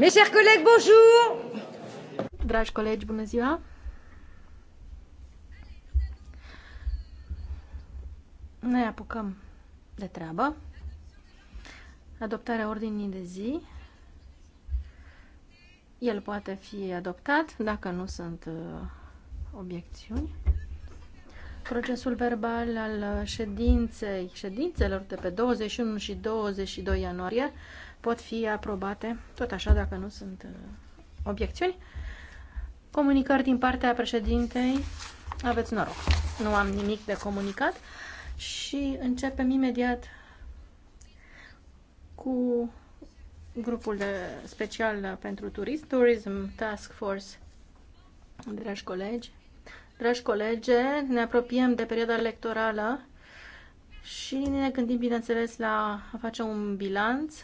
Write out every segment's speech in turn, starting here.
Mes chers collègues, bonjour! Dragi colegi, bună ziua! Ne apucăm de treabă. Adoptarea ordinii de zi. El poate fi adoptat dacă nu sunt uh, obiecțiuni. Procesul verbal al uh, ședinței, ședințelor de pe 21 și 22 ianuarie pot fi aprobate, tot așa dacă nu sunt uh, obiecțiuni. Comunicări din partea președintei, aveți noroc, nu am nimic de comunicat și începem imediat cu grupul de special pentru turism, Tourism Task Force. Dragi colegi, dragi colege, ne apropiem de perioada electorală și ne gândim, bineînțeles, la a face un bilanț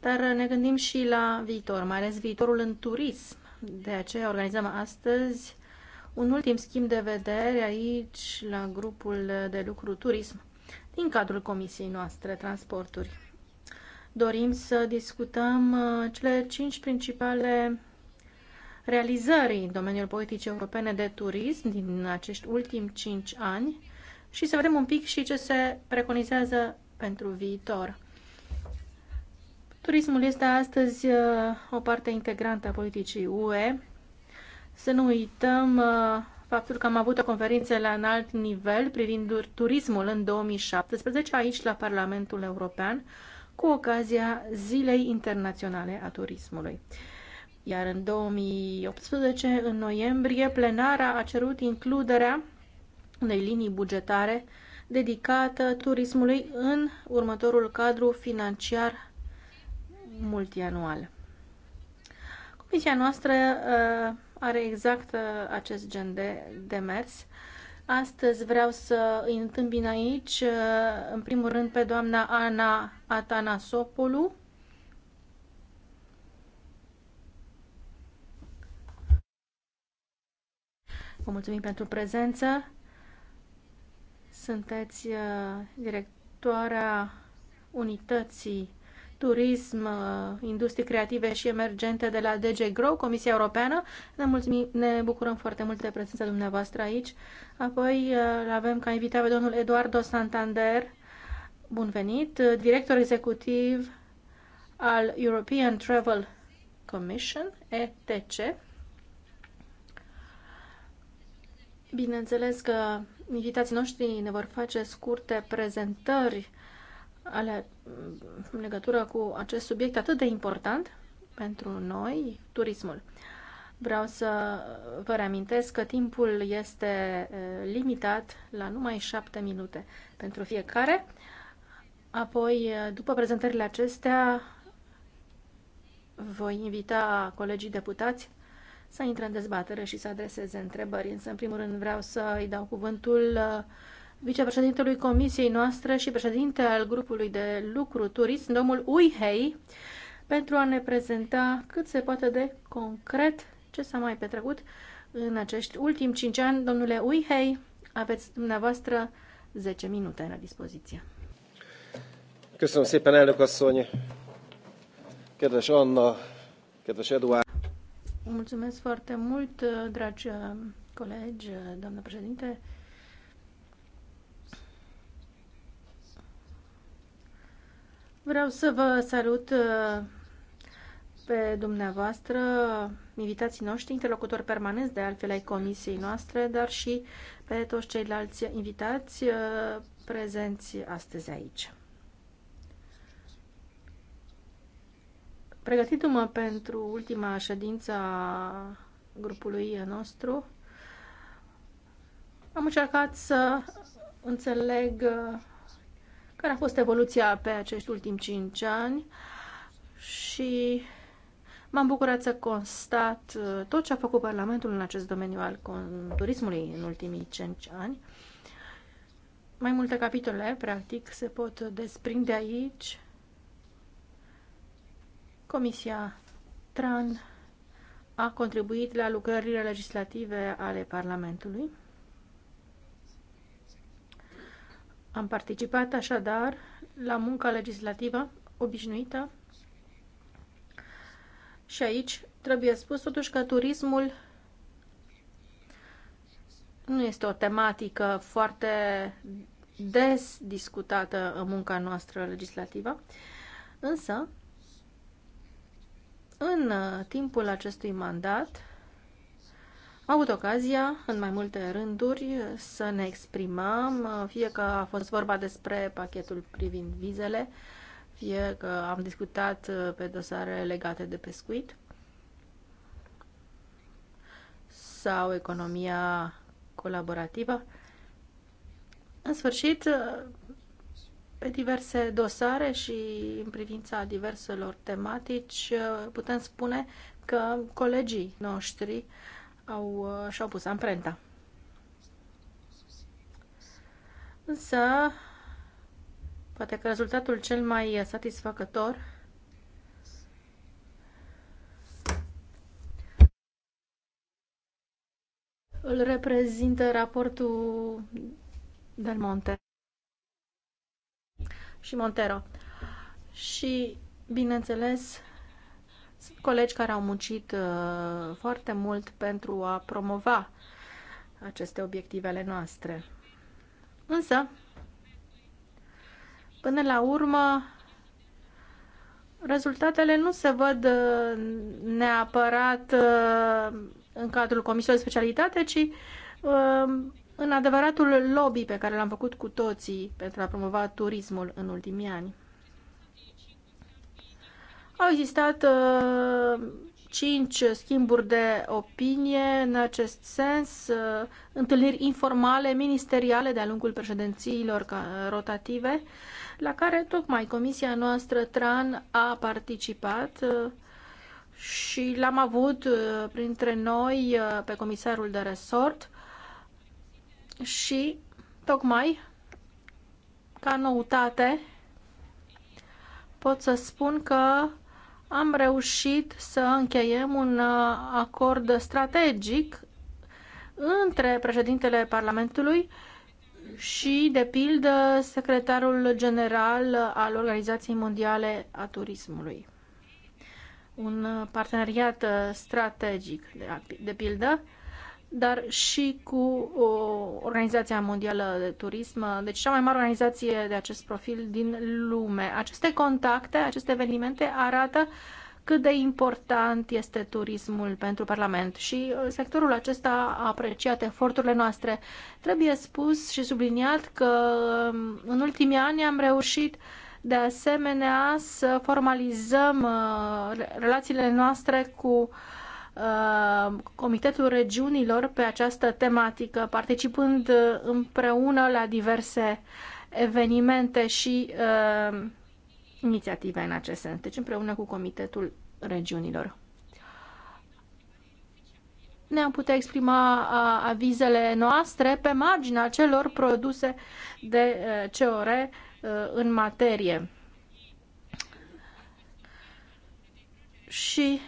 dar ne gândim și la viitor, mai ales viitorul în turism. De aceea organizăm astăzi un ultim schimb de vedere aici la grupul de lucru turism din cadrul comisiei noastre transporturi. Dorim să discutăm uh, cele cinci principale realizări în domeniul politicii europene de turism din acești ultimi cinci ani și să vedem un pic și ce se preconizează pentru viitor. Turismul este astăzi uh, o parte integrantă a politicii UE. Să nu uităm uh, faptul că am avut o conferință la înalt nivel privind turismul în 2017 aici la Parlamentul European cu ocazia Zilei Internaționale a Turismului. Iar în 2018, în noiembrie, plenara a cerut includerea unei linii bugetare dedicată turismului în următorul cadru financiar multianual. Comisia noastră uh, are exact uh, acest gen de demers. Astăzi vreau să îi întâmpin aici, uh, în primul rând, pe doamna Ana Atanasopolu, Vă mulțumim pentru prezență. Sunteți directoarea unității turism, uh, industrie creative și emergente de la DG Grow, Comisia Europeană. Ne, mulțumim, ne bucurăm foarte mult de prezența dumneavoastră aici. Apoi uh, avem ca invitat pe domnul Eduardo Santander, bun venit, director executiv al European Travel Commission, ETC. Bineînțeles că invitații noștri ne vor face scurte prezentări alea, mm, în legătură cu acest subiect atât de important pentru noi, turismul. Vreau să vă reamintesc că timpul este limitat la numai șapte minute pentru fiecare. Apoi, după prezentările acestea, voi invita colegii deputați să intre în dezbatere și să adreseze întrebări. Însă, în primul rând, vreau să îi dau cuvântul uh, vicepreședintelui comisiei noastre și președinte al grupului de lucru turism, domnul Uihei, pentru a ne prezenta cât se poate de concret ce s-a mai petrecut în acești ultimi 5 ani. Domnule Uihei, aveți dumneavoastră 10 minute la dispoziție. Köszönöm szépen, elnök asszony! Kedves Anna, kedves Eduard! Mulțumesc foarte mult, dragi colegi, doamnă președinte, Vreau să vă salut uh, pe dumneavoastră, invitații noștri, interlocutori permanenți de altfel ai comisiei noastre, dar și pe toți ceilalți invitați uh, prezenți astăzi aici. Pregătindu-mă pentru ultima ședință a grupului nostru, am încercat să înțeleg uh, care a fost evoluția pe acești ultimi 5 ani și m-am bucurat să constat uh, tot ce a făcut Parlamentul în acest domeniu al turismului în ultimii 5 ani. Mai multe capitole, practic, se pot desprinde aici. Comisia TRAN a contribuit la lucrările legislative ale Parlamentului Am participat așadar la munca legislativă obișnuită și aici trebuie spus totuși că turismul nu este o tematică foarte des discutată în munca noastră legislativă, însă în timpul acestui mandat avut ocazia, în mai multe rânduri, să ne exprimăm, fie că a fost vorba despre pachetul privind vizele, fie că am discutat uh, pe dosare legate de pescuit sau economia colaborativă. În sfârșit, uh, pe diverse dosare și în privința diverselor tematici, uh, putem spune că colegii noștri uh, au, uh, și-au pus amprenta. Însă, poate că rezultatul cel mai satisfăcător îl reprezintă raportul del Monte și Montero. Și, bineînțeles, sunt colegi care au muncit uh, foarte mult pentru a promova aceste obiective ale noastre. Însă, până la urmă, rezultatele nu se văd uh, neapărat uh, în cadrul Comisiei de Specialitate, ci în adevăratul lobby pe care l-am făcut cu toții pentru a promova turismul în ultimii ani. Au existat uh, cinci schimburi de opinie în acest sens, uh, întâlniri informale, ministeriale de-a lungul președințiilor uh, rotative, la care tocmai comisia noastră TRAN a participat și l-am avut printre noi pe comisarul de resort și tocmai ca noutate pot să spun că am reușit să încheiem un uh, acord strategic între președintele Parlamentului și, de pildă, secretarul general al Organizației Mondiale a Turismului. Un uh, parteneriat uh, strategic, de pildă, dar și cu Organizația Mondială de Turism, deci cea mai mare organizație de acest profil din lume. Aceste contacte, aceste evenimente arată cât de important este turismul pentru Parlament și uh, sectorul acesta a apreciat eforturile noastre. Trebuie spus și subliniat că um, în ultimii ani am reușit de asemenea să formalizăm uh, relațiile noastre cu uh, Uh, Comitetul Regiunilor pe această tematică, participând uh, împreună la diverse evenimente și uh, inițiative în acest sens, deci împreună cu Comitetul Regiunilor. Ne-am putea exprima uh, avizele noastre pe marginea celor produse de COR în materie. Și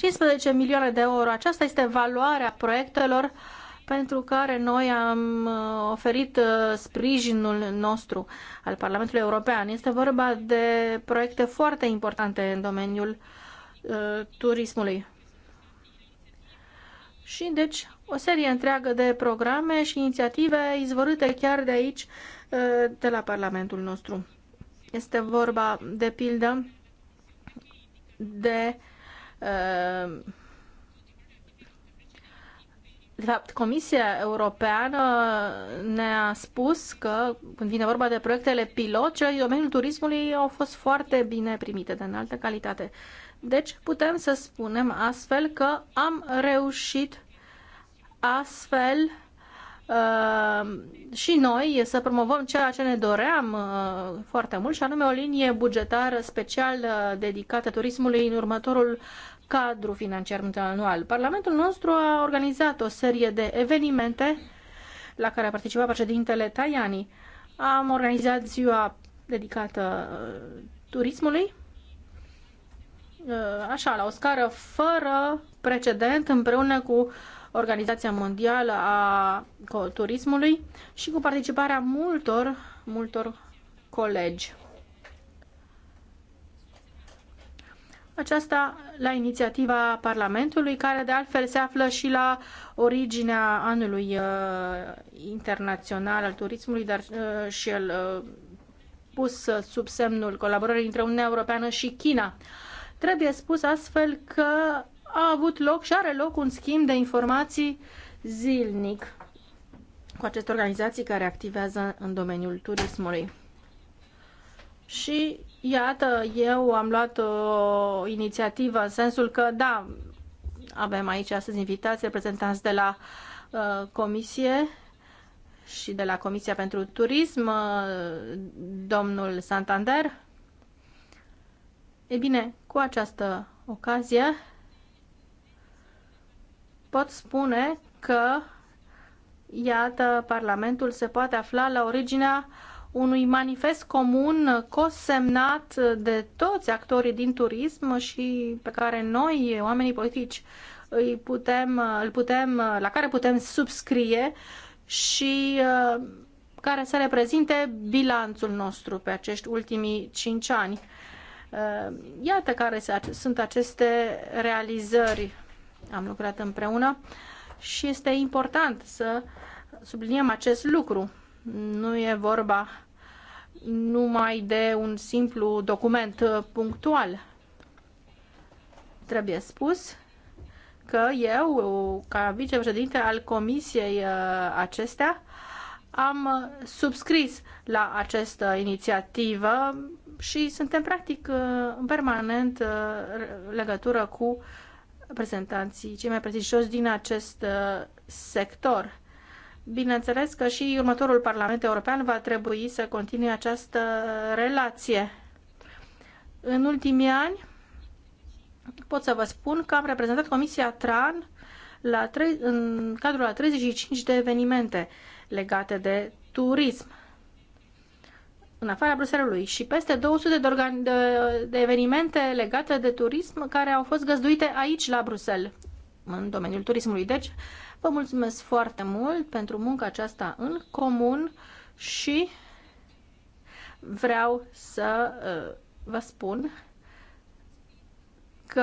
15 milioane de euro. Aceasta este valoarea proiectelor pentru care noi am uh, oferit uh, sprijinul nostru al Parlamentului European. Este vorba de proiecte foarte importante în domeniul uh, turismului. Și deci o serie întreagă de programe și inițiative izvorâte chiar de aici, de la Parlamentul nostru. Este vorba, de pildă, de uh, Ehm, de fapt, Comisia Europeană ne-a spus că, când vine vorba de proiectele pilot, cele din domeniul turismului au fost foarte bine primite, de înaltă calitate. Deci, putem să spunem astfel că am reușit astfel Uh, și noi să promovăm ceea ce ne doream uh, foarte mult și anume o linie bugetară special uh, dedicată turismului în următorul cadru financiar anual. Parlamentul nostru a organizat o serie de evenimente la care a participat președintele Tajani. Am organizat ziua dedicată turismului, așa, la o scară fără precedent, împreună cu uh, Organizația Mondială a Turismului și cu participarea multor, multor colegi. Aceasta la inițiativa Parlamentului, care de altfel se află și la originea anului uh, internațional al turismului, dar uh, și el uh, pus sub semnul colaborării între Uniunea Europeană și China. Trebuie spus astfel că a avut loc și are loc un schimb de informații zilnic cu aceste organizații care activează în domeniul turismului. Și iată, eu am luat o inițiativă în sensul că, da, avem aici astăzi invitați reprezentanți de la uh, Comisie și de la Comisia pentru Turism, uh, domnul Santander. E bine, cu această ocazie pot spune că, iată, Parlamentul se poate afla la originea unui manifest comun cosemnat de toți actorii din turism și pe care noi, oamenii politici, îi putem, îl putem, la care putem subscrie și uh, care să reprezinte bilanțul nostru pe acești ultimii cinci ani. Uh, iată care sunt aceste realizări am lucrat împreună și este important să subliniem acest lucru. Nu e vorba numai de un simplu document punctual. Trebuie spus că eu, ca vicepreședinte al comisiei uh, acestea, am uh, subscris la această inițiativă și suntem practic uh, în permanent legătură cu reprezentanții cei mai prestigios din acest uh, sector. Bineînțeles că și următorul Parlament European va trebui să continue această uh, relație. În ultimii ani pot să vă spun că am reprezentat Comisia TRAN la 3, în cadrul a 35 de evenimente legate de turism în afara Bruselului și peste 200 de, de, de evenimente legate de turism care au fost găzduite aici la Bruxelles, în domeniul turismului. Deci, vă mulțumesc foarte mult pentru munca aceasta în comun și vreau să uh, vă spun că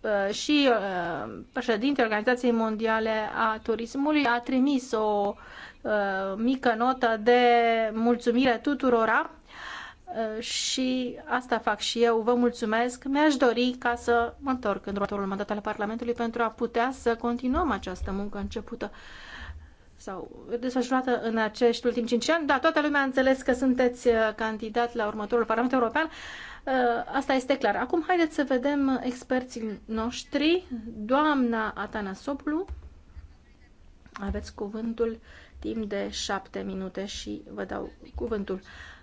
uh, și uh, președintele Organizației Mondiale a Turismului a trimis o Uh, mică notă de mulțumire tuturora uh, și asta fac și eu. Vă mulțumesc. Mi-aș dori ca să mă întorc în următorul mandat al Parlamentului pentru a putea să continuăm această muncă începută sau desfășurată în acești ultimi cinci ani. Da, toată lumea a înțeles că sunteți uh, candidat la următorul Parlament European. Asta este clar. Acum haideți să vedem experții noștri. Doamna Atana Soplu, aveți cuvântul timp de șapte minute și vă dau cuvântul.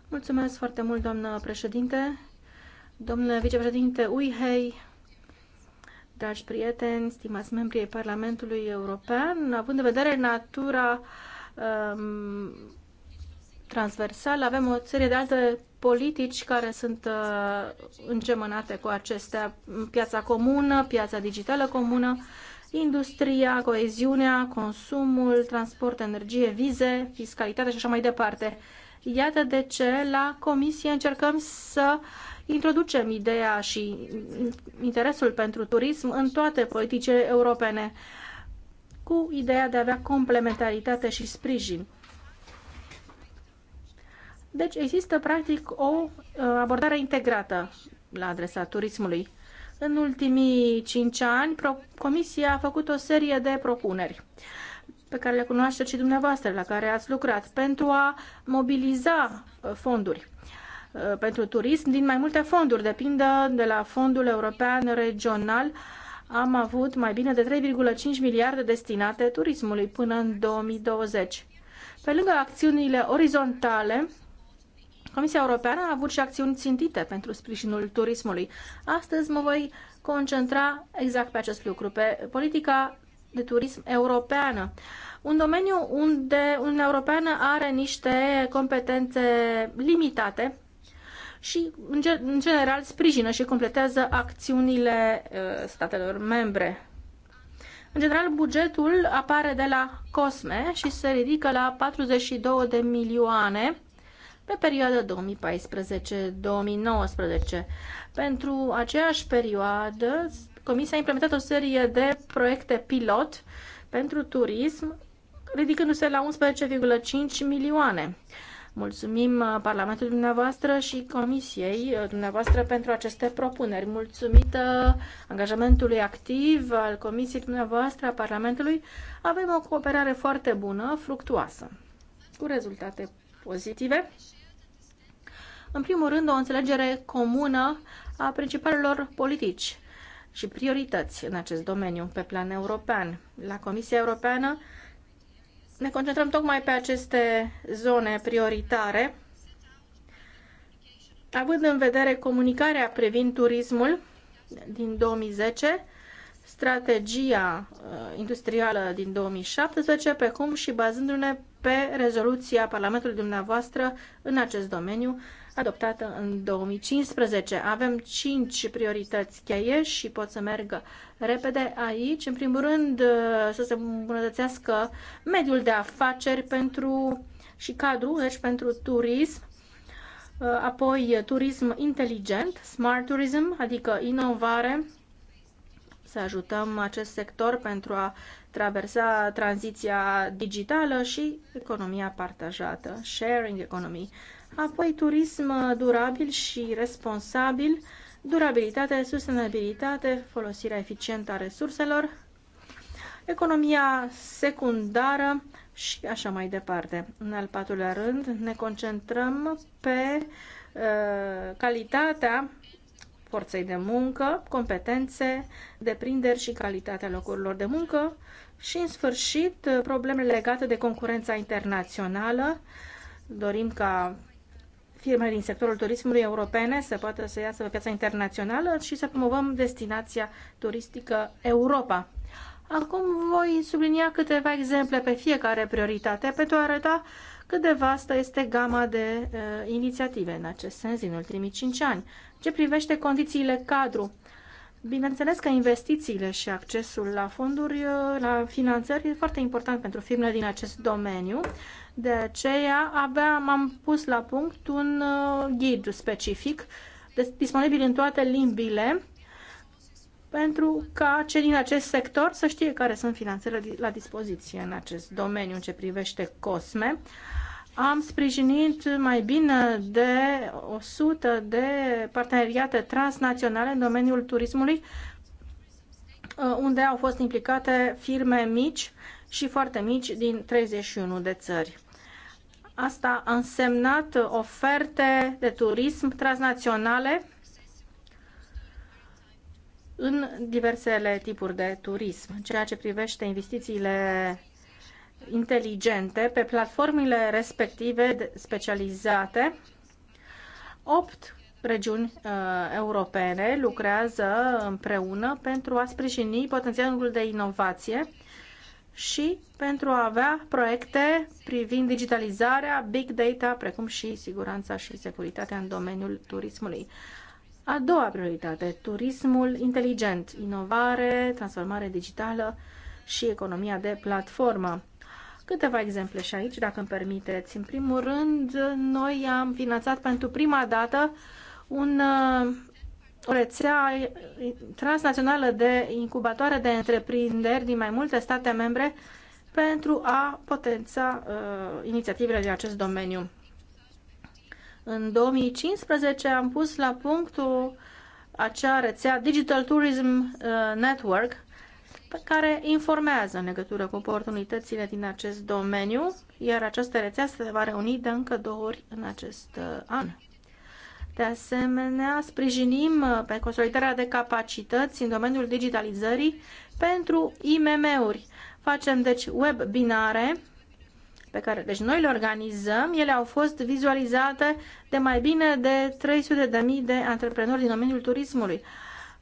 Mulțumesc foarte mult, doamnă președinte, domnule vicepreședinte Uihei, dragi prieteni, stimați membri ai Parlamentului European, având în vedere natura um, transversală, avem o serie de alte politici care sunt uh, îngemânate cu acestea, piața comună, piața digitală comună, uh, industria, coeziunea, consumul, transport, energie, vize, fiscalitate și așa mai departe. Iată de ce la comisie încercăm să introducem ideea și interesul pentru turism în toate politicile europene, cu ideea de a avea complementaritate și sprijin. Deci există practic o uh, abordare integrată la adresa turismului. În ultimii cinci ani, Comisia a făcut o serie de propuneri pe care le cunoașteți și dumneavoastră, la care ați lucrat, pentru a mobiliza uh, fonduri uh, pentru turism din mai multe fonduri, depindă de la Fondul European Regional. Am avut mai bine de 3,5 miliarde destinate turismului până în 2020. Pe lângă acțiunile orizontale, Comisia Europeană a avut și acțiuni țintite pentru sprijinul turismului. Astăzi mă voi concentra exact pe acest lucru, pe politica de turism europeană. Un domeniu unde Uniunea Europeană are niște competențe limitate și, în general, sprijină și completează acțiunile uh, statelor membre. În general, bugetul apare de la COSME și se ridică la 42 de milioane pe perioada 2014-2019. Pentru aceeași perioadă, Comisia a implementat o serie de proiecte pilot pentru turism, ridicându-se la 11,5 milioane. Mulțumim uh, Parlamentului dumneavoastră și Comisiei uh, dumneavoastră pentru aceste propuneri. Mulțumită angajamentului activ al Comisiei dumneavoastră a Parlamentului, avem o cooperare foarte bună, fructuoasă, cu rezultate pozitive în primul rând, o înțelegere comună a principalelor politici și priorități în acest domeniu pe plan european. La Comisia Europeană ne concentrăm tocmai pe aceste zone prioritare, având în vedere comunicarea privind turismul din 2010, strategia uh, industrială din 2017, pe cum și bazându-ne pe rezoluția Parlamentului dumneavoastră în acest domeniu adoptată în 2015. Avem cinci priorități cheie și pot să merg repede aici. În primul rând, uh, să se îmbunătățească mediul de afaceri pentru și cadru, deci pentru turism, uh, apoi turism inteligent, smart tourism, adică inovare, să ajutăm acest sector pentru a traversa tranziția digitală și economia partajată, sharing economy apoi turism durabil și responsabil, durabilitate, sustenabilitate, folosirea eficientă a resurselor, economia secundară și așa mai departe. În al patrulea rând, ne concentrăm pe uh, calitatea forței de muncă, competențe, deprinderi și calitatea locurilor de muncă și, în sfârșit, probleme legate de concurența internațională. Dorim ca firmele din sectorul turismului europene să poată să iasă pe piața internațională și să promovăm destinația turistică Europa. Acum voi sublinia câteva exemple pe fiecare prioritate pentru a arăta cât de vastă este gama de uh, inițiative în acest sens din ultimii 5 ani. Ce privește condițiile cadru, bineînțeles că investițiile și accesul la fonduri, uh, la finanțări, e foarte important pentru firmele din acest domeniu. Uh, de aceea abia m-am pus la punct un uh, ghid specific disponibil în toate limbile pentru ca cei din acest sector să știe care sunt finanțele la dispoziție în acest domeniu în ce privește COSME. Am sprijinit mai bine de 100 de parteneriate transnaționale în domeniul turismului, uh, unde au fost implicate firme mici și foarte mici din 31 de țări. Asta a însemnat oferte de turism transnaționale în diversele tipuri de turism. Ceea ce privește investițiile inteligente pe platformele respective specializate, opt regiuni uh, europene lucrează împreună pentru a sprijini potențialul de inovație și pentru a avea proiecte privind digitalizarea, big data, precum și siguranța și securitatea în domeniul turismului. A doua prioritate, turismul inteligent, inovare, transformare digitală și economia de platformă. Câteva exemple și aici, dacă îmi permiteți. În primul rând, noi am finanțat pentru prima dată un uh, o rețea transnațională de incubatoare de întreprinderi din mai multe state membre pentru a potența uh, inițiativele din acest domeniu. În 2015 am pus la punctul acea rețea Digital Tourism uh, Network care informează în legătură cu oportunitățile din acest domeniu, iar această rețea se va reuni de încă două ori în acest uh, an. De asemenea, sprijinim uh, pe consolidarea de capacități în domeniul digitalizării pentru IMM-uri. Facem deci webinare pe care deci noi le organizăm. Ele au fost vizualizate de mai bine de 300.000 de antreprenori din domeniul turismului.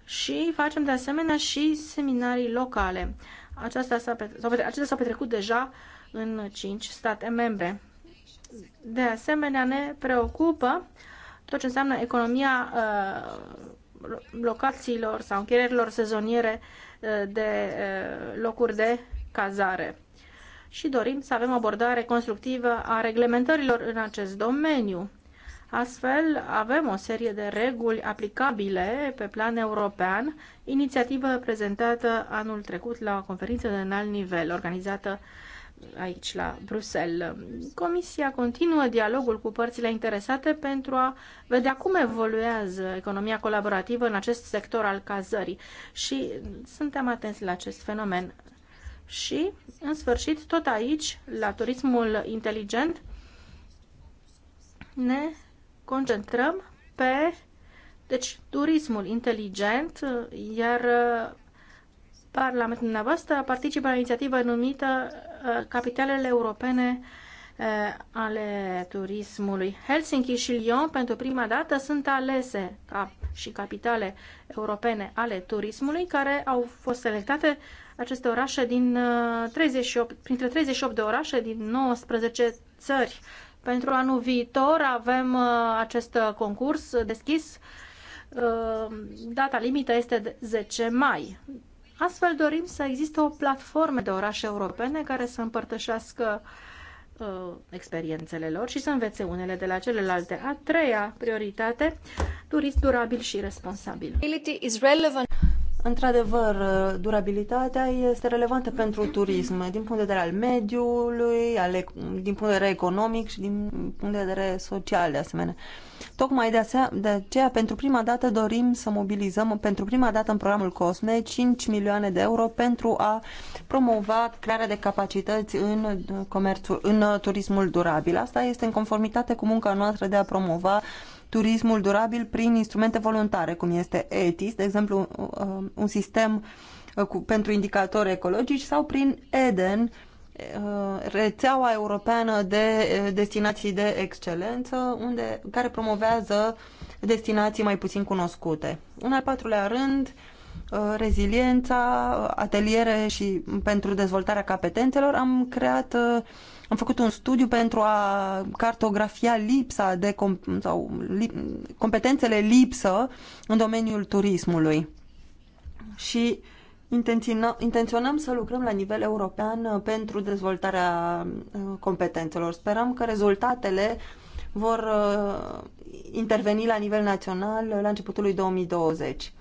Și facem de asemenea și seminarii locale. Aceasta s petre- acestea s-au petrecut deja în 5 state membre. De asemenea, ne preocupă tot ce înseamnă economia uh, locațiilor sau închirierilor sezoniere uh, de uh, locuri de cazare. Și dorim să avem abordare constructivă a reglementărilor în acest domeniu. Astfel, avem o serie de reguli aplicabile pe plan european, inițiativă prezentată anul trecut la o conferință de înalt nivel organizată uh, aici la Bruxelles. Comisia continuă dialogul cu părțile interesate pentru a vedea cum evoluează economia colaborativă în acest sector al cazării și suntem atenți la acest fenomen. Și, în sfârșit, tot aici, la turismul inteligent, ne concentrăm pe deci, turismul inteligent, iar uh, Parlamentul dumneavoastră participă la inițiativă numită Uh, capitalele europene uh, ale turismului. Helsinki și Lyon pentru prima dată sunt alese ca și capitale europene ale turismului care au fost selectate aceste orașe din 38, uh, printre 38 de orașe din 19 țări. Pentru anul viitor avem acest concurs deschis. Data limită este 10 mai. Astfel dorim să existe o platformă de orașe europene care să împărtășească uh, experiențele lor și să învețe unele de la celelalte. A treia prioritate, turist durabil și responsabil. Într-adevăr, durabilitatea este relevantă pentru turism, din punct de vedere al mediului, al, din punct de vedere economic și din punct de vedere social, de asemenea. Tocmai de, asea, de aceea, pentru prima dată, dorim să mobilizăm, pentru prima dată în programul COSME, 5 milioane de euro pentru a promova crearea de capacități în, comerțul, în turismul durabil. Asta este în conformitate cu munca noastră de a promova turismul durabil prin instrumente voluntare, cum este ETIS, de exemplu uh, un sistem uh, pentru indicatori ecologici, sau prin EDEN, uh, rețeaua europeană de destinații de excelență, unde, care promovează destinații mai puțin cunoscute. În al patrulea rând, reziliența, ateliere și pentru dezvoltarea competențelor, am creat am făcut un studiu pentru a cartografia lipsa de com- sau li- competențele lipsă în domeniul turismului. Și intenționăm să lucrăm la nivel european uh, pentru dezvoltarea uh, competențelor. Sperăm că rezultatele vor uh, interveni la nivel național la începutul lui 2020.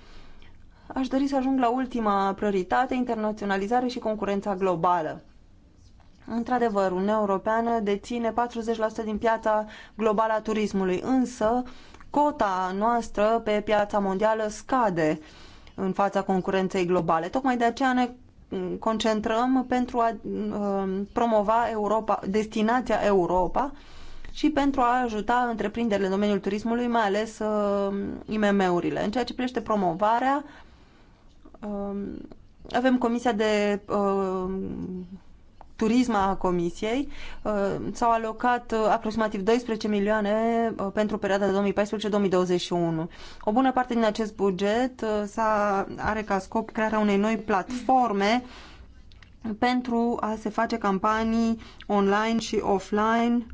Aș dori să ajung la ultima prioritate, internaționalizare și concurența globală. Într-adevăr, Uniunea Europeană deține 40% din piața globală a turismului, însă cota noastră pe piața mondială scade în fața concurenței globale. Tocmai de aceea ne concentrăm pentru a um, promova Europa, destinația Europa și pentru a ajuta întreprinderile în domeniul turismului, mai ales um, IMM-urile. În ceea ce privește promovarea, um, avem Comisia de turisma a Comisiei uh, s-au alocat uh, aproximativ 12 milioane uh, pentru perioada 2014-2021. O bună parte din acest buget s-a, are ca scop crearea unei noi platforme pentru a se face campanii online și offline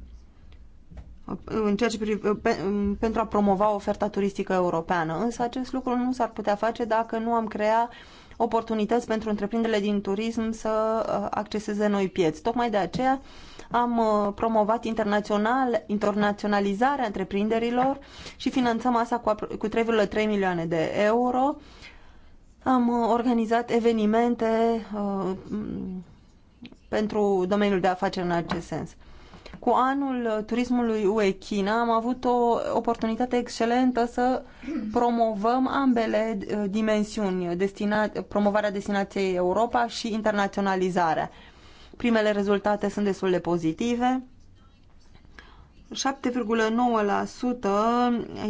în ceea ce priv- pe, um, pentru a promova oferta turistică europeană. Însă acest lucru nu s-ar putea face dacă nu am crea uh, oportunități pentru întreprinderile din turism să uh, acceseze noi pieți. Tocmai de aceea am uh, promovat internațional, internaționalizarea întreprinderilor și finanțăm asta cu, 3,3 milioane de euro. Am uh, organizat evenimente pentru domeniul de afaceri în acest sens. Cu anul turismului UE China am avut o oportunitate excelentă să promovăm ambele eh, dimensiuni, destina, promovarea destinației Europa și internaționalizarea. Primele rezultate sunt destul de pozitive. 7,9%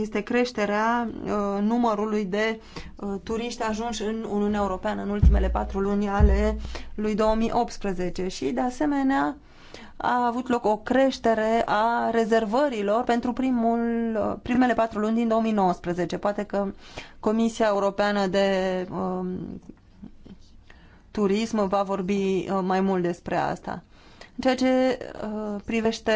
este creșterea eh, numărului de eh, turiști ajunși în Uniunea Europeană în ultimele patru luni ale lui 2018 și, de asemenea, a avut loc o creștere a rezervărilor pentru primul, primele patru luni din 2019. Poate că Comisia Europeană de um, Turism va vorbi uh, mai mult despre asta. În ceea ce uh, privește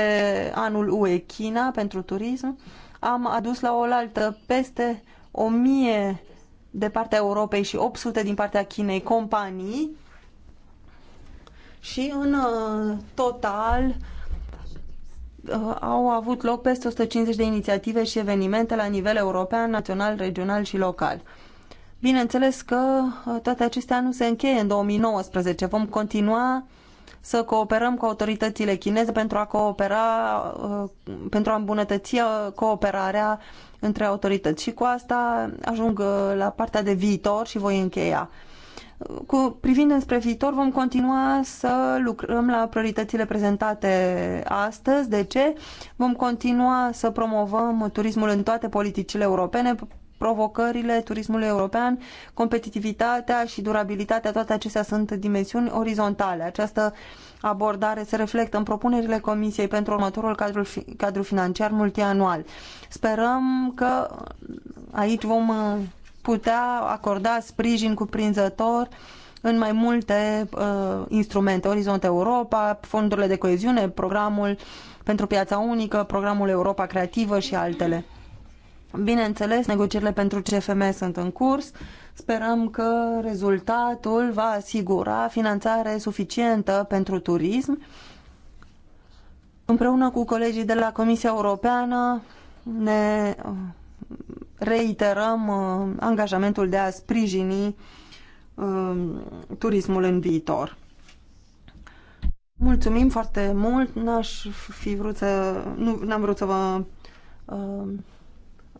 anul UE China pentru turism, am adus la oaltă peste 1000 de partea Europei și 800 din partea Chinei companii și în uh, total uh, au avut loc peste 150 de inițiative și evenimente la nivel european, național, regional și local. Bineînțeles că uh, toate acestea nu se încheie în 2019. Vom continua să cooperăm cu autoritățile chineze pentru a coopera, pentru a îmbunătăți cooperarea între autorități. Și cu asta ajung la partea de viitor și voi încheia. Cu, privind înspre viitor, vom continua să lucrăm la prioritățile prezentate astăzi. De ce? Vom continua să promovăm turismul în toate politicile europene, provocările turismului european, competitivitatea și durabilitatea, toate acestea sunt dimensiuni orizontale. Această abordare se reflectă în propunerile Comisiei pentru următorul cadru, cadru financiar multianual. Sperăm că aici vom putea acorda sprijin cuprinzător în mai multe uh, instrumente. Orizont Europa, fondurile de coeziune, programul pentru piața unică, programul Europa Creativă și altele. Bineînțeles, negocierile pentru CFM sunt în curs. Sperăm că rezultatul va asigura finanțare suficientă pentru turism. Împreună cu colegii de la Comisia Europeană ne reiterăm uh, angajamentul de a sprijini uh, turismul în viitor. Mulțumim foarte mult, n-aș fi vrut să, nu, n-am vrut să vă uh,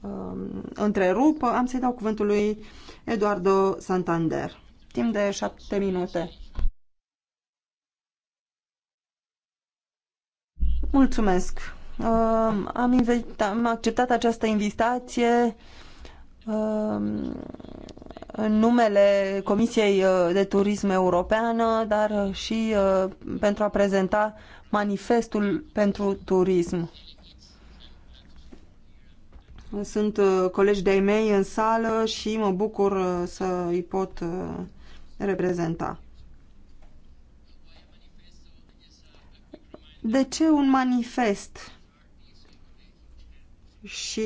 uh, întrerup, am să-i dau cuvântul lui Eduardo Santander. Timp de șapte minute. Mulțumesc! Um, am, invita, am acceptat această invitație um, în numele Comisiei uh, de Turism Europeană, dar uh, și uh, pentru a prezenta manifestul pentru turism. Sunt colegi de-ai mei în sală și mă bucur să îi pot reprezenta. De ce un manifest? și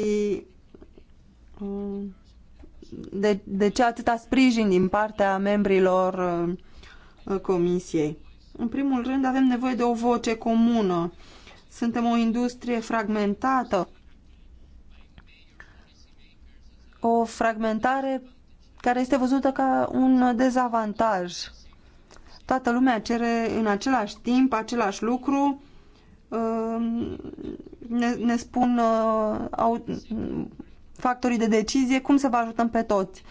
mm, de, de ce atâta sprijin din partea membrilor uh, Comisiei? În primul rând, avem nevoie de o voce comună. Suntem o industrie fragmentată, o fragmentare care este văzută ca un dezavantaj. Toată lumea cere în același timp același lucru Ehm, ne, ne spun uh, au, factorii de decizie cum să vă ajutăm pe toți.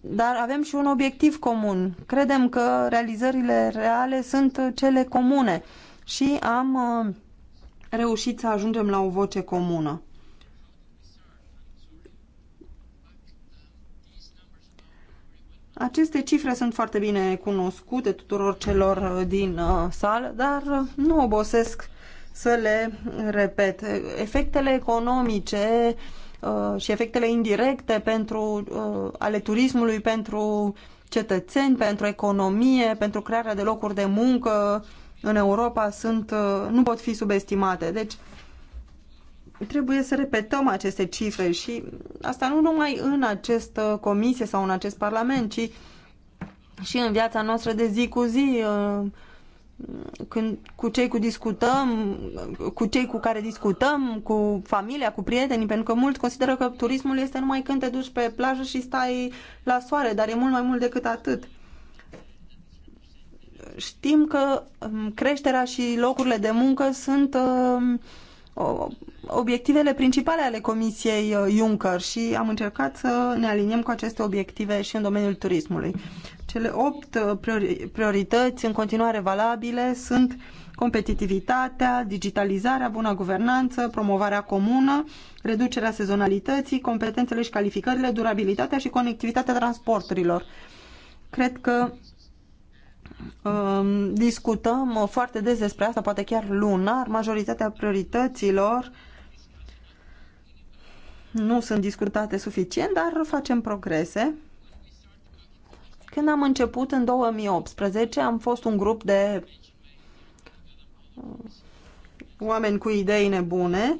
Dar avem și un obiectiv comun. Credem că realizările reale sunt cele comune și am uh, reușit să ajungem la o voce comună. Aceste cifre sunt foarte bine cunoscute tuturor celor uh, din uh, sală, dar uh, nu obosesc să le repet. Efectele economice uh, și efectele indirecte pentru, uh, ale turismului pentru cetățeni, pentru economie, pentru crearea de locuri de muncă în Europa sunt, uh, nu pot fi subestimate. Deci trebuie să repetăm aceste cifre și asta nu numai în această comisie sau în acest parlament, ci și în viața noastră de zi cu zi, când, cu cei cu discutăm, cu cei cu care discutăm, cu familia, cu prietenii, pentru că mulți consideră că turismul este numai când te duci pe plajă și stai la soare, dar e mult mai mult decât atât. Știm că um, creșterea și locurile de muncă sunt um, obiectivele principale ale Comisiei uh, Juncker și am încercat să ne aliniem cu aceste obiective și în domeniul turismului. Cele opt uh, priorități în continuare valabile sunt competitivitatea, digitalizarea, buna guvernanță, promovarea comună, reducerea sezonalității, competențele și calificările, durabilitatea și conectivitatea transporturilor. Cred că um, discutăm foarte des despre asta, poate chiar lunar, majoritatea priorităților nu sunt discutate suficient, dar facem progrese când am început în 2018, am fost un grup de uh, oameni cu idei nebune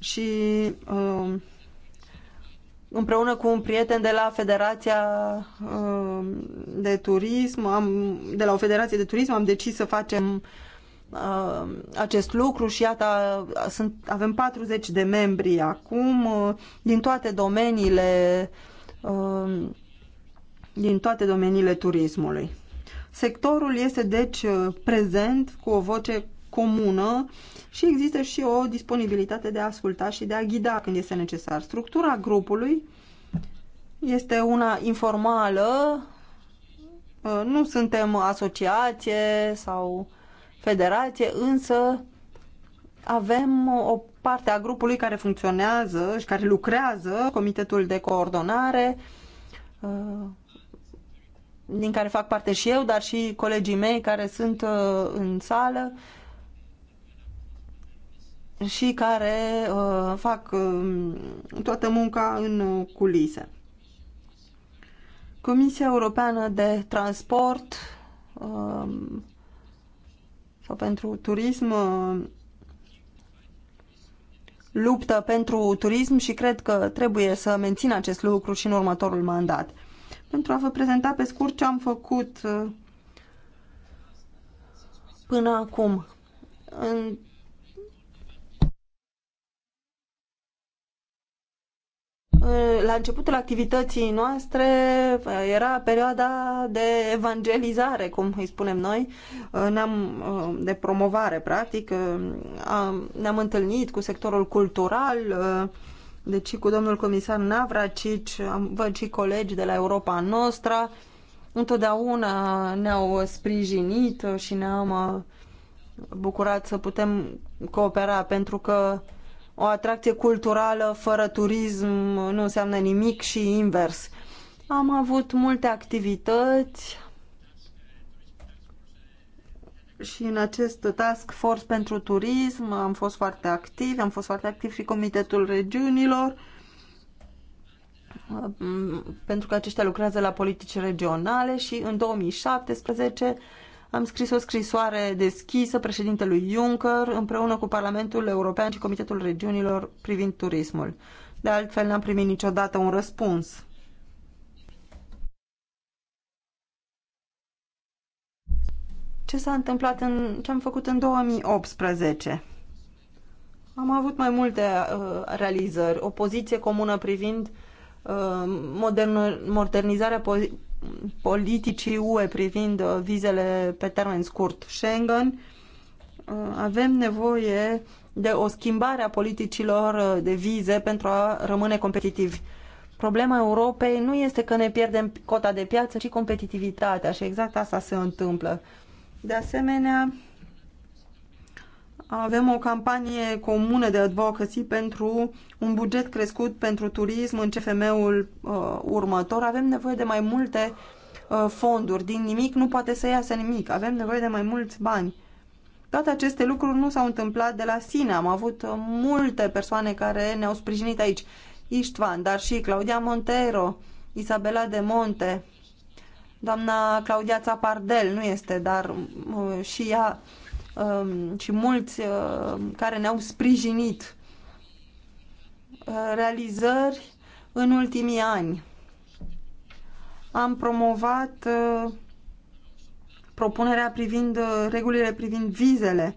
și uh, împreună cu un prieten de la Federația uh, de Turism, am, de la o federație de turism, am decis să facem acest lucru și iată sunt, avem 40 de membri acum din toate domeniile din toate domeniile turismului. Sectorul este deci uh, prezent cu o voce comună și există și o disponibilitate de a asculta și de a ghida când este necesar. Structura grupului este una informală, uh, nu suntem asociație sau federație, însă avem o parte a grupului care funcționează și care lucrează, Comitetul de Coordonare, uh, din care fac parte și eu, dar și colegii mei care sunt uh, în sală și care uh, fac um, toată munca în culise. Comisia Europeană de Transport um, sau pentru turism uh, luptă pentru turism și cred că trebuie să mențină acest lucru și în următorul mandat pentru a vă prezenta pe scurt ce am făcut uh, până acum. În uh, La începutul activității noastre uh, era perioada de evangelizare, cum îi spunem noi, ne-am, de promovare, practic. Ne-am întâlnit cu sectorul cultural, deci cu domnul comisar Navracici, văd și colegi de la Europa Nostra, întotdeauna ne-au sprijinit și ne-am uh, bucurat să putem coopera, pentru că o atracție culturală fără turism nu înseamnă nimic și invers. Am avut multe activități, și în acest task force pentru turism am fost foarte activi, am fost foarte activ și Comitetul Regiunilor, pentru că aceștia lucrează la politici regionale și în 2017 am scris o scrisoare deschisă președintelui Juncker împreună cu Parlamentul European și Comitetul Regiunilor privind turismul. De altfel, n-am primit niciodată un răspuns. ce s-a întâmplat în ce am făcut în 2018. Am avut mai multe uh, realizări, o poziție comună privind uh, modern, modernizarea po politicii UE privind uh, vizele pe termen scurt Schengen. Uh, avem nevoie de o schimbare a politicilor uh, de vize pentru a rămâne competitivi. Problema Europei nu este că ne pierdem cota de piață, ci competitivitatea și exact asta se întâmplă. Uh, de asemenea, avem o campanie comună de advocacy pentru un buget crescut pentru turism în CFM-ul uh, următor. Avem nevoie de mai multe uh, fonduri. Din nimic nu poate să iasă nimic. Avem nevoie de mai mulți bani. Toate aceste lucruri nu s-au întâmplat de la sine. Am avut uh, multe persoane care ne-au sprijinit aici. Istvan, dar și Claudia Montero, Isabela de Monte, Doamna Claudia Țapardel nu este, dar uh, și ea um, și mulți uh, care ne-au sprijinit uh, realizări în ultimii ani. Am promovat propunerea privind regulile privind vizele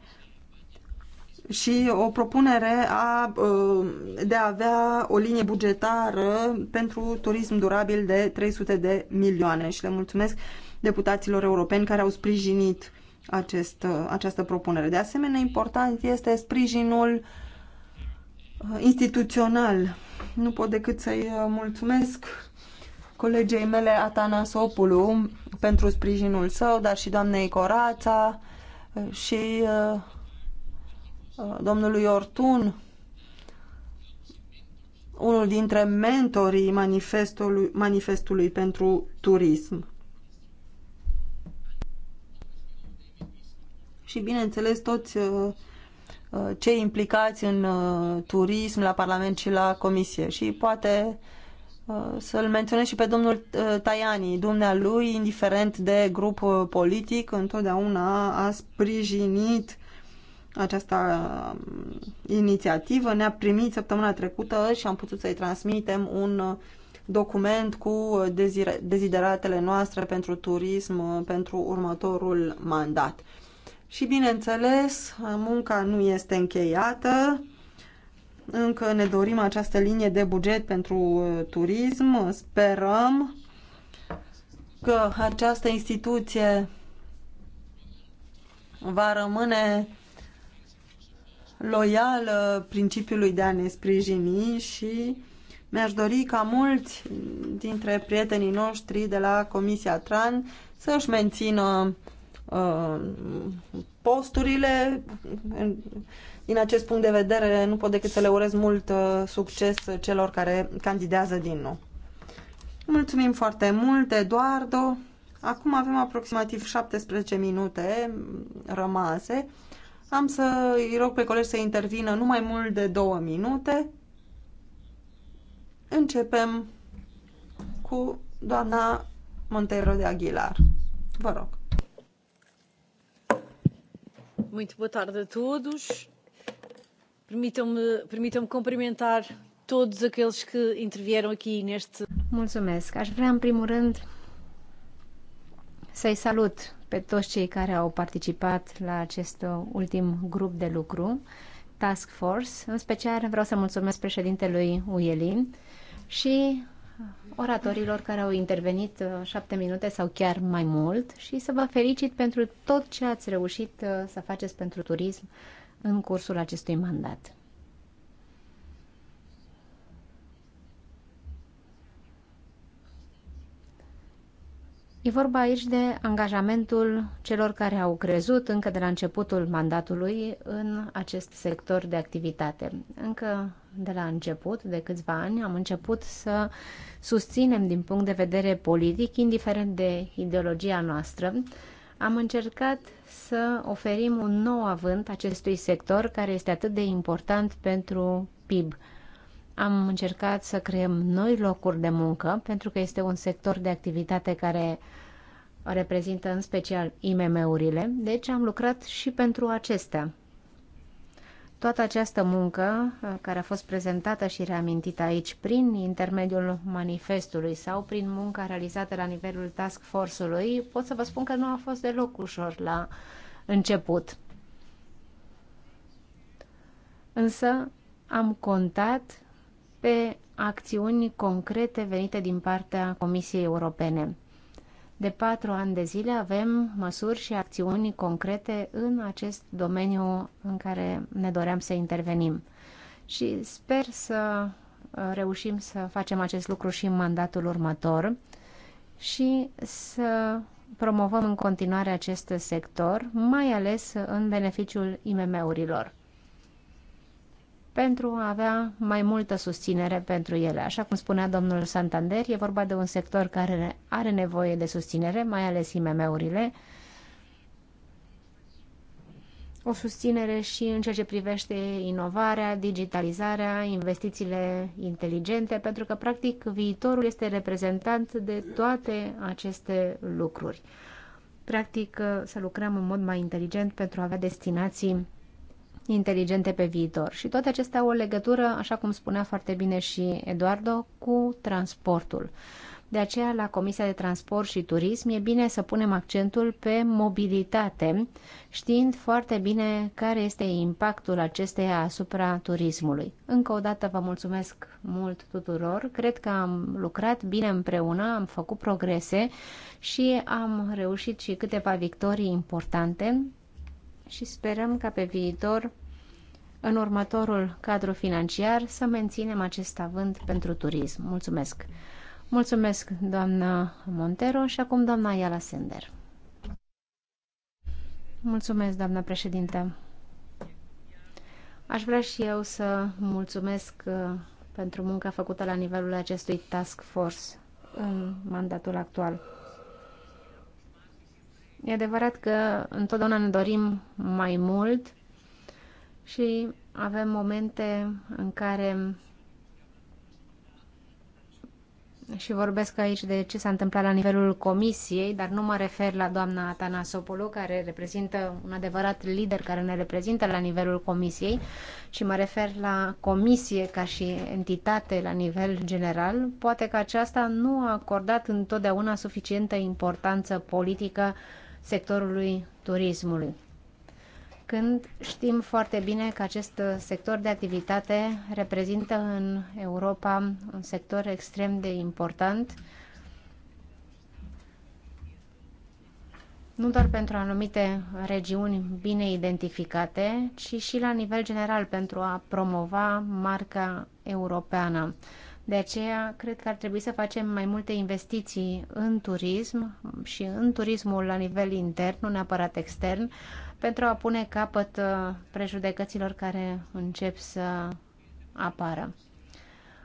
și o propunere a, uh, de a avea o linie bugetară pentru turism durabil de 300 de milioane și le mulțumesc deputaților europeni care au sprijinit acest, uh, această propunere. De asemenea, important este sprijinul uh, instituțional. Nu pot decât să-i mulțumesc colegei mele Atanasopulu pentru sprijinul său, dar și doamnei Corața și uh, Uh, domnului Ortun, unul dintre mentorii manifestului, manifestului pentru turism. Și bineînțeles toți uh, uh, cei implicați în turism la Parlament și la Comisie. Și poate să-l menționez și pe domnul Tajani. Dumnealui, indiferent de grup politic, întotdeauna a sprijinit această um, inițiativă. Ne-a primit săptămâna trecută și am putut să-i transmitem un uh, document cu uh, dezideratele noastre pentru turism uh, pentru următorul mandat. Și bineînțeles, munca nu este încheiată. Încă ne dorim această linie de buget pentru turism. Sperăm că această instituție va rămâne loială principiului de a ne sprijini și mi-aș dori ca mulți dintre prietenii noștri de la Comisia Tran să-și mențină uh, posturile. Din acest punct de vedere, nu pot decât să le urez mult uh, succes celor care candidează din nou. Mulțumim foarte mult, Eduardo. Acum avem aproximativ 17 minute rămase am să îi rog pe colegi să intervină nu mai mult de două minute. Începem cu doamna Monteiro de Aguilar. Vă rog. Muito boa tarde a todos. Permitam-me permitam cumprimentar todos aqueles que intervieram aqui neste. Mulțumesc. Aș vrea în primul rând să-i salut pe toți cei care au participat la acest ultim grup de lucru, Task Force. În special vreau să mulțumesc președintelui Uielin și oratorilor care au intervenit uh, șapte minute sau chiar mai mult și să vă felicit pentru tot ce ați reușit uh, să faceți pentru turism în cursul acestui mandat. E vorba aici de angajamentul celor care au crezut încă de la începutul mandatului în acest sector de activitate. Încă de la început, de câțiva ani, am început să susținem din punct de vedere politic, indiferent de ideologia noastră, am încercat să oferim un nou avânt acestui sector care este atât de important pentru PIB am încercat să creăm noi locuri de muncă, pentru că este un sector de activitate care reprezintă în special IMM-urile, deci am lucrat și pentru acestea. Toată această muncă uh, care a fost prezentată și reamintită aici prin intermediul manifestului sau prin munca realizată la nivelul task force-ului, pot să vă spun că nu a fost deloc ușor la început. Însă am contat pe acțiuni concrete venite din partea Comisiei Europene. De patru ani de zile avem măsuri și acțiuni concrete în acest domeniu în care ne doream să intervenim. Și sper să uh, reușim să facem acest lucru și în mandatul următor și să promovăm în continuare acest sector, mai ales în beneficiul IMM-urilor pentru a avea mai multă susținere pentru ele. Așa cum spunea domnul Santander, e vorba de un sector care are nevoie de susținere, mai ales IMM-urile, o susținere și în ceea ce privește inovarea, digitalizarea, investițiile inteligente, pentru că, practic, viitorul este reprezentant de toate aceste lucruri. Practic, să lucrăm în mod mai inteligent pentru a avea destinații inteligente pe viitor. Și toate acestea au o legătură, așa cum spunea foarte bine și Eduardo, cu transportul. De aceea, la Comisia de Transport și Turism, e bine să punem accentul pe mobilitate, știind foarte bine care este impactul acesteia asupra turismului. Încă o dată vă mulțumesc mult tuturor. Cred că am lucrat bine împreună, am făcut progrese și am reușit și câteva victorii importante și sperăm ca pe viitor, în următorul cadru financiar, să menținem acest avânt pentru turism. Mulțumesc! Mulțumesc, doamna Montero, și acum doamna Iala Sender. Mulțumesc, doamna președinte. Aș vrea și eu să mulțumesc uh, pentru munca făcută la nivelul acestui task force în mandatul actual. E adevărat că întotdeauna ne dorim mai mult și avem momente în care și vorbesc aici de ce s-a întâmplat la nivelul comisiei, dar nu mă refer la doamna Sopolo care reprezintă un adevărat lider care ne reprezintă la nivelul comisiei, ci mă refer la comisie ca și entitate la nivel general. Poate că aceasta nu a acordat întotdeauna suficientă importanță politică uh, sectorului turismului când știm foarte bine că acest sector de activitate reprezintă în Europa un sector extrem de important, nu doar pentru anumite regiuni bine identificate, ci și la nivel general pentru a promova marca europeană de aceea, cred că ar trebui să facem mai multe investiții în turism și în turismul la nivel intern, nu neapărat extern, pentru a pune capăt uh, prejudecăților care încep să apară.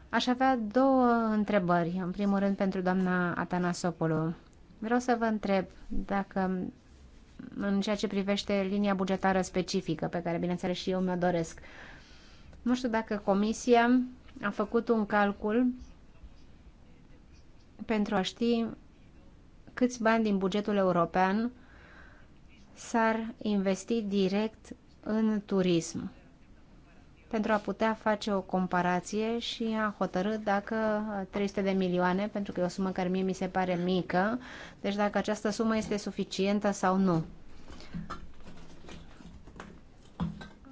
Aș avea două întrebări, în primul rând pentru doamna Atanasopoulou. Vreau să vă întreb dacă în ceea ce privește linia bugetară specifică, pe care bineînțeles și eu mi-o doresc, nu știu dacă Comisia am făcut un calcul pentru a ști câți bani din bugetul european s-ar investi direct în turism pentru a putea face o comparație și a hotărât dacă 300 de milioane, pentru că e o sumă care mie mi se pare mică, deci dacă această sumă este suficientă sau nu.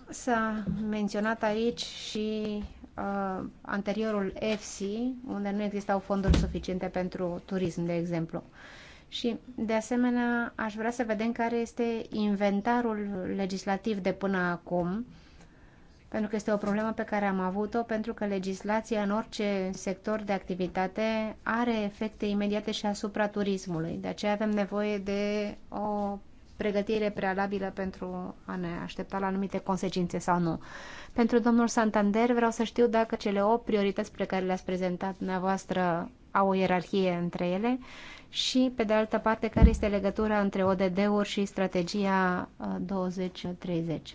S-a menționat aici și uh, anteriorul EFSI, unde nu existau fonduri suficiente pentru turism, de exemplu. Și, de asemenea, aș vrea să vedem care este inventarul legislativ de până acum, pentru că este o problemă pe care am avut-o, pentru că legislația în orice sector de activitate are efecte imediate și asupra turismului. De aceea avem nevoie de o pregătire prealabilă pentru a ne aștepta la anumite consecințe sau nu. Pentru domnul Santander vreau să știu dacă cele 8 priorități pe care le-ați prezentat dumneavoastră au o ierarhie între ele și, pe de altă parte, care este legătura între ODD-uri și strategia 2030. Uh,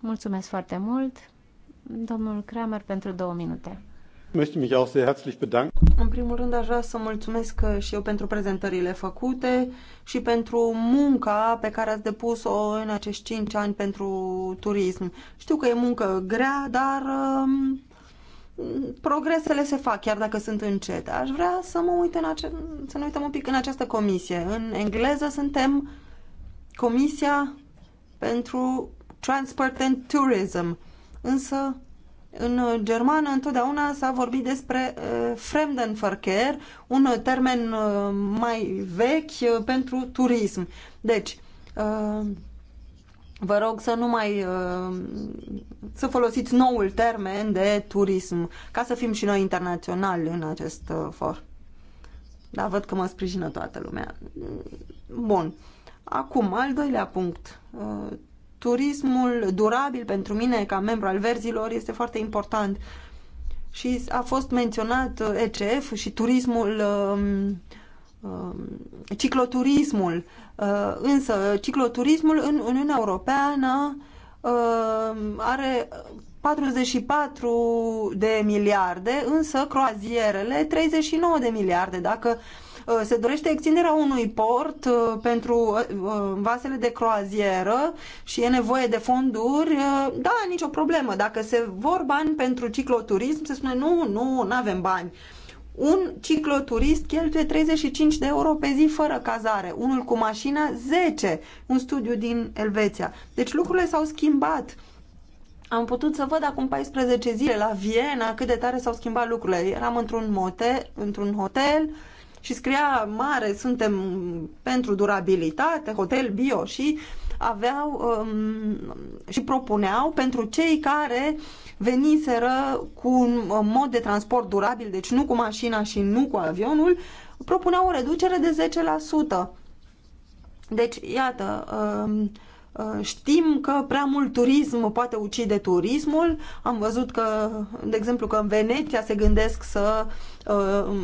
Mulțumesc foarte mult, domnul Kramer, pentru două minute möchte mich auch sehr herzlich bedanken. În primul rând, aș vrea să mulțumesc și eu pentru prezentările făcute și pentru munca pe care ați depus-o în acești 5 ani pentru turism. Știu că e muncă grea, dar um, progresele se fac, chiar dacă sunt încete. Aș vrea să, mă uit în ace- să ne uităm un pic în această comisie. În engleză suntem Comisia pentru Transport and Tourism, însă în germană întotdeauna s-a vorbit despre uh, Fremdenverkehr, un termen uh, mai vechi uh, pentru turism. Deci, uh, vă rog să nu mai uh, să folosiți noul termen de turism, ca să fim și noi internaționali în acest uh, for. Da, văd că mă sprijină toată lumea. Bun. Acum, al doilea punct. Uh, turismul durabil pentru mine ca membru al verzilor este foarte important. Și a fost menționat uh, ECF și turismul, um, um, cicloturismul. Uh, însă cicloturismul în Uniunea Europeană um, are 44 de miliarde, însă croazierele 39 de miliarde. Dacă uh, Uh, se dorește extinderea unui port uh, pentru uh, vasele de croazieră și e nevoie de fonduri, da, nicio problemă. Dacă se vor bani pentru cicloturism, se spune nu, nu, nu avem bani. Un cicloturist cheltuie 35 de euro pe zi fără cazare, unul cu mașina 10, un studiu din Elveția. Deci lucrurile s-au schimbat. Am putut să văd acum 14 zile la Viena cât de tare s-au schimbat lucrurile. Eram într-un motel, într-un hotel, uh, și scria mare, suntem pentru durabilitate, hotel bio și aveau um, și propuneau pentru cei care veniseră cu un um, mod de transport durabil, deci nu cu mașina și nu cu avionul, propuneau o reducere de 10%. Deci, iată, um, Uh, știm că prea mult turism poate ucide turismul. Am văzut că, de exemplu, că în Veneția se gândesc să uh,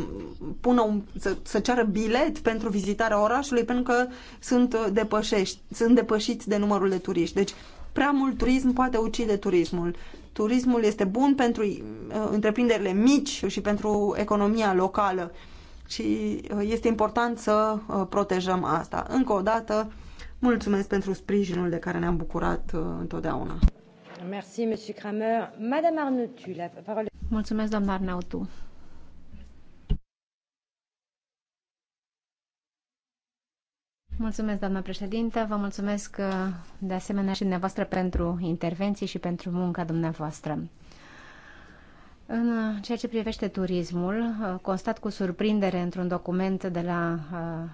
pună un, să, să ceară bilet pentru vizitarea orașului pentru că sunt, depășești, sunt depășiți de numărul de turiști. Deci, prea mult turism poate ucide turismul. Turismul este bun pentru uh, întreprinderile mici și pentru economia locală și este important să protejăm asta. Încă o dată, Mulțumesc pentru sprijinul de care ne-am bucurat uh, întotdeauna. Merci, Monsieur Kramer. Madame Arnautu, la parole. Mulțumesc, doamna Arnautu. Mulțumesc, doamna președintă. Vă mulțumesc uh, de asemenea și dumneavoastră pentru intervenții și pentru munca dumneavoastră. În ceea ce privește turismul, uh, constat cu surprindere într-un document de la uh,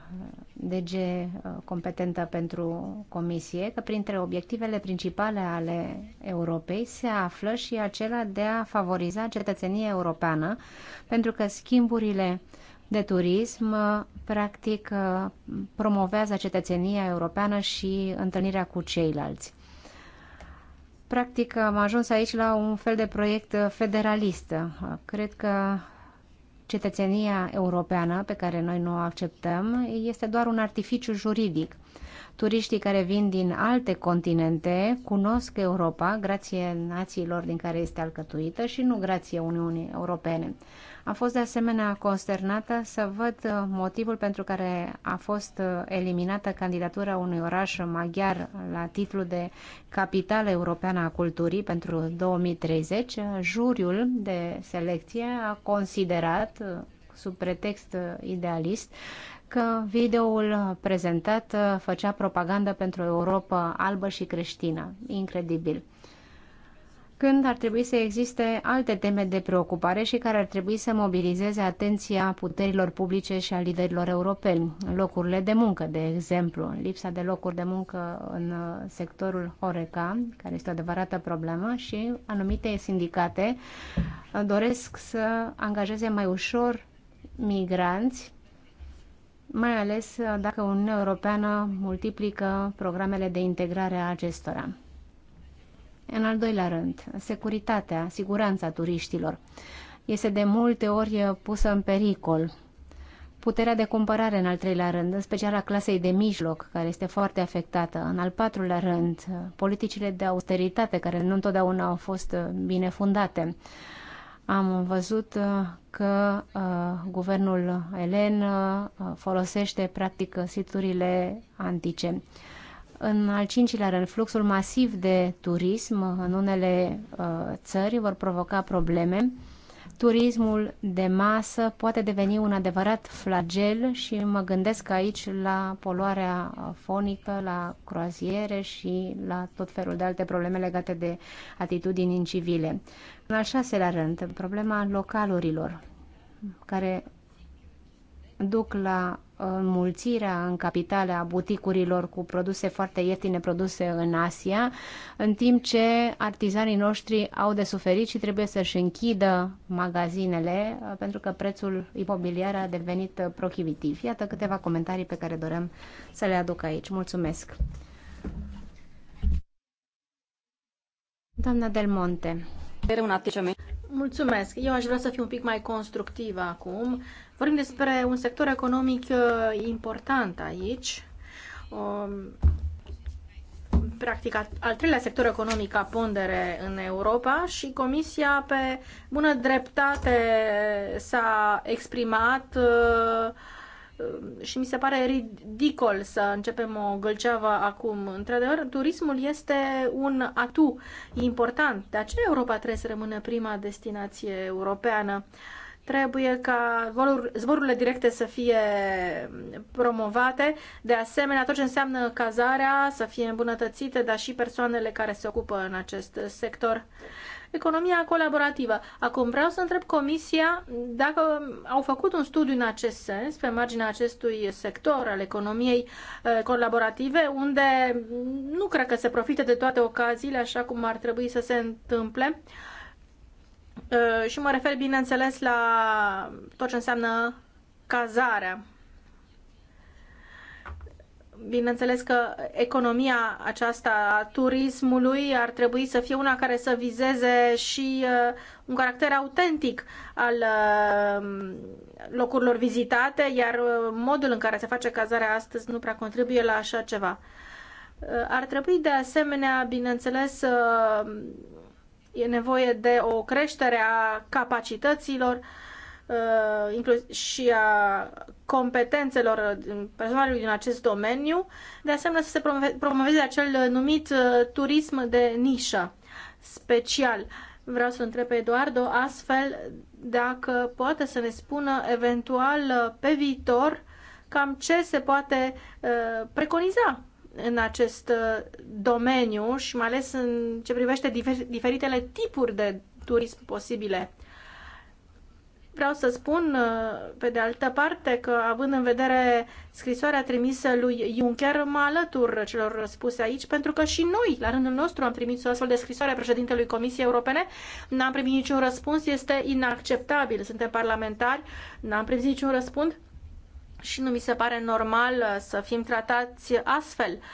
DG uh, competentă pentru comisie că printre obiectivele principale ale Europei se află și acela de a favoriza cetățenia europeană, pentru că schimburile de turism practic promovează cetățenia europeană și întâlnirea cu ceilalți. Practic am ajuns aici la un fel de proiect federalist. Cred că cetățenia europeană, pe care noi nu o acceptăm, este doar un artificiu juridic. Turiștii care vin din alte continente cunosc Europa grație națiilor din care este alcătuită și nu grație Uniunii Europene. Am fost de asemenea consternată să văd uh, motivul pentru care a fost uh, eliminată candidatura unui oraș maghiar la titlul de Capitală Europeană a Culturii pentru 2030. Juriul de selecție a considerat, uh, sub pretext idealist, că videoul prezentat făcea propagandă pentru Europa albă și creștină. Incredibil când ar trebui să existe alte teme de preocupare și care ar trebui să mobilizeze atenția puterilor publice și a liderilor europeni. Locurile de muncă, de exemplu, lipsa de locuri de muncă în uh, sectorul Horeca, care este o adevărată problemă, și anumite sindicate uh, doresc să angajeze mai ușor migranți mai ales uh, dacă Uniunea Europeană multiplică programele de integrare a acestora. În al doilea rând, securitatea, siguranța turiștilor. Este de multe ori pusă în pericol. Puterea de cumpărare în al treilea rând, în special a clasei de mijloc, care este foarte afectată. În al patrulea rând, politicile de austeritate, care nu întotdeauna au fost bine fundate. Am văzut uh, că uh, guvernul elen uh, folosește practic siturile antice. Uh, în al cincilea rând, fluxul masiv de turism în unele uh, țări vor provoca probleme. Turismul de masă poate deveni un adevărat flagel și mă gândesc aici la poluarea fonică, la croaziere și la tot felul de alte probleme legate de atitudini incivile. În al șaselea rând, problema localurilor, care duc la înmulțirea în capitale a buticurilor cu produse foarte ieftine produse în Asia, în timp ce artizanii noștri au de suferit și trebuie să-și închidă magazinele uh, pentru că prețul imobiliar a devenit uh, prohibitiv. Iată câteva comentarii pe care doream să le aduc aici. Mulțumesc! Doamna Del Monte. Un Mulțumesc. Eu aș vrea să fiu un pic mai constructivă acum. Vorbim despre un sector economic uh, important aici. Um, practic, al treilea sector economic a pondere în Europa și Comisia, pe bună dreptate, s-a exprimat uh, Ehm, și mi se pare ridicol să începem o gălceavă acum. Într-adevăr, turismul este un atu important. De aceea Europa trebuie să rămână prima destinație europeană. Trebuie ca zborurile directe să fie promovate, de asemenea tot ce înseamnă cazarea să fie îmbunătățite, dar și persoanele care se ocupă în acest sector economia colaborativă. Acum vreau să întreb Comisia dacă au făcut un studiu în acest sens, pe marginea acestui sector al economiei eh, colaborative, unde nu cred că se profită de toate ocaziile așa cum ar trebui să se întâmple. Eh, și mă refer, bineînțeles, la tot ce înseamnă cazarea Bineînțeles că economia aceasta a turismului ar trebui să fie una care să vizeze și uh, un caracter autentic al uh, locurilor vizitate, iar uh, modul în care se face cazarea astăzi nu prea contribuie la așa ceva. Ar trebui de asemenea, bineînțeles, e nevoie de o creștere a capacităților Uh, și a competențelor uh, personalului din acest domeniu, de asemenea să se promoveze acel numit uh, turism de nișă special. Vreau să întreb pe Eduardo astfel dacă poate să ne spună eventual pe viitor cam ce se poate preconiza în acest domeniu și mai ales în ce privește diferitele tipuri de turism posibile Vreau să spun, uh, pe de altă parte, că având în vedere scrisoarea trimisă lui Juncker, mă alătur celor spuse aici, pentru că și noi, la rândul nostru, am primit o astfel de scrisoare a președintelui Comisiei Europene, n-am primit niciun răspuns, este inacceptabil. Suntem parlamentari, n-am primit niciun răspuns și nu mi se pare normal uh, să fim tratați astfel. Uh,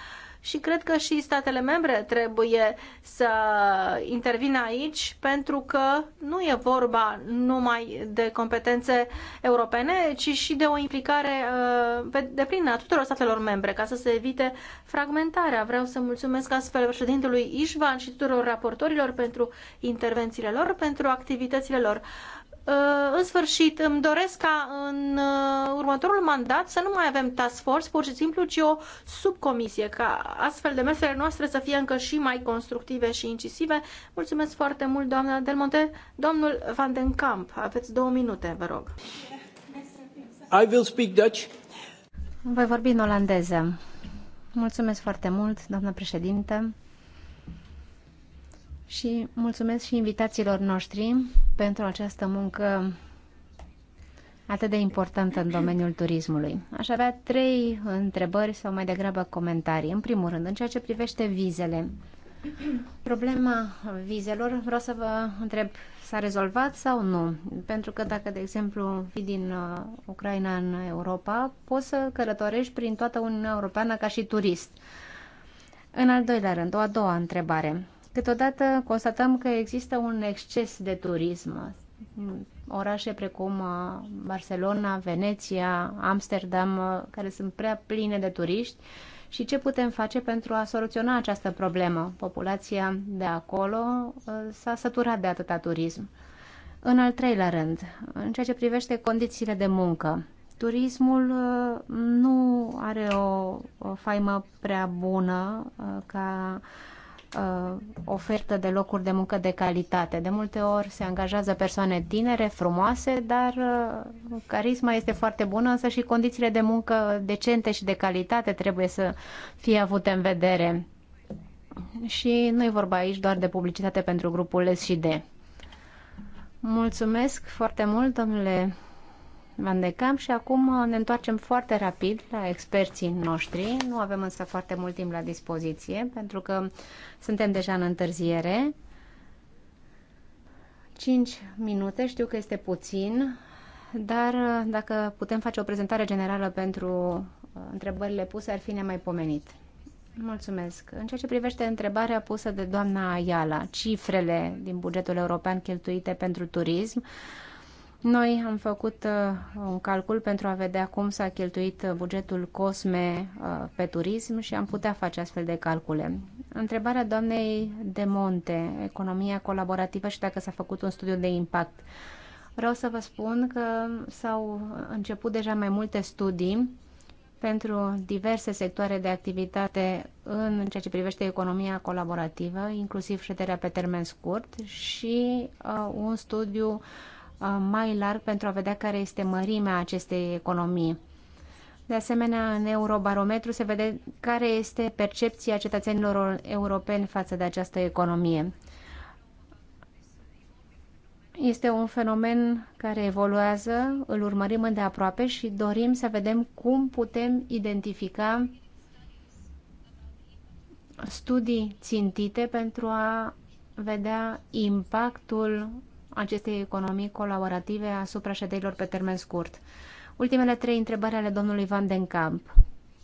și cred că și statele membre trebuie să intervină aici pentru că nu e vorba numai de competențe europene, ci și de o implicare uh, plină a tuturor statelor membre ca să se evite fragmentarea. Vreau să mulțumesc astfel președintelui Ișvan și tuturor raportorilor pentru intervențiile lor, pentru activitățile lor. Uh, în sfârșit, îmi doresc ca în uh, următorul mandat să nu mai avem task force, pur și simplu, ci o subcomisie, ca astfel de mesele noastre să fie încă și mai constructive și incisive. Mulțumesc foarte mult, doamna Del Monte. Domnul Van den Kamp, aveți două minute, vă rog. I will speak Dutch. Voi vorbi în olandeză. Mulțumesc foarte mult, doamnă președinte. Și mulțumesc și invitațiilor noștri pentru această muncă atât de importantă în domeniul turismului. Aș avea trei întrebări sau mai degrabă comentarii. În primul rând, în ceea ce privește vizele. Problema vizelor, vreau să vă întreb, s-a rezolvat sau nu? Pentru că dacă, de exemplu, fii din uh, Ucraina în Europa, poți să călătorești prin toată Uniunea Europeană ca și turist. În al doilea rând, o a doua întrebare. Câteodată constatăm că există un exces de turism. Orașe precum uh, Barcelona, Veneția, Amsterdam, uh, care sunt prea pline de turiști, și ce putem face pentru a soluționa această problemă. Populația de acolo uh, s-a săturat de atâta turism. În al treilea rând, în ceea ce privește condițiile de muncă, turismul nu are o, o faimă prea bună ca uh, uh, ofertă de locuri de muncă de calitate. De multe ori se angajează persoane tinere, frumoase, dar uh, carisma este foarte bună, însă și condițiile de muncă decente și de calitate trebuie să fie avute în vedere. Și nu e vorba aici doar de publicitate pentru grupul S și D. Mulțumesc foarte mult, domnule Van de Camp și acum uh, ne întoarcem foarte rapid la experții noștri. Nu avem însă foarte mult timp la dispoziție pentru că suntem deja în întârziere. 5 minute, știu că este puțin, dar uh, dacă putem face o prezentare generală pentru uh, întrebările puse, ar fi nemaipomenit. Mulțumesc. În ceea ce privește întrebarea pusă de doamna Ayala, cifrele din bugetul european cheltuite pentru turism, uh, noi am făcut uh, un calcul pentru a vedea cum s-a cheltuit uh, bugetul COSME uh, pe turism și am putea face astfel de calcule. Întrebarea doamnei de Monte, economia colaborativă și dacă s-a făcut un studiu de impact. Vreau să vă spun că s-au început deja mai multe studii pentru diverse sectoare de activitate în ceea ce privește economia colaborativă, inclusiv șederea pe termen scurt și uh, un studiu uh, Uh, mai larg pentru a vedea care este mărimea acestei economii. De asemenea, în Eurobarometru se vede care este percepția cetățenilor europeni față de această economie. Este un fenomen care evoluează, îl urmărim îndeaproape și dorim să vedem cum putem identifica studii țintite pentru a vedea impactul acestei economii colaborative asupra șederilor pe termen scurt. Ultimele trei întrebări ale domnului Van den Kamp.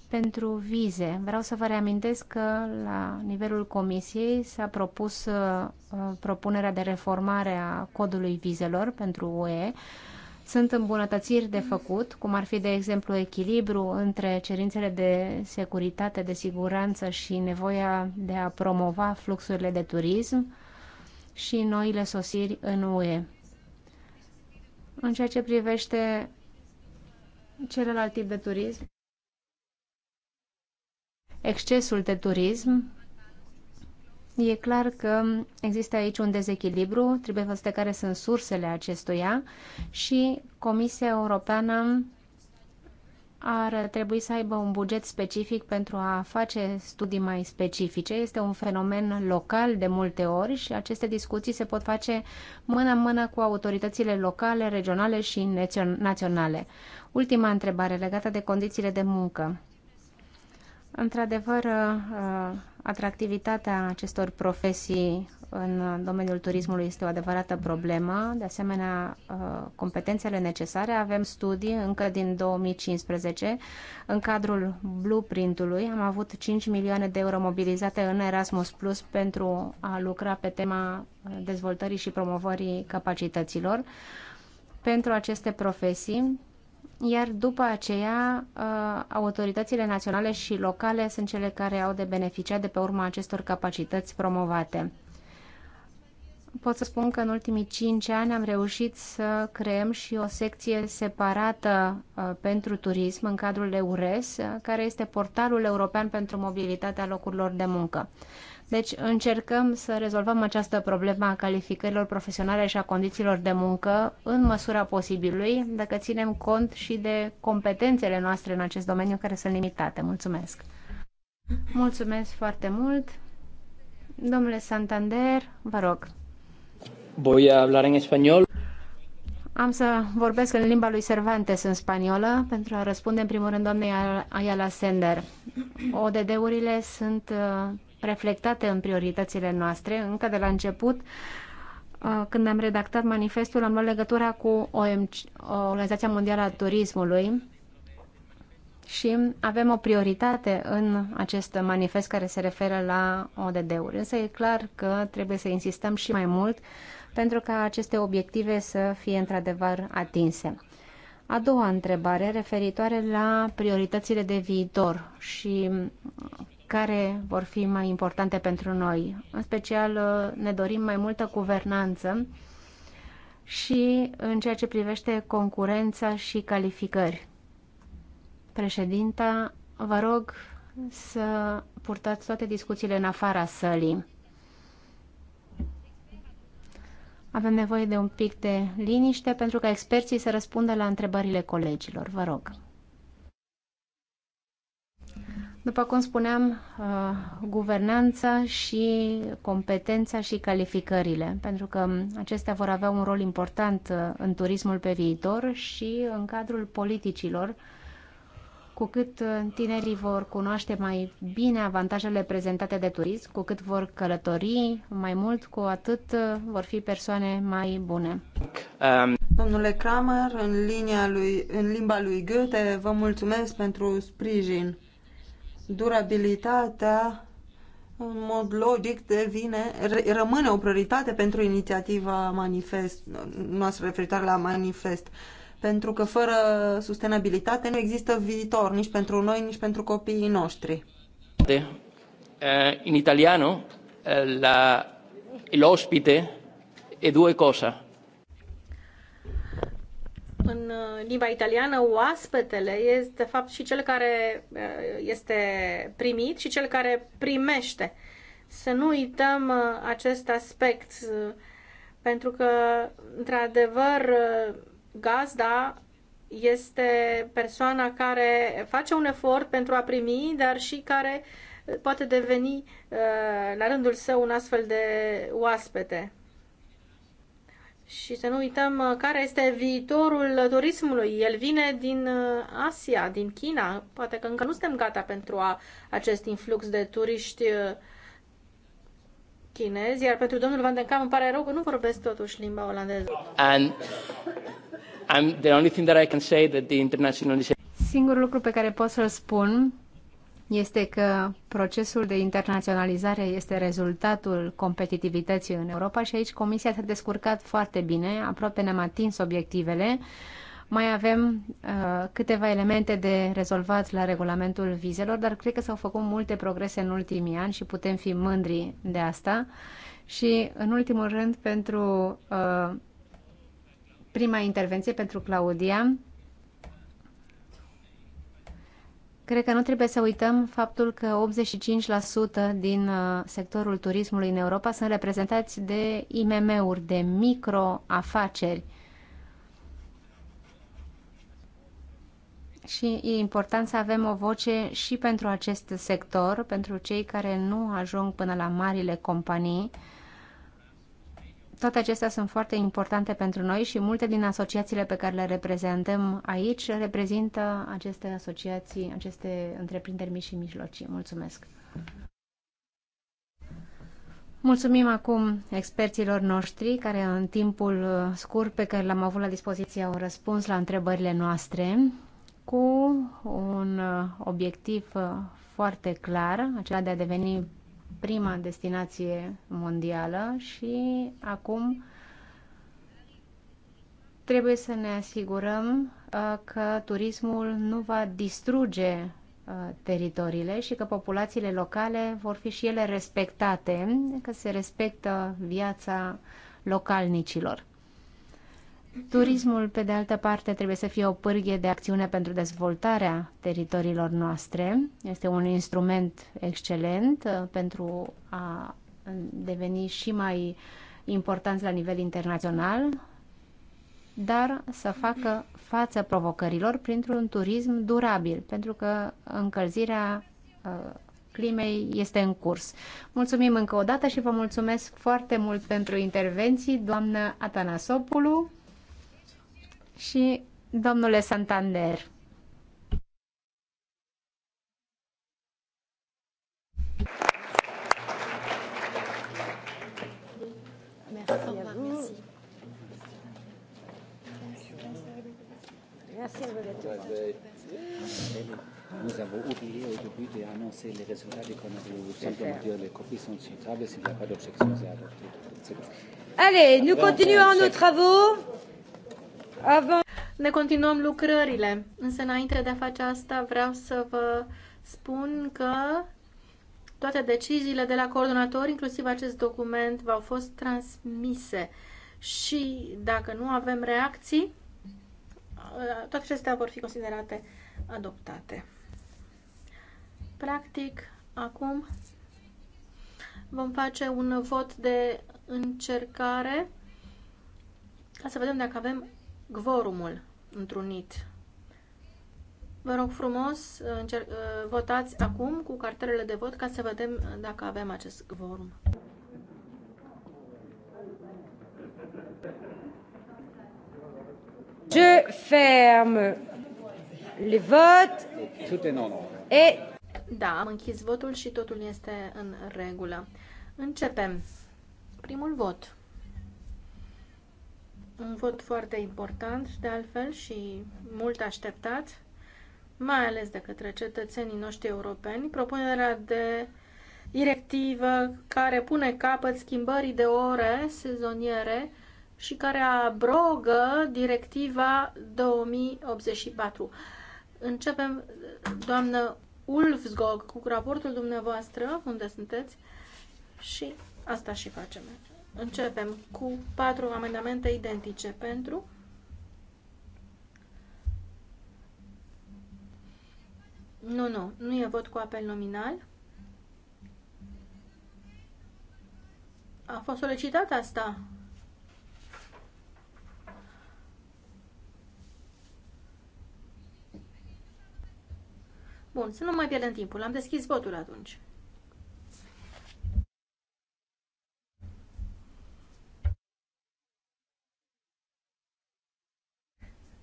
Pentru vize, vreau să vă reamintesc că la nivelul Comisiei s-a propus uh, propunerea de reformare a codului vizelor pentru UE. Sunt îmbunătățiri de făcut, cum ar fi, de exemplu, echilibru între cerințele de securitate, de siguranță și nevoia de a promova fluxurile de turism, și noile sosiri în UE. În ceea ce privește celălalt tip de turism, excesul de turism, e clar că există aici un dezechilibru, trebuie văzute care sunt sursele acestuia și Comisia Europeană ar trebui să aibă un buget specific pentru a face studii mai specifice. Este un fenomen local de multe ori și aceste discuții se pot face mână-mână cu autoritățile locale, regionale și naționale. Ultima întrebare legată de condițiile de muncă. Într-adevăr, uh, atractivitatea acestor profesii în domeniul turismului este o adevărată problemă. De asemenea, uh, competențele necesare avem studii încă din 2015. În cadrul blueprint-ului am avut 5 milioane de euro mobilizate în Erasmus Plus pentru a lucra pe tema dezvoltării și promovării capacităților. Pentru aceste profesii, iar după aceea uh, autoritățile naționale și locale sunt cele care au de beneficiat de pe urma acestor capacități promovate. Pot să spun că în ultimii 5 ani am reușit să creăm și o secție separată uh, pentru turism în cadrul EURES, uh, care este portalul european pentru mobilitatea locurilor de muncă. Deci încercăm să rezolvăm această problemă a calificărilor profesionale și a condițiilor de muncă în măsura posibilului, dacă ținem cont și de competențele noastre în acest domeniu care sunt limitate. Mulțumesc! Mulțumesc foarte mult! Domnule Santander, vă rog. Voi hablar în spaniol. Am să vorbesc în limba lui Cervantes în spaniolă pentru a răspunde în primul rând doamnei Ayala Sender. ODD-urile sunt uh, reflectate în prioritățile noastre încă de la început uh, când am redactat manifestul, am luat legătura cu OMC, uh, Organizația Mondială a Turismului și avem o prioritate în acest manifest care se referă la ODD-uri. Însă e clar că trebuie să insistăm și mai mult pentru ca aceste obiective să fie într-adevăr atinse. A doua întrebare referitoare la prioritățile de viitor și care vor fi mai importante pentru noi. În special uh, ne dorim mai multă guvernanță și în ceea ce privește concurența și calificări. Președinta, vă rog să purtați toate discuțiile în afara sălii. Avem nevoie de un pic de liniște pentru ca experții să răspundă la întrebările colegilor. Vă rog. După cum spuneam, uh, guvernanța și competența și calificările, pentru că acestea vor avea un rol important uh, în turismul pe viitor și în cadrul politicilor. Cu cât uh, tinerii vor cunoaște mai bine avantajele prezentate de turism, cu cât vor călători mai mult, cu atât vor fi persoane mai bune. Um... Domnule Kramer, în, linia lui, în limba lui Goethe, vă mulțumesc pentru sprijin durabilitatea în mod logic devine, rămâne o prioritate pentru inițiativa manifest, noastră referitoare la manifest. Pentru că fără sustenabilitate nu există viitor nici pentru noi, nici pentru copiii noștri. Eh, în italiano, eh, la, l'ospite e due cosa în uh, limba italiană, oaspetele este, de fapt, și cel care uh, este primit și cel care primește. Să nu uităm uh, acest aspect, pentru că, într-adevăr, gazda este persoana care face un efort pentru a primi, dar și care poate deveni, la rândul său, un astfel de oaspete. Și să nu uităm uh, care este viitorul turismului. El vine din uh, Asia, din China. Poate că încă nu suntem gata pentru a, acest influx de turiști uh, chinezi, iar pentru domnul Van den Kamp îmi pare rău că nu vorbesc totuși limba olandeză. And I'm the only thing that I can say that the internationalization Singurul lucru pe care pot să-l spun este că procesul de internaționalizare este rezultatul competitivității în Europa și aici Comisia s-a descurcat foarte bine, aproape ne-am atins obiectivele. Mai avem uh, câteva elemente de rezolvat la regulamentul vizelor, dar cred că s-au făcut multe progrese în ultimii ani și putem fi mândri de asta. Și, în ultimul rând, pentru uh, prima intervenție, pentru Claudia, Cred că nu trebuie să uităm faptul că 85% din uh, sectorul turismului în Europa sunt reprezentați de IMM-uri, de microafaceri. Și e important să avem o voce și pentru acest sector, pentru cei care nu ajung până la marile companii, toate acestea sunt foarte importante pentru noi și multe din asociațiile pe care le reprezentăm aici reprezintă aceste asociații, aceste întreprinderi mici și mijlocii. Mulțumesc! Mulțumim acum experților noștri care în timpul scurt pe care l-am avut la dispoziție au răspuns la întrebările noastre cu un obiectiv foarte clar, acela de a deveni prima destinație mondială și acum trebuie să ne asigurăm uh, că turismul nu va distruge uh, teritoriile și că populațiile locale vor fi și ele respectate, că se respectă viața localnicilor. Turismul, pe de altă parte, trebuie să fie o pârghie de acțiune pentru dezvoltarea teritoriilor noastre. Este un instrument excelent uh, pentru a deveni și mai importanți la nivel internațional, dar să facă față provocărilor printr-un turism durabil, pentru că încălzirea uh, climei este în curs. Mulțumim încă o dată și vă mulțumesc foarte mult pentru intervenții, doamnă Atanasopulu și domnule Santander. Nous avons oublié au début d'annoncer les résultats des coronavirus. les copies sont sur S'il n'y a pas d'objection, c'est adopté. Allez, nous continuons euh, nos travaux. Ne continuăm lucrările, însă înainte de a face asta vreau să vă spun că toate deciziile de la coordonatori, inclusiv acest document, v-au fost transmise și dacă nu avem reacții, toate acestea vor fi considerate adoptate. Practic, acum vom face un vot de încercare ca să vedem dacă avem Gvorumul întrunit. Vă rog frumos, încerc, votați acum cu cartelele de vot ca să vedem dacă avem acest gvorum. Je ferme le vot. Tout est non. Et... Da, am închis votul și totul este în regulă. Începem. Primul vot un vot foarte important, de altfel, și mult așteptat, mai ales de către cetățenii noștri europeni, propunerea de directivă care pune capăt schimbării de ore sezoniere și care abrogă directiva 2084. Începem, doamnă Ulfsgog, cu raportul dumneavoastră, unde sunteți, și asta și facem. Începem cu patru amendamente identice pentru, Nu, nu, nu e vot cu apel nominal. A fost solicitat asta. Bun, să nu mai pierdem timpul. Am deschis votul atunci.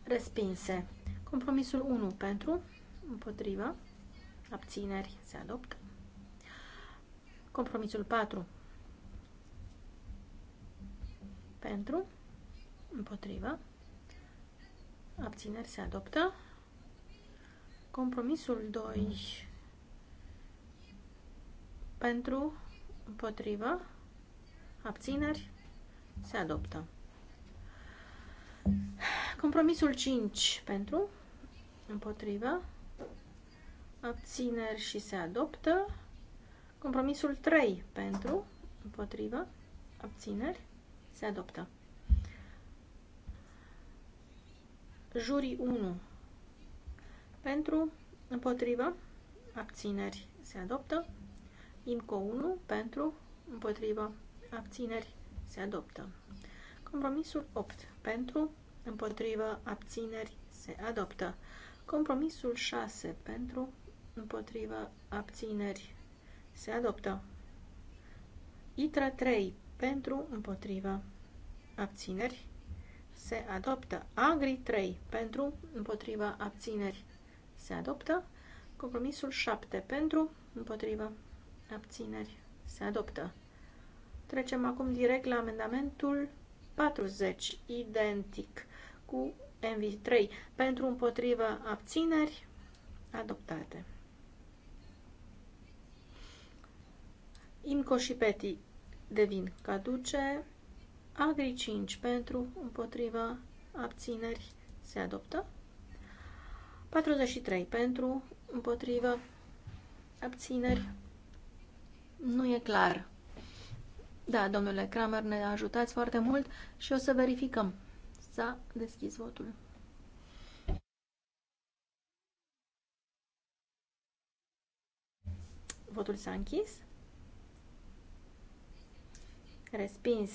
respinse. Compromisul 1 pentru, împotrivă, abțineri, se adoptă. Compromisul 4 pentru, împotrivă, abțineri, se adoptă. Compromisul 2 pentru, împotrivă, abțineri, se adoptă. Compromisul 5 pentru, împotrivă, abțineri și se adoptă. Compromisul 3 pentru, împotrivă, abțineri, se adoptă. Jurii 1 pentru, împotrivă, abțineri, se adoptă. IMCO 1 pentru, împotrivă, abțineri, se adoptă. Compromisul 8 pentru, împotrivă, abțineri, se adoptă. Compromisul 6 pentru, împotrivă, abțineri, se adoptă. ITRA 3 pentru, împotrivă, abțineri, se adoptă. AGRI 3 pentru, împotrivă, abțineri, se adoptă. Compromisul 7 pentru, împotrivă, abțineri, se adoptă. Trecem acum direct la amendamentul 40, identic cu MV3 pentru împotrivă abțineri adoptate. Imco și Peti devin caduce. Agri 5 pentru împotrivă abțineri se adoptă. 43 pentru împotrivă abțineri nu e clar. Da, domnule Kramer, ne ajutați foarte mult și o să verificăm. S-a deschis votul. Votul s-a închis. Respins.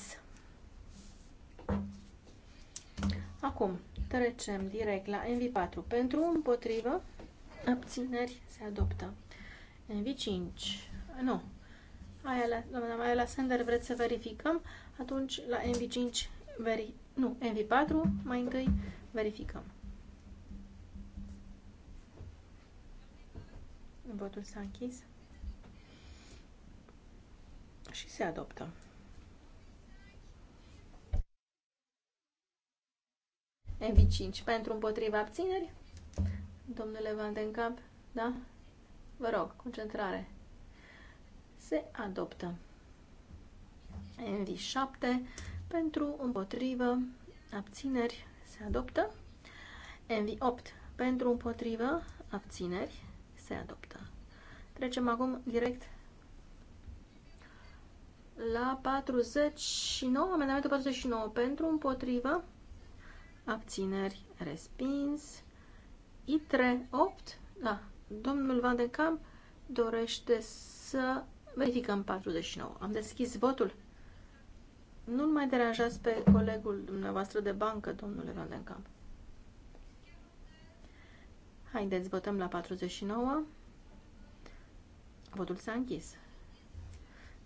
Acum trecem direct la NV4. Pentru, împotrivă, abțineri se adoptă. NV5. Nu. Aia la, doamna Maia la Sender, vreți să verificăm? Atunci la NV5 veri, nu, mv 4 mai întâi verificăm. Votul s-a închis și se adoptă. mv 5 pentru împotriva abțineri. Domnule Van den Kamp, da? Vă rog, concentrare. Se adoptă. mv 7 pentru, împotrivă, abțineri, se adoptă. NV8 pentru, împotrivă, abțineri, se adoptă. Trecem acum direct la 49, amendamentul 49 pentru, împotrivă, abțineri, respins. I3, 8, da, domnul Van de Kamp dorește să verificăm 49. Am deschis votul. Nu-l mai deranjați pe colegul dumneavoastră de bancă, domnule Vandenkamp. Haideți, votăm la 49. Votul s-a închis.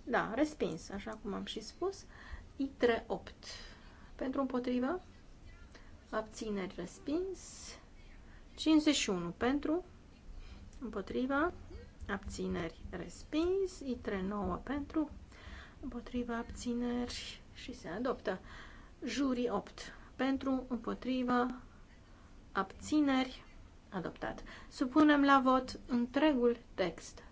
Da, respins, așa cum am și spus. ITRE 8. Pentru împotrivă, abțineri respins. 51 pentru, împotriva, abțineri respins. ITRE 9 pentru, împotriva abțineri și se adoptă. Jurii 8 pentru, împotrivă, abțineri, adoptat. Supunem la vot întregul text.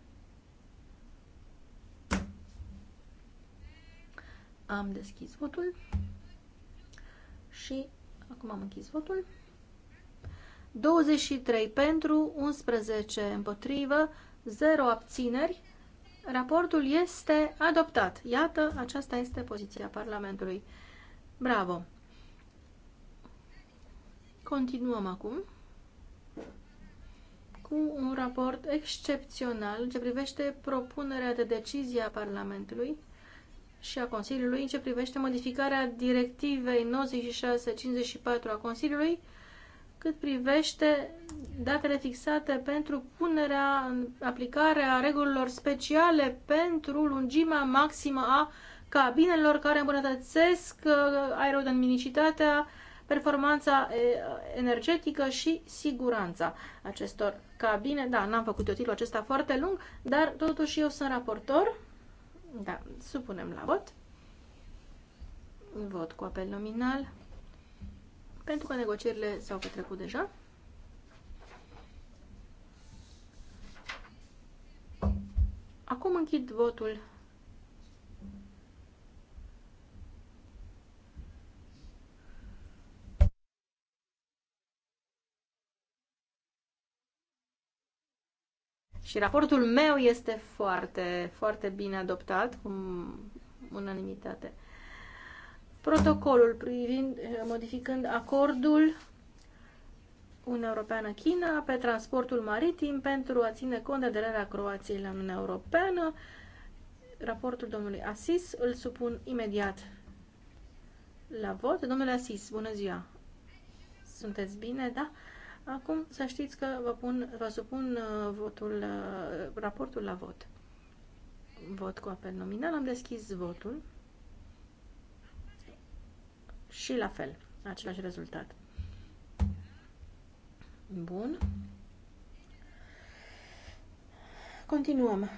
Am deschis votul și acum am închis votul. 23 pentru, 11 împotrivă, 0 abțineri. Raportul este adoptat. Iată, aceasta este poziția Parlamentului. Bravo! Continuăm acum cu un raport excepțional ce privește propunerea de decizie a Parlamentului și a Consiliului în ce privește modificarea directivei 9654 a Consiliului cât privește datele fixate pentru punerea în aplicare a regulilor speciale pentru lungimea maximă a cabinelor care îmbunătățesc uh, aerodinamicitatea, performanța energetică și siguranța acestor cabine. Da, n-am făcut eu titlul acesta foarte lung, dar totuși eu sunt raportor. Da, supunem la vot. Vot cu apel nominal pentru că negocierile s-au petrecut deja. Acum închid votul. Și raportul meu este foarte, foarte bine adoptat, cu unanimitate protocolul privind eh, modificând acordul Uniunea Europeană-China pe transportul maritim pentru a ține cont de aderarea Croației la Uniunea Europeană. Raportul domnului Asis îl supun imediat la vot. Domnule Asis, bună ziua! Sunteți bine, da? Acum să știți că vă, pun, vă supun eh, votul, eh, raportul la vot. Vot cu apel nominal. Am deschis votul și la fel, același rezultat. Bun. Continuăm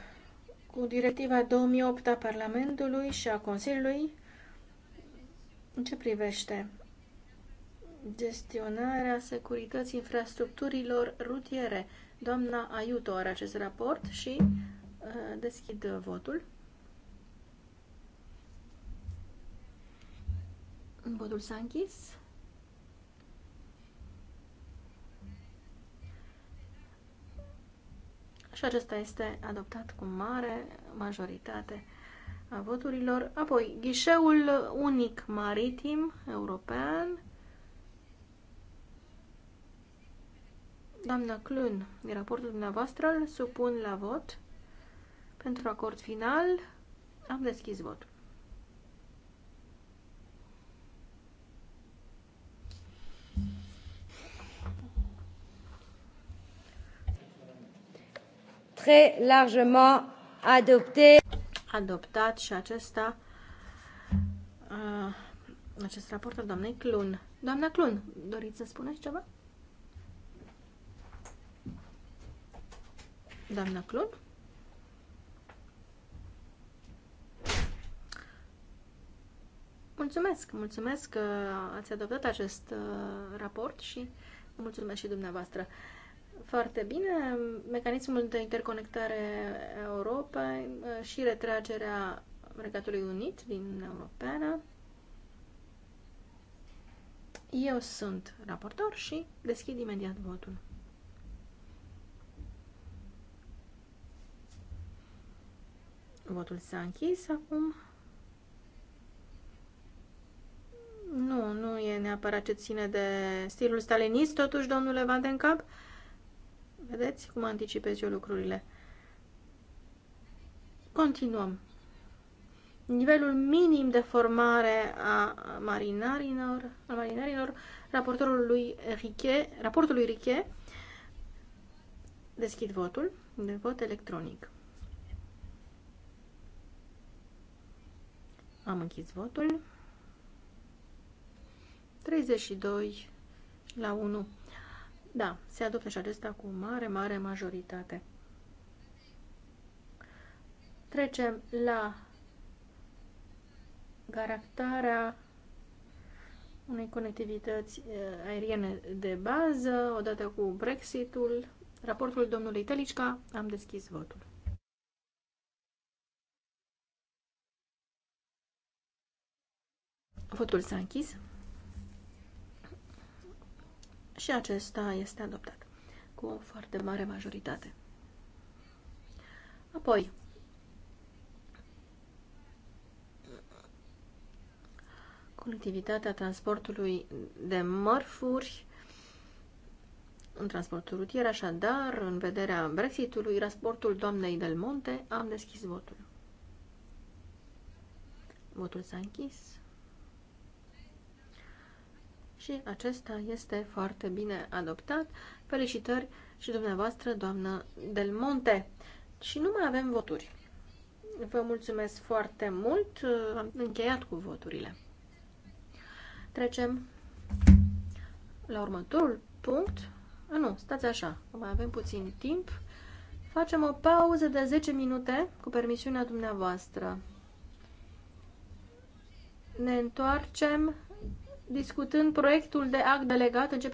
cu directiva 2008 a Parlamentului și a Consiliului în ce privește gestionarea securității infrastructurilor rutiere. Doamna Aiuto are acest raport și uh, deschid votul. Votul s-a închis. Și acesta este adoptat cu mare majoritate a voturilor. Apoi, ghișeul unic maritim european. Doamna Clun, raportul dumneavoastră îl supun la vot. Pentru acord final, am deschis votul. très largement adopté. Adoptat și acesta, uh, acest raport al doamnei Clun. Doamna Clun, doriți să spuneți ceva? Doamna Clun? Mulțumesc, mulțumesc că ați adoptat acest uh, raport și mulțumesc și dumneavoastră. Uh, foarte bine mecanismul de interconectare Europa Europei uh, și retragerea Regatului Unit din Uniunea Europeană. Eu sunt raportor și deschid imediat votul. Votul s-a închis acum. Nu, nu e neapărat ce ține de stilul stalinist, totuși, domnule Van Uh, Vedeți cum anticipez eu lucrurile. Continuăm. Nivelul minim de formare a marinarilor, a marinarilor raportorul lui Riche, raportul lui Riche, deschid votul, de vot electronic. Am închis votul. 32 la 1 da, se adoptă și acesta cu mare, mare majoritate. Trecem la garantarea unei conectivități eh, aeriene de bază, odată cu Brexitul, raportul domnului Telicca, am deschis votul. Votul s-a închis și acesta este adoptat cu o foarte mare majoritate. Apoi, conectivitatea transportului de mărfuri în transportul rutier, așadar, în vederea Brexitului, transportul doamnei Del Monte, am deschis votul. Votul s-a închis și acesta este foarte bine adoptat. Felicitări și dumneavoastră, doamnă Del Monte. Și nu mai avem voturi. Vă mulțumesc foarte mult. Am încheiat cu voturile. Trecem la următorul punct. A, nu, stați așa, mai avem puțin timp. Facem o pauză de 10 minute cu permisiunea dumneavoastră. Ne întoarcem discutând proiectul de act delegat în ce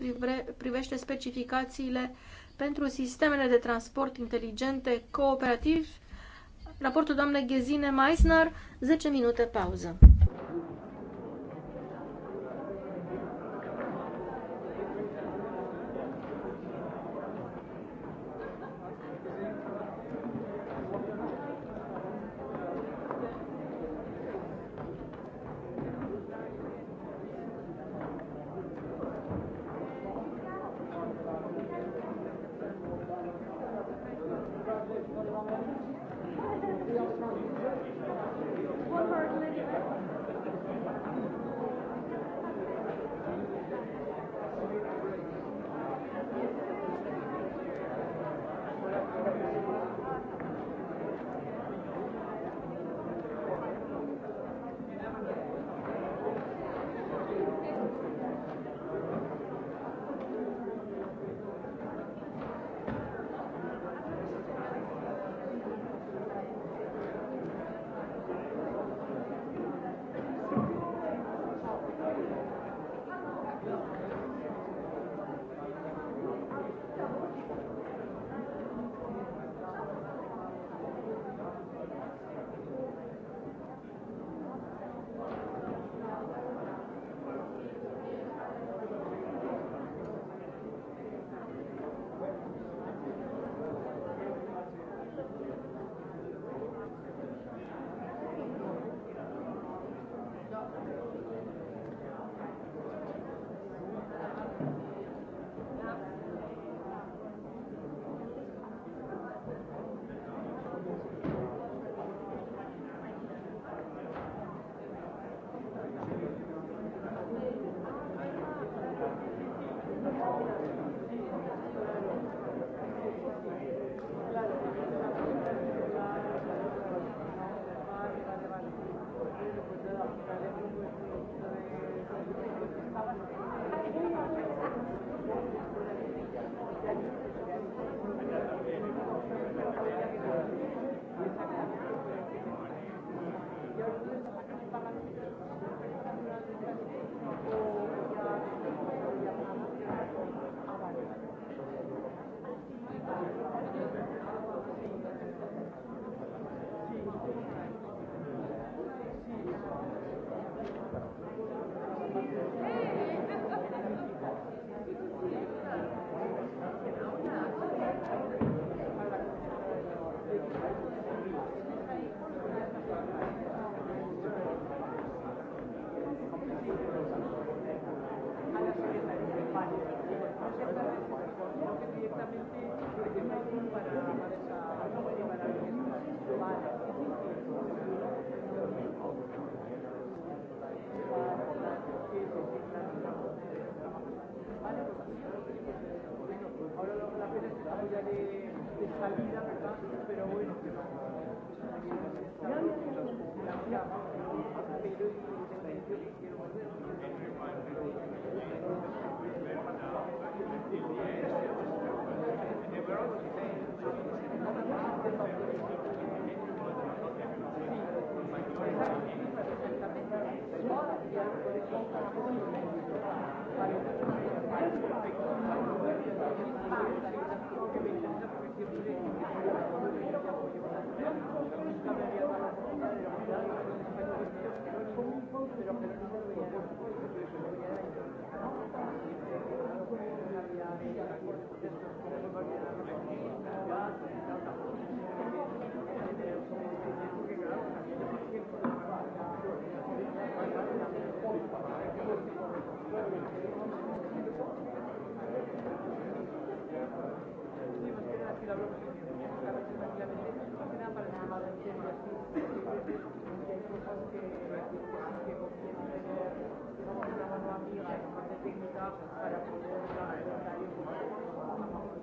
privește specificațiile pentru sistemele de transport inteligente cooperativ. Raportul doamnei Ghezine Meisner, 10 minute pauză.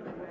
Thank you.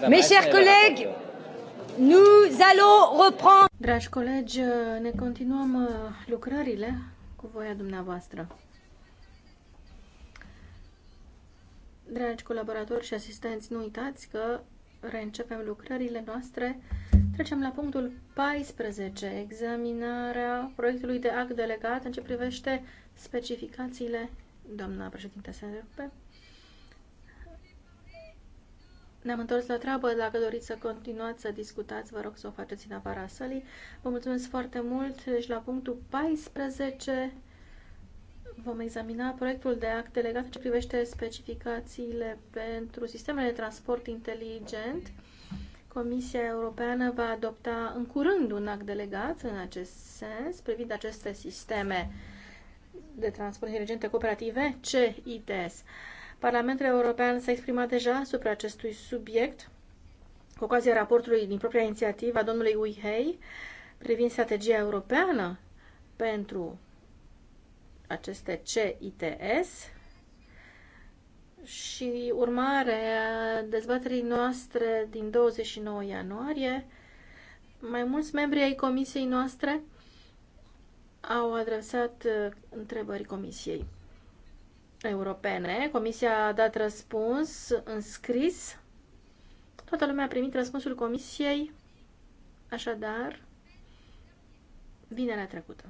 Mes chers collègues, nous allons reprendre. Dragi colegi, ne continuăm uh, lucrările cu voia dumneavoastră. Dragi colaboratori și asistenți, nu uitați că reîncepem lucrările noastre. Trecem la punctul 14, examinarea proiectului de act delegat în ce privește specificațiile. Doamna președinte, se ne-am întors la treabă. Dacă doriți să continuați să discutați, vă rog să o faceți în afara sălii. Vă mulțumesc foarte mult și deci, la punctul 14 vom examina proiectul de act legat ce privește specificațiile pentru sistemele de transport inteligent. Comisia Europeană va adopta în curând un act delegat în acest sens privind aceste sisteme de transport inteligente cooperative CITS. Parlamentul European s-a exprimat deja asupra acestui subiect cu ocazia raportului din propria inițiativă a domnului Uihei privind strategia europeană pentru aceste CITS și urmare a dezbaterii noastre din 29 ianuarie, mai mulți membri ai comisiei noastre au adresat uh, întrebări comisiei. Europene. Comisia a dat răspuns în scris. Toată lumea a primit răspunsul Comisiei, așadar, vinerea trecută.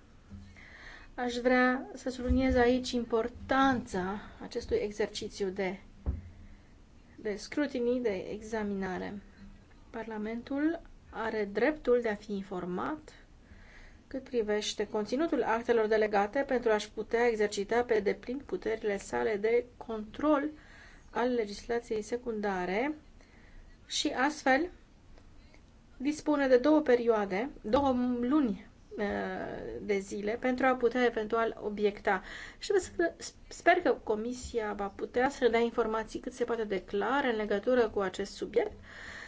Aș vrea să subliniez aici importanța acestui exercițiu de, de scrutinii, de examinare. Parlamentul are dreptul de a fi informat cât privește conținutul actelor delegate pentru a-și putea exercita pe deplin puterile sale de control al legislației secundare și astfel dispune de două perioade, două luni uh, de zile pentru a putea eventual obiecta. Și sper că Comisia va putea să dea informații cât se poate de clare în legătură cu acest subiect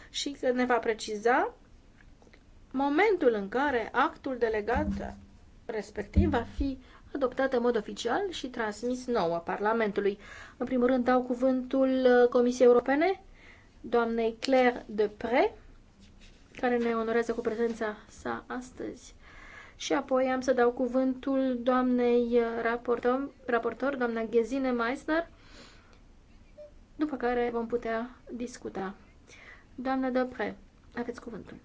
și că ne va preciza momentul în care actul delegat respectiv va fi adoptat în mod oficial și transmis nouă Parlamentului. În primul rând dau cuvântul uh, Comisiei Europene, doamnei Claire Depre, care ne onorează cu prezența sa astăzi. Și apoi am să dau cuvântul doamnei uh, raportor, raportor doamna Ghezine Meissner, după care vom putea discuta. Doamna Depre, aveți cuvântul.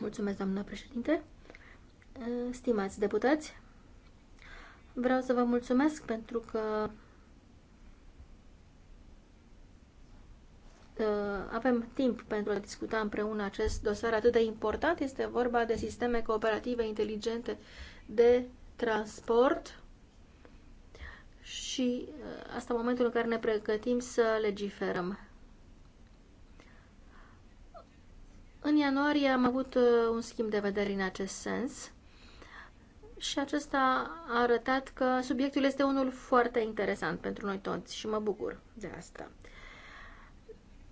Mulțumesc, doamna președinte. Stimați deputați, vreau să vă mulțumesc pentru că avem timp pentru a discuta împreună acest dosar atât de important. Este vorba de sisteme cooperative inteligente de transport și asta în momentul în care ne pregătim să legiferăm. În ianuarie am avut uh, un schimb de vedere în acest sens și acesta a arătat că subiectul este unul foarte interesant pentru noi toți și mă bucur de asta.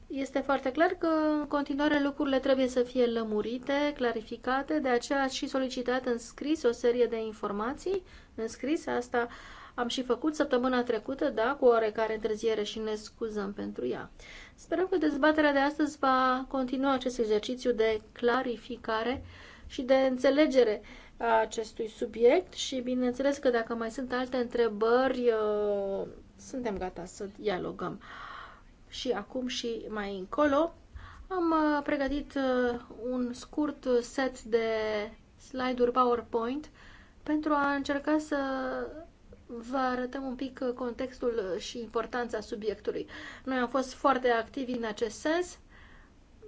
Este foarte clar că în continuare lucrurile trebuie să fie lămurite, clarificate, de aceea și solicitat în scris o serie de informații în scris, asta uh, am și făcut săptămâna trecută, da, cu oarecare întârziere și ne scuzăm pentru ea. Sperăm că dezbaterea de astăzi va continua acest exercițiu de clarificare și de înțelegere a acestui subiect și bineînțeles că dacă mai sunt alte întrebări, uh, suntem gata să dialogăm și acum și mai încolo. Am uh, pregătit uh, un scurt set de slide-uri PowerPoint pentru a încerca să vă arătăm un pic contextul și importanța subiectului. Noi am fost foarte activi în acest sens.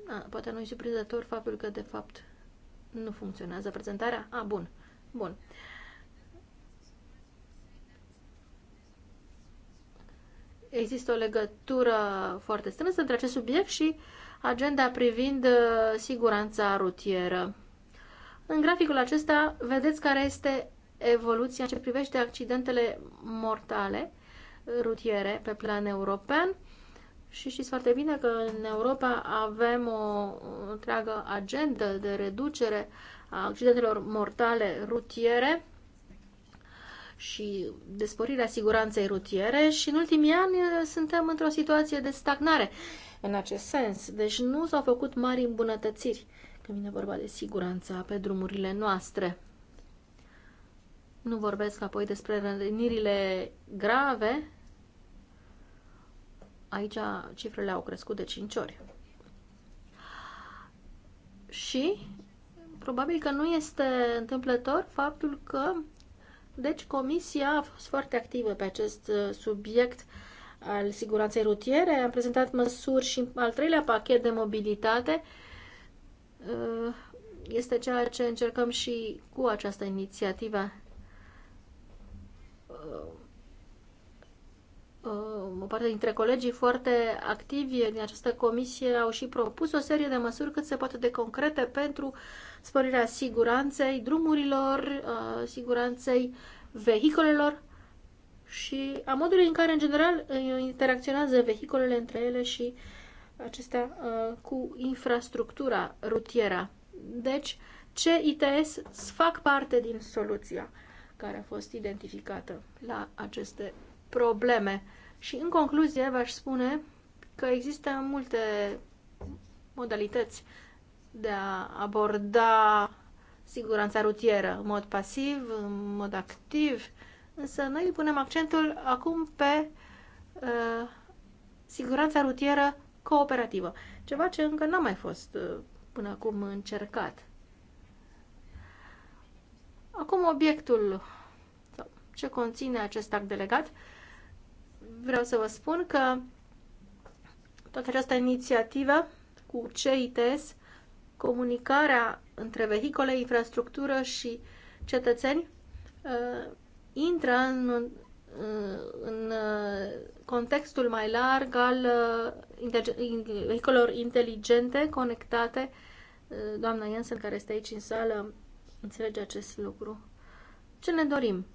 A, poate nu e surprinzător faptul că, de fapt, nu funcționează prezentarea. A, bun. Bun. Există o legătură foarte strânsă între acest subiect și agenda privind uh, siguranța rutieră. În graficul acesta vedeți care este evoluția ce privește accidentele mortale eh, rutiere pe plan european și știți foarte bine că în Europa avem o întreagă agendă de reducere a accidentelor mortale rutiere și de sporirea siguranței rutiere și în ultimii ani eh, suntem într-o situație de stagnare în acest sens. Deci nu s-au făcut mari îmbunătățiri când vine vorba de siguranța pe drumurile noastre. Nu vorbesc apoi despre rănirile grave. Aici cifrele au crescut de 5 ori. Și probabil că nu este întâmplător faptul că deci comisia a fost foarte activă pe acest uh, subiect al siguranței rutiere. Am prezentat măsuri și al treilea pachet de mobilitate uh, este ceea ce încercăm și cu această inițiativă Uh, uh, o parte dintre colegii foarte activi din această comisie au și propus o serie de măsuri cât se poate de concrete pentru sporirea siguranței drumurilor, uh, siguranței vehiculelor și a modului în care, în general, interacționează vehiculele între ele și acestea cu infrastructura rutieră. Deci, ce ITS fac parte din soluția care a fost identificată la aceste probleme. Și în concluzie v-aș spune că există multe modalități de a aborda siguranța rutieră în mod pasiv, în mod activ, însă noi punem accentul acum pe uh, siguranța rutieră cooperativă, ceva ce încă n-a mai fost uh, până acum încercat. Acum obiectul ce conține acest act delegat, vreau să vă spun că toată această inițiativă cu CITS, comunicarea între vehicole, infrastructură și cetățeni, uh, intră în, în uh, contextul mai larg al uh, vehiculelor inteligente, conectate. Doamna Jensen, care este aici în sală, înțelege acest lucru. Ce ne dorim?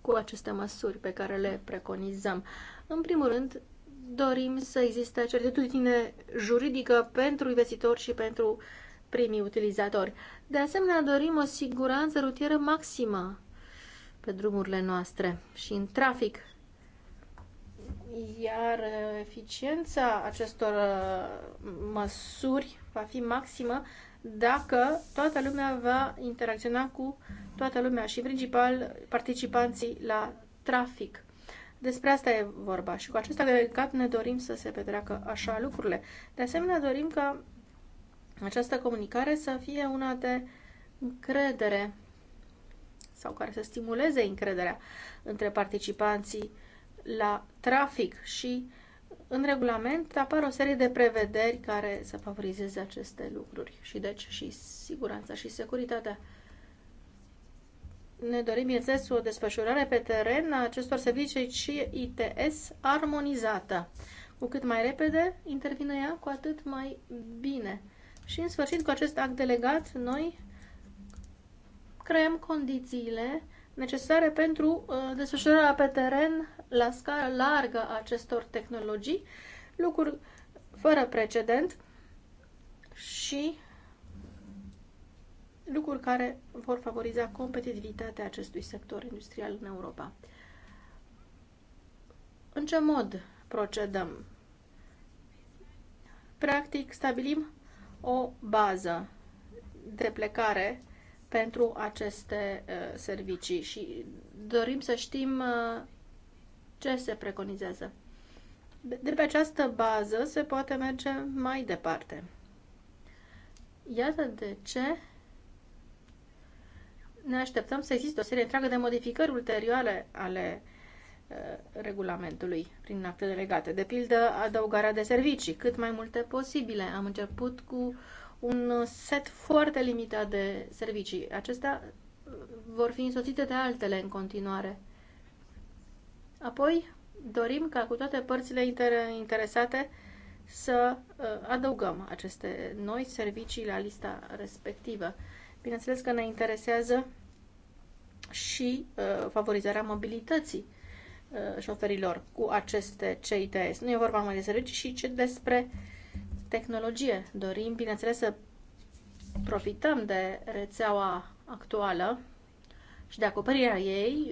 cu aceste măsuri pe care le preconizăm. În primul rând, dorim să existe certitudine juridică pentru investitori și pentru primii utilizatori. De asemenea, dorim o siguranță rutieră maximă pe drumurile noastre și în trafic. Iar eficiența acestor uh, măsuri va fi maximă dacă toată lumea va interacționa cu toată lumea și principal participanții la trafic. Despre asta e vorba și cu acest agregat ne dorim să se petreacă așa lucrurile. De asemenea, dorim ca această comunicare să fie una de încredere sau care să stimuleze încrederea între participanții la trafic și în regulament apar o serie de prevederi care să favorizeze aceste lucruri și deci și siguranța și securitatea. Ne dorim, bineînțeles, o desfășurare pe teren a acestor servicii și ITS armonizată. Cu cât mai repede intervine ea, cu atât mai bine. Și, în sfârșit, cu acest act delegat, noi creăm condițiile necesare pentru uh, desfășurarea pe teren la scară largă a acestor tehnologii, lucruri fără precedent și lucruri care vor favoriza competitivitatea acestui sector industrial în Europa. În ce mod procedăm? Practic, stabilim o bază de plecare pentru aceste uh, servicii și dorim să știm uh, ce se preconizează? De pe această bază se poate merge mai departe. Iată de ce ne așteptăm să existe o serie întreagă de modificări ulterioare ale uh, regulamentului prin actele legate. De pildă, adăugarea de servicii, cât mai multe posibile. Am început cu un set foarte limitat de servicii. Acestea uh, vor fi însoțite de altele în continuare. Apoi, dorim ca cu toate părțile inter- interesate să uh, adăugăm aceste noi servicii la lista respectivă. Bineînțeles că ne interesează și uh, favorizarea mobilității uh, șoferilor cu aceste CITS. Nu e vorba mai de servicii, ci despre tehnologie. Dorim, bineînțeles, să profităm de rețeaua actuală și de acoperirea ei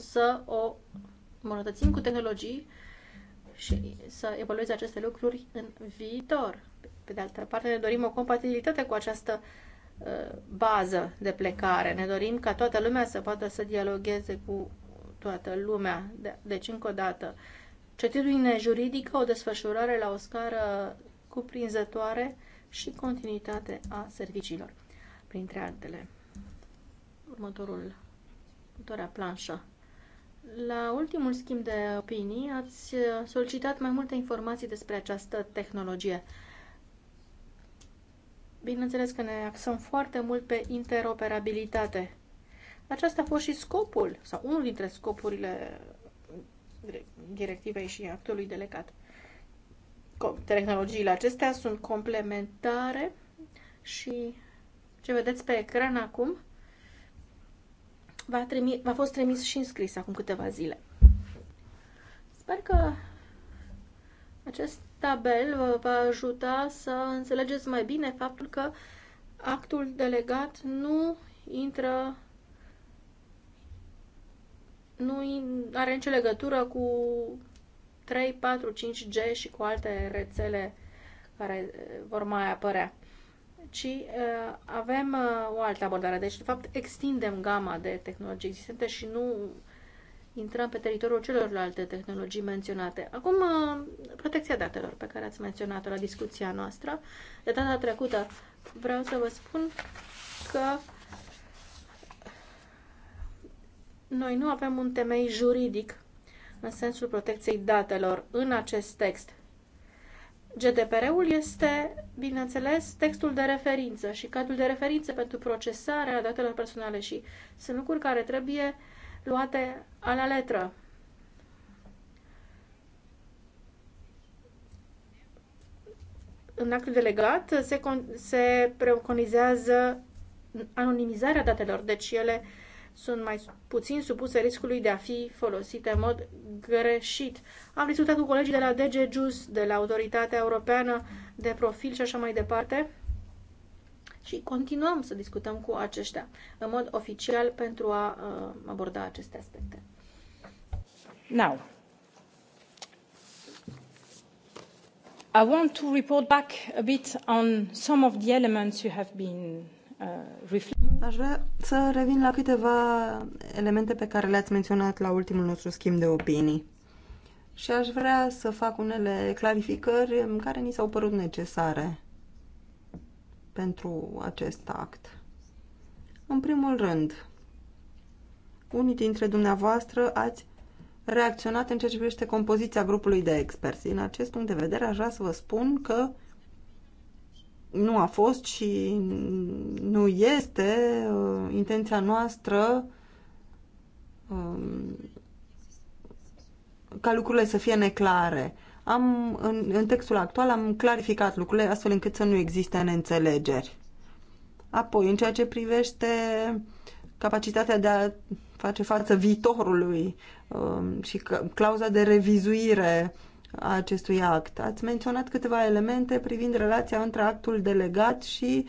să o îmbunătățim cu tehnologii și să evolueze aceste lucruri în viitor. Pe de altă parte, ne dorim o compatibilitate cu această uh, bază de plecare. Ne dorim ca toată lumea să poată să dialogueze cu toată lumea. De deci, încă o dată, certitudine juridică, o desfășurare la o scară cuprinzătoare și continuitate a serviciilor, printre altele. Următorul, următoarea planșă. La ultimul schimb de opinii ați uh, solicitat mai multe informații despre această tehnologie. Bineînțeles că ne axăm foarte mult pe interoperabilitate. Aceasta a fost și scopul, sau unul dintre scopurile directivei și actului delegat. Tehnologiile acestea sunt complementare și ce vedeți pe ecran acum v-a, trimis, v-a fost trimis și înscris acum câteva zile. Sper că acest tabel vă va ajuta să înțelegeți mai bine faptul că actul delegat nu intră nu are nicio legătură cu 3, 4, 5G și cu alte rețele care vor mai apărea ci uh, avem uh, o altă abordare. Deci, de fapt, extindem gama de tehnologii existente și nu intrăm pe teritoriul celorlalte tehnologii menționate. Acum, uh, protecția datelor pe care ați menționat-o la discuția noastră de data trecută, vreau să vă spun că noi nu avem un temei juridic în sensul protecției datelor în acest text. GDPR-ul este, bineînțeles, textul de referință și cadrul de referință pentru procesarea datelor personale și sunt lucruri care trebuie luate a la letră. În actul delegat se, se preconizează anonimizarea datelor, deci ele uh, sunt mai puțin supuse riscului de a fi folosite în mod greșit. Am discutat cu colegii de la DG Jus, de la Autoritatea Europeană de Profil și așa mai departe și continuăm să discutăm cu aceștia în mod oficial pentru a uh, aborda aceste aspecte. Now, I want to report back a bit on some of the elements you have been Uh, aș vrea să revin la câteva elemente pe care le-ați menționat la ultimul nostru schimb de opinii. Și aș vrea să fac unele clarificări care ni s-au părut necesare pentru acest act. În primul rând, unii dintre dumneavoastră ați reacționat în ceea ce privește compoziția grupului de experți. Din acest punct de vedere, aș vrea să vă spun că nu a fost și nu este uh, intenția noastră uh, ca lucrurile să fie neclare. Am, în, în textul actual am clarificat lucrurile astfel încât să nu existe neînțelegeri. Apoi, în ceea ce privește capacitatea de a face față viitorului uh, și clauza de revizuire acestui act. Ați menționat câteva elemente privind relația între actul delegat și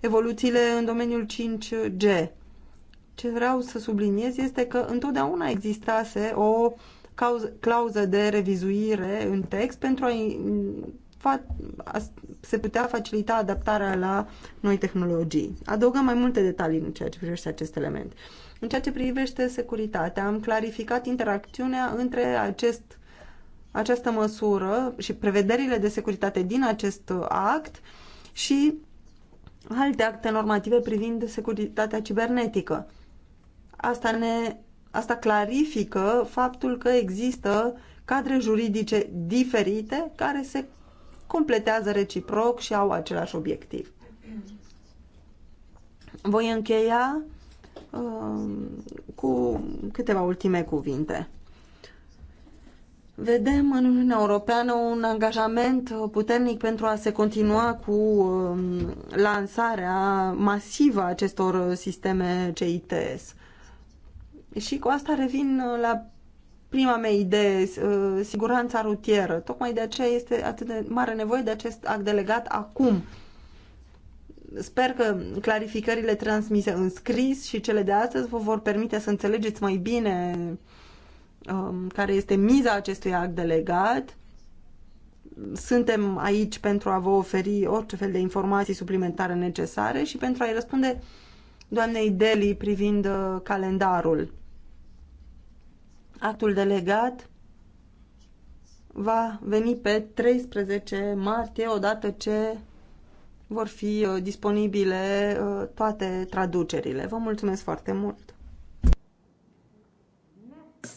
evoluțiile în domeniul 5G. Ce vreau să subliniez este că întotdeauna existase o clauză de revizuire în text pentru a se putea facilita adaptarea la noi tehnologii. Adăugăm mai multe detalii în ceea ce privește acest element. În ceea ce privește securitatea, am clarificat interacțiunea între acest această măsură și prevederile de securitate din acest act și alte acte normative privind securitatea cibernetică. Asta, ne, asta clarifică faptul că există cadre juridice diferite care se completează reciproc și au același obiectiv. Voi încheia uh, cu câteva ultime cuvinte vedem în Uniunea Europeană un angajament puternic pentru a se continua cu um, lansarea masivă a acestor sisteme CITS. Și cu asta revin la prima mea idee, uh, siguranța rutieră. Tocmai de aceea este atât de mare nevoie de acest act delegat acum. Sper că clarificările transmise în scris și cele de astăzi vă vor permite să înțelegeți mai bine uh, um, care este miza acestui act delegat. Suntem aici pentru a vă oferi orice fel de informații suplimentare necesare și pentru a-i răspunde doamnei Deli privind uh, calendarul. Actul delegat va veni pe 13 martie, odată ce vor fi uh, disponibile uh, toate traducerile. Vă mulțumesc foarte mult!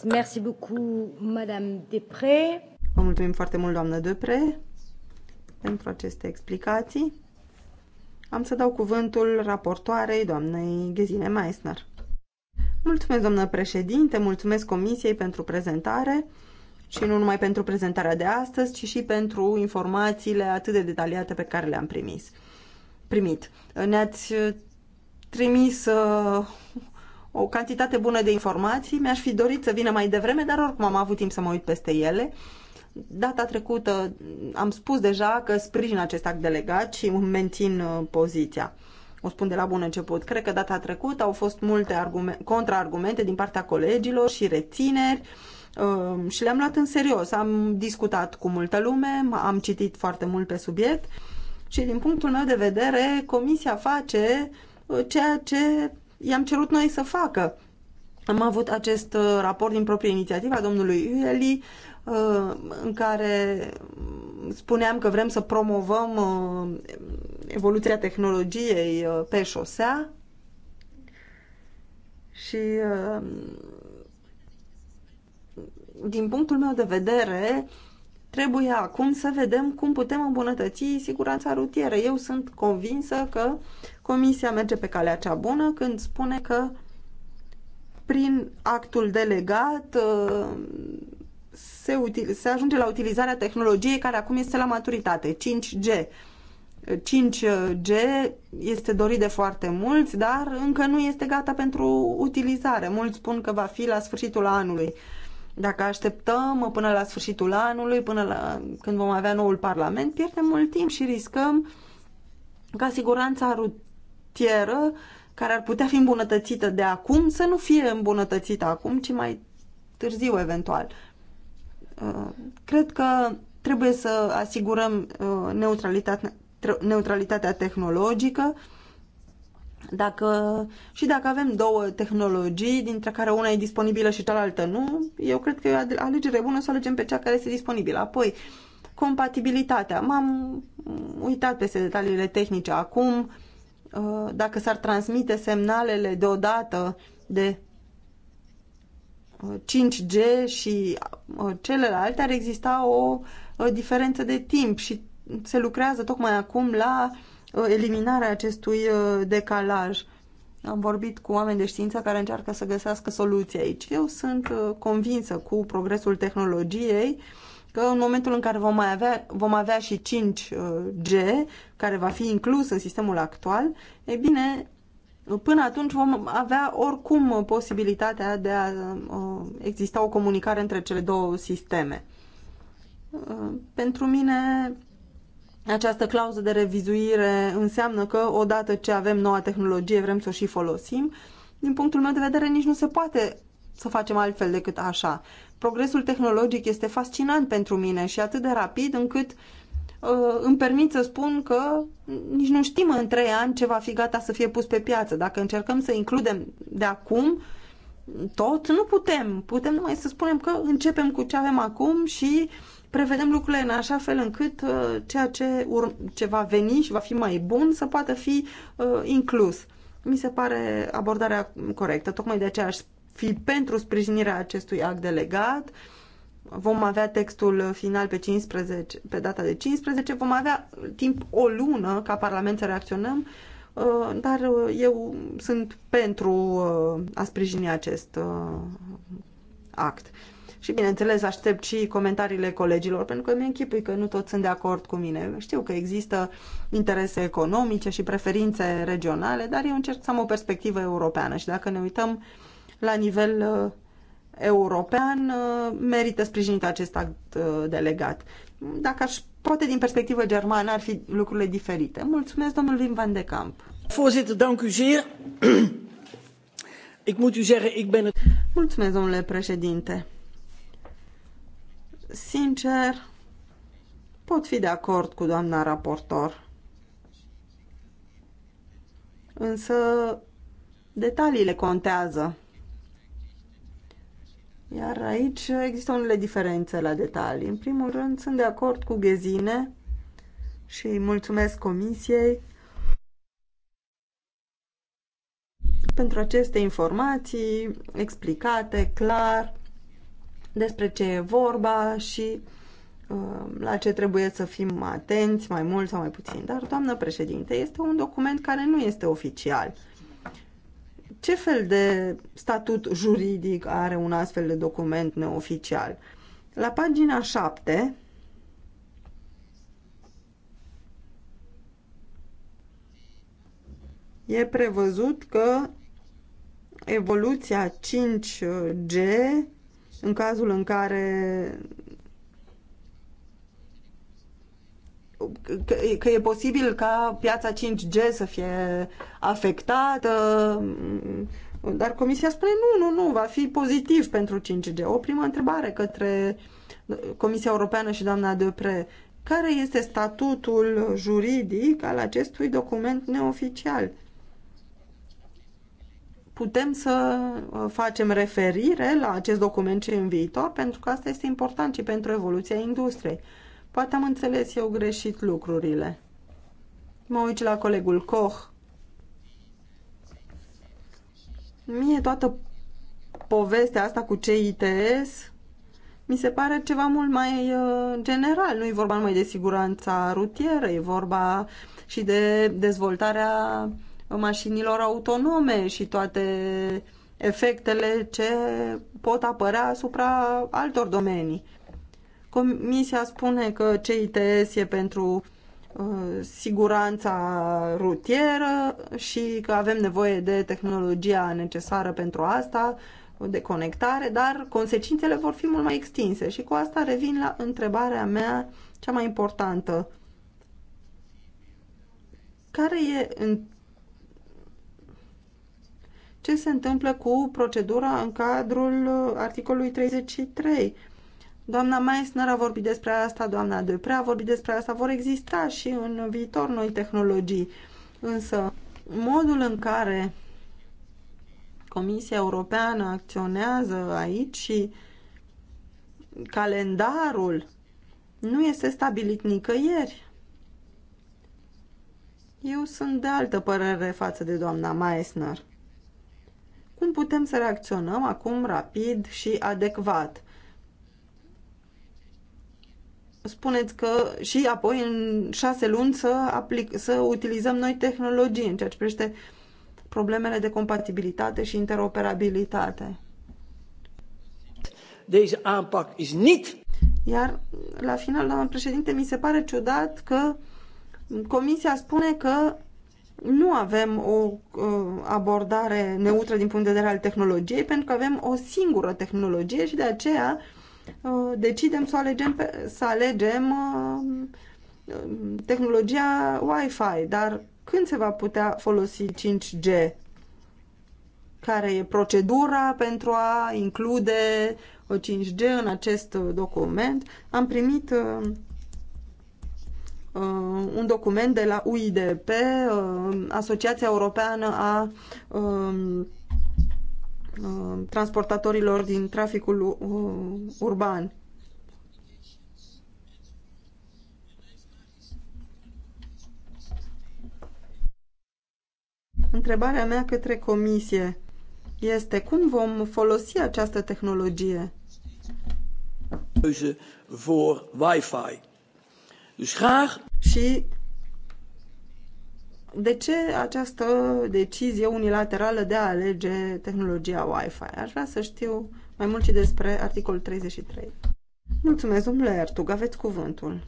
Merci beaucoup, Madame Depré. Vă mulțumim foarte mult, doamnă Depré, pentru aceste explicații. Am să dau cuvântul raportoarei, doamnei Ghezine Meissner. Mulțumesc, doamnă președinte, mulțumesc Comisiei pentru prezentare și nu numai pentru prezentarea de astăzi, ci și pentru informațiile atât de detaliate pe care le-am primit. Ne-ați trimis uh, o cantitate bună de informații. Mi-aș fi dorit să vină mai devreme, dar oricum am avut timp să mă uit peste ele. Data trecută am spus deja că sprijin acest act delegat și îmi mențin uh, poziția. O spun de la bun început. Cred că data trecută au fost multe argumente, contraargumente din partea colegilor și rețineri uh, și le-am luat în serios. Am discutat cu multă lume, am citit foarte mult pe subiect și din punctul meu de vedere comisia face uh, ceea ce i-am cerut noi să facă. Am avut acest uh, raport din proprie inițiativă a domnului Ueli, uh, în care spuneam că vrem să promovăm uh, evoluția tehnologiei pe șosea și din punctul meu de vedere trebuie acum să vedem cum putem îmbunătăți siguranța rutieră. Eu sunt convinsă că Comisia merge pe calea cea bună când spune că prin actul delegat uh, se, util, se ajunge la utilizarea tehnologiei care acum este la maturitate, 5G. 5G este dorit de foarte mulți, dar încă nu este gata pentru utilizare. Mulți spun că va fi la sfârșitul anului. Dacă așteptăm până la sfârșitul anului, până la, când vom avea noul parlament, pierdem mult timp și riscăm ca siguranța rut rutieră care ar putea fi îmbunătățită de acum să nu fie îmbunătățită acum, ci mai târziu eventual. Uh, cred că trebuie să asigurăm uh, neutralitatea, neutralitatea tehnologică dacă, și dacă avem două tehnologii, dintre care una e disponibilă și cealaltă nu, eu cred că e o alegere bună să alegem pe cea care este disponibilă. Apoi, compatibilitatea. M-am uitat peste detaliile tehnice acum, Uh, dacă s-ar transmite semnalele deodată de 5G uh, și uh, celelalte, ar exista o diferență de timp și se lucrează tocmai acum la eliminarea acestui decalaj. Am vorbit cu oameni de știință care încearcă să găsească soluții aici. Eu sunt convinsă cu progresul tehnologiei că în momentul în care vom, mai avea, vom avea și 5G, uh, care va fi inclus în sistemul actual, e bine, până atunci vom avea oricum posibilitatea de a uh, exista o comunicare între cele două sisteme. Uh, pentru mine, această clauză de revizuire înseamnă că odată ce avem noua tehnologie vrem să o și folosim. Din punctul meu de vedere nici nu se poate să facem altfel decât așa. Progresul tehnologic este fascinant pentru mine și atât de rapid încât uh, îmi permit să spun că nici nu știm în trei ani ce va fi gata să fie pus pe piață. Dacă încercăm să includem de acum tot, nu putem. Putem numai să spunem că începem cu ce avem acum și prevedem lucrurile în așa fel încât uh, ceea ce, ce va veni și va fi mai bun să poată fi uh, inclus mi se pare abordarea corectă. Tocmai de aceea aș fi pentru sprijinirea acestui act delegat. Vom avea textul final pe, 15, pe data de 15, vom avea timp o lună ca Parlament să reacționăm, uh, dar uh, eu sunt pentru uh, a sprijini acest act. Și bineînțeles aștept și comentariile colegilor, pentru că mi închipui că nu toți sunt de acord cu mine. Știu că există interese economice și preferințe regionale, dar eu încerc să am o perspectivă europeană și dacă ne uităm uh, la nivel uh, european uh, merită sprijinit acest act uh, delegat. Dacă aș, poate din perspectivă germană ar fi lucrurile diferite. Mulțumesc, domnul Wim van de Kamp. Voorzitter, dank u zeer. Ik moet u zeggen, ik ben het... Mulțumesc, domnule președinte. Sincer, pot fi de acord cu doamna raportor. Însă, detaliile contează. Iar aici există unele diferențe la detalii. În primul rând, sunt de acord cu Ghezine și mulțumesc Comisiei pentru aceste informații explicate clar despre ce e vorba și uh, la ce trebuie să fim atenți, mai mult sau mai puțin. Dar, doamnă președinte, este un document care nu este oficial. Ce fel de statut juridic are un astfel de document neoficial? La pagina 7 e prevăzut că evoluția 5G în cazul în care că, că e posibil ca piața 5G să fie afectată, mm, dar Comisia spune nu, nu, nu, va fi pozitiv pentru 5G. O primă întrebare către Comisia Europeană și doamna Depre. Care este statutul juridic al acestui document neoficial? Putem să uh, facem referire la acest document și în viitor, pentru că asta este important și pentru evoluția industriei. Poate am înțeles eu greșit lucrurile. Mă uit la colegul Koch. Mie toată povestea asta cu cei mi se pare ceva mult mai uh, general. Nu e vorba numai de siguranța rutieră, e vorba și de dezvoltarea mașinilor autonome și toate efectele ce pot apărea asupra altor domenii. Comisia spune că CITS e pentru uh, siguranța rutieră și că avem nevoie de tehnologia necesară pentru asta, de conectare, dar consecințele vor fi mult mai extinse și cu asta revin la întrebarea mea cea mai importantă. Care e în ce se întâmplă cu procedura în cadrul uh, articolului 33? Doamna Meissner a vorbit despre asta, doamna Depre a vorbit despre asta, vor exista și în viitor noi tehnologii. Însă, modul în care Comisia Europeană acționează aici și calendarul nu este stabilit nicăieri. Eu sunt de altă părere față de doamna Meissner. Cum putem să reacționăm acum rapid și adecvat? spuneți că și apoi în șase luni să, aplic, să utilizăm noi tehnologii în ceea ce privește problemele de compatibilitate și interoperabilitate. Deze aanpak is niet. Iar la final, doamnă președinte, mi se pare ciudat că Comisia spune că nu avem o abordare neutră din punct de vedere al tehnologiei, pentru că avem o singură tehnologie și de aceea Uh, decidem să alegem, să alegem uh, tehnologia Wi-Fi, dar când se va putea folosi 5G? Care e procedura pentru a include 5G uh, în acest document? Am primit un document de la UIDP, Asociația Europeană a Uh, transportatorilor din traficul uh, urban. Întrebarea mea către comisie este cum vom folosi această tehnologie? Și de ce această decizie unilaterală de a alege tehnologia Wi-Fi? Aș vrea să știu mai mult și despre articolul 33. Mulțumesc, domnule Ertug, aveți cuvântul.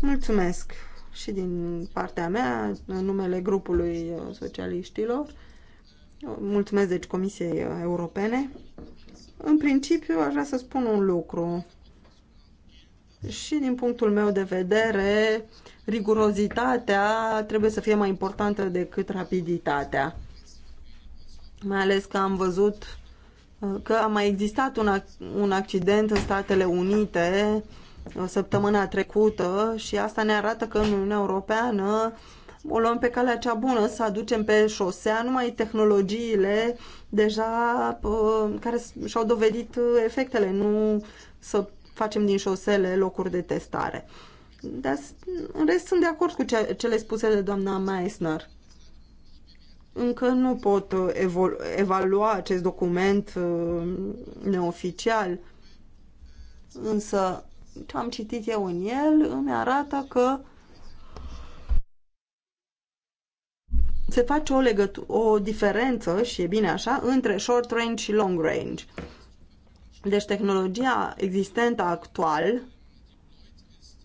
Mulțumesc și din partea mea, în numele grupului uh, socialiștilor. Mulțumesc, deci, Comisiei uh, Europene. În principiu, aș vrea să spun un lucru. Și din punctul meu de vedere, rigurozitatea trebuie să fie mai importantă decât rapiditatea. Mai ales că am văzut uh, că a mai existat un, un accident în Statele Unite o uh, săptămâna trecută și asta ne arată că în Uniunea Europeană o luăm pe calea cea bună, să aducem pe șosea numai tehnologiile deja uh, care și-au dovedit efectele, nu să facem din șosele locuri de testare. Dar în rest sunt de acord cu ce, cele spuse de doamna Meissner. Încă nu pot uh, evalua acest document uh, neoficial, însă ce am citit eu în el îmi arată că se face o, o diferență, și e bine așa, între short range și long range. Deci tehnologia existentă actual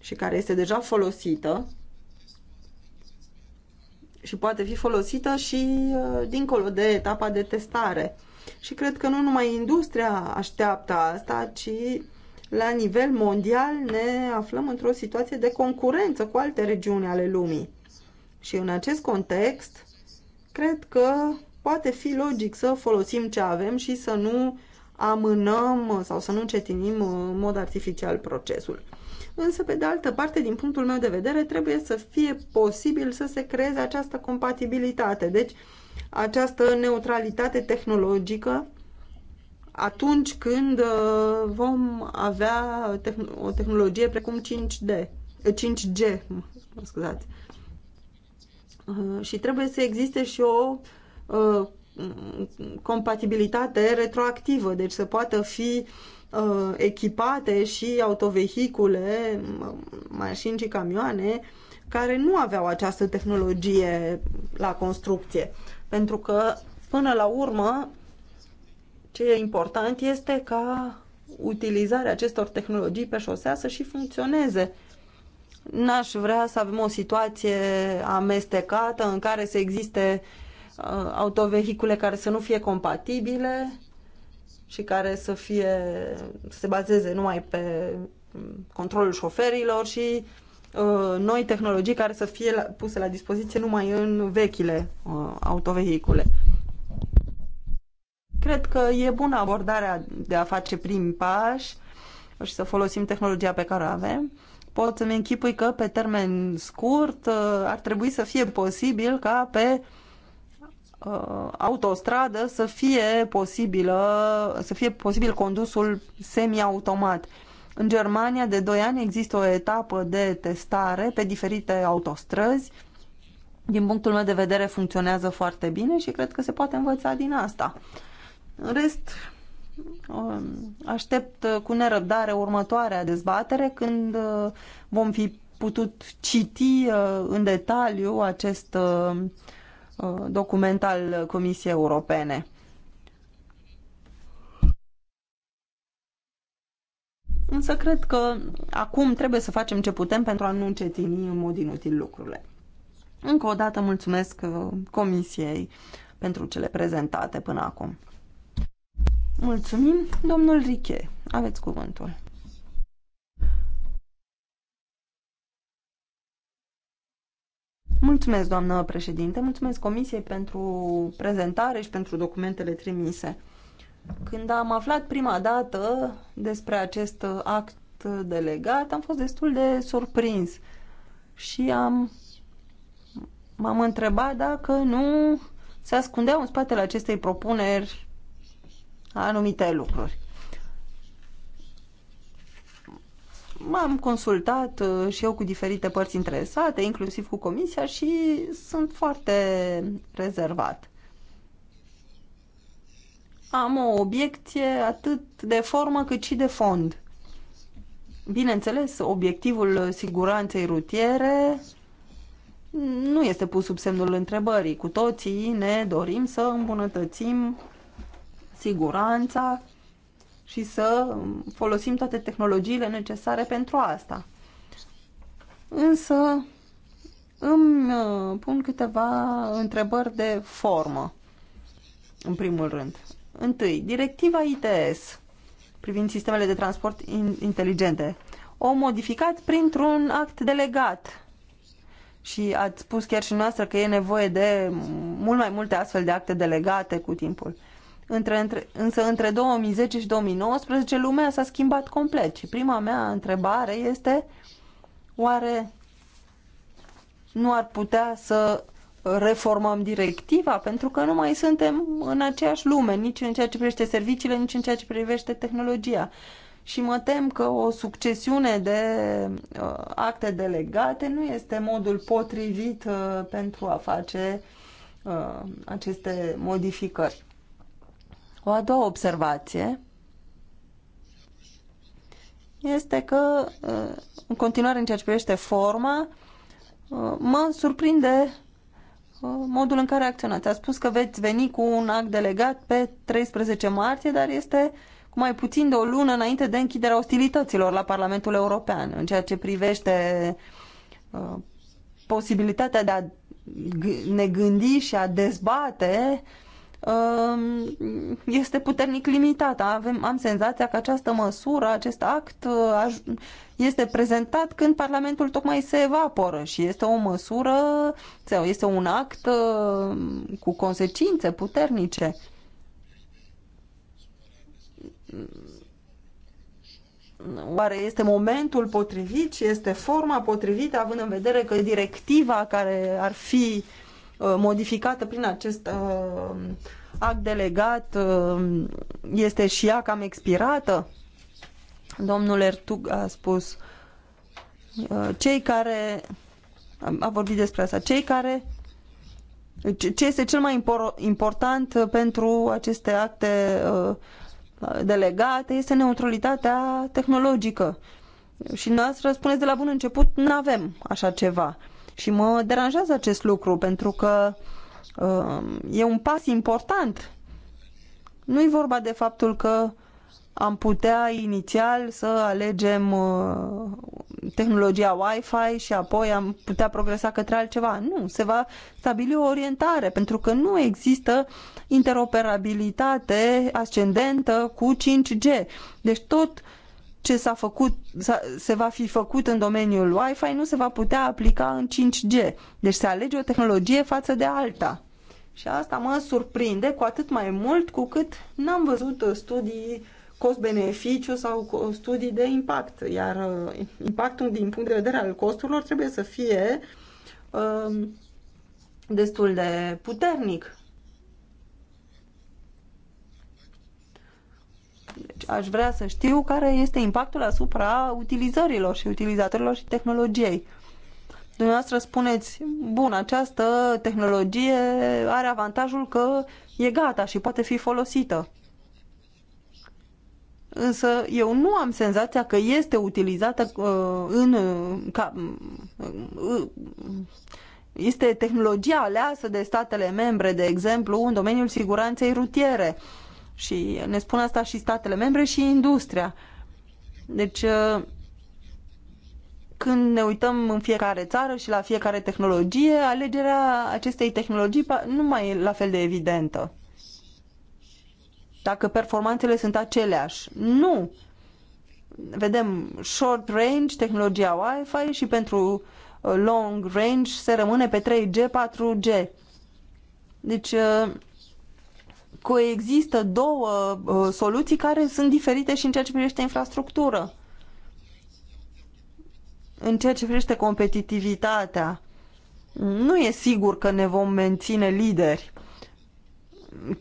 și care este deja folosită și poate fi folosită și uh, dincolo de etapa de testare. Și cred că nu numai industria așteaptă asta, ci la nivel mondial ne aflăm într-o situație de concurență cu alte regiuni ale lumii. Și în acest context, cred că poate fi logic să folosim ce avem și să nu amânăm sau să nu încetinim uh, în mod artificial procesul. Însă, pe de altă parte, din punctul meu de vedere, trebuie să fie posibil să se creeze această compatibilitate, deci această neutralitate tehnologică atunci când uh, vom avea o tehnologie precum 5D, 5G, uh, scuzați. Uh, și trebuie să existe și o compatibilitate retroactivă, deci să poată fi uh, echipate și autovehicule, mașini și camioane care nu aveau această tehnologie la construcție. Pentru că, până la urmă, ce e important este ca utilizarea acestor tehnologii pe șosea să și funcționeze. N-aș vrea să avem o situație amestecată în care să existe uh, autovehicule care să nu fie compatibile și care să fie să se bazeze numai pe mm, controlul șoferilor și uh, noi tehnologii care să fie la, puse la dispoziție numai în vechile uh, autovehicule. Cred că e bună abordarea de a face primi pași și să folosim tehnologia pe care o avem. Pot să-mi închipui că pe termen scurt uh, ar trebui să fie posibil ca pe uh, uh, autostradă să fie posibilă, să fie posibil condusul semi-automat. În Germania de 2 ani există o etapă de testare pe diferite autostrăzi. Din punctul meu de vedere funcționează foarte bine și cred că se poate învăța din asta. În rest, um, aștept cu nerăbdare următoarea dezbatere când uh, vom fi putut citi uh, în detaliu acest uh, Uh, document al Comisiei Europene. Însă cred că acum trebuie să facem ce putem pentru a nu încetini în mod inutil lucrurile. Încă o dată mulțumesc uh, Comisiei pentru cele prezentate până acum. Mulțumim, domnul Riche. Aveți cuvântul. Mulțumesc, doamnă președinte, mulțumesc Comisiei pentru prezentare și pentru documentele trimise. Când am aflat prima dată despre acest act delegat, am fost destul de surprins și am m-am întrebat dacă nu se ascundeau în spatele acestei propuneri anumite lucruri. M-am consultat uh, și eu cu diferite părți interesate, inclusiv cu comisia și sunt foarte rezervat. Am o obiecție atât de formă cât și de fond. Bineînțeles, obiectivul siguranței rutiere nu este pus sub semnul întrebării. Cu toții ne dorim să îmbunătățim siguranța și să folosim toate tehnologiile necesare pentru asta. Însă îmi uh, pun câteva întrebări de formă, în primul rând. Întâi, directiva ITS privind sistemele de transport inteligente o modificat printr-un act delegat și ați spus chiar și noastră că e nevoie de mult mai multe astfel de acte delegate cu timpul. Între, între, însă între 2010 și 2019 lumea s-a schimbat complet și prima mea întrebare este oare nu ar putea să reformăm directiva pentru că nu mai suntem în aceeași lume, nici în ceea ce privește serviciile, nici în ceea ce privește tehnologia. Și mă tem că o succesiune de uh, acte delegate nu este modul potrivit uh, pentru a face uh, aceste modificări. O a doua observație este că, uh, în continuare, în ceea ce privește forma, uh, mă surprinde uh, modul în care acționați. A spus că veți veni cu un act delegat pe 13 martie, dar este cu mai puțin de o lună înainte de închiderea ostilităților la Parlamentul European, în ceea ce privește posibilitatea de a ne gândi și a dezbate Ehm, este puternic limitată. Avem, am senzația că această măsură, acest act uh, este prezentat când Parlamentul tocmai se evaporă și este o măsură sau este un act uh, cu consecințe puternice. Oare este momentul potrivit și este forma potrivită, având în vedere că directiva care ar fi uh, Uh, modificată prin acest uh, act delegat uh, este și ea cam expirată? Domnul Ertug a spus cei care a vorbit despre asta, cei care ce este cel mai important pentru aceste acte delegate este neutralitatea tehnologică. Și noastră spuneți de la bun început, nu avem așa ceva. Și mă deranjează acest lucru pentru că uh, e un pas important. Nu e vorba de faptul că am putea inițial să alegem uh, tehnologia Wi-Fi și apoi am putea progresa către altceva. Nu, se va stabili o orientare, pentru că nu există interoperabilitate ascendentă cu 5G. Deci tot uh, ce s-a făcut, se va fi făcut în domeniul Wi-Fi nu se va putea aplica în 5G. Deci se alege o tehnologie față de alta. Și asta mă surprinde cu atât mai mult cu cât n-am văzut uh, studii cost-beneficiu sau studii de impact. Iar uh, impactul din punct de vedere al costurilor trebuie să fie um, destul de puternic. Deci aș vrea să știu care este impactul asupra utilizărilor și utilizatorilor și tehnologiei. Dumneavoastră spuneți, bun, această tehnologie are avantajul că e gata și poate fi folosită. Însă eu nu am senzația că este utilizată uh, în... Ca, uh, este tehnologia aleasă de statele membre, de exemplu, în domeniul siguranței rutiere. Uh, și ne spun asta și statele membre și industria. Deci, uh, când ne uităm în fiecare țară și la fiecare tehnologie, alegerea acestei tehnologii nu mai e la fel de evidentă. Dacă performanțele sunt aceleași. Nu! Vedem short range, tehnologia Wi-Fi și pentru uh, long range se rămâne pe 3G, 4G. Deci uh, coexistă două uh, soluții care sunt diferite și în ceea ce privește infrastructură. În ceea ce privește competitivitatea, nu e sigur că ne vom menține lideri.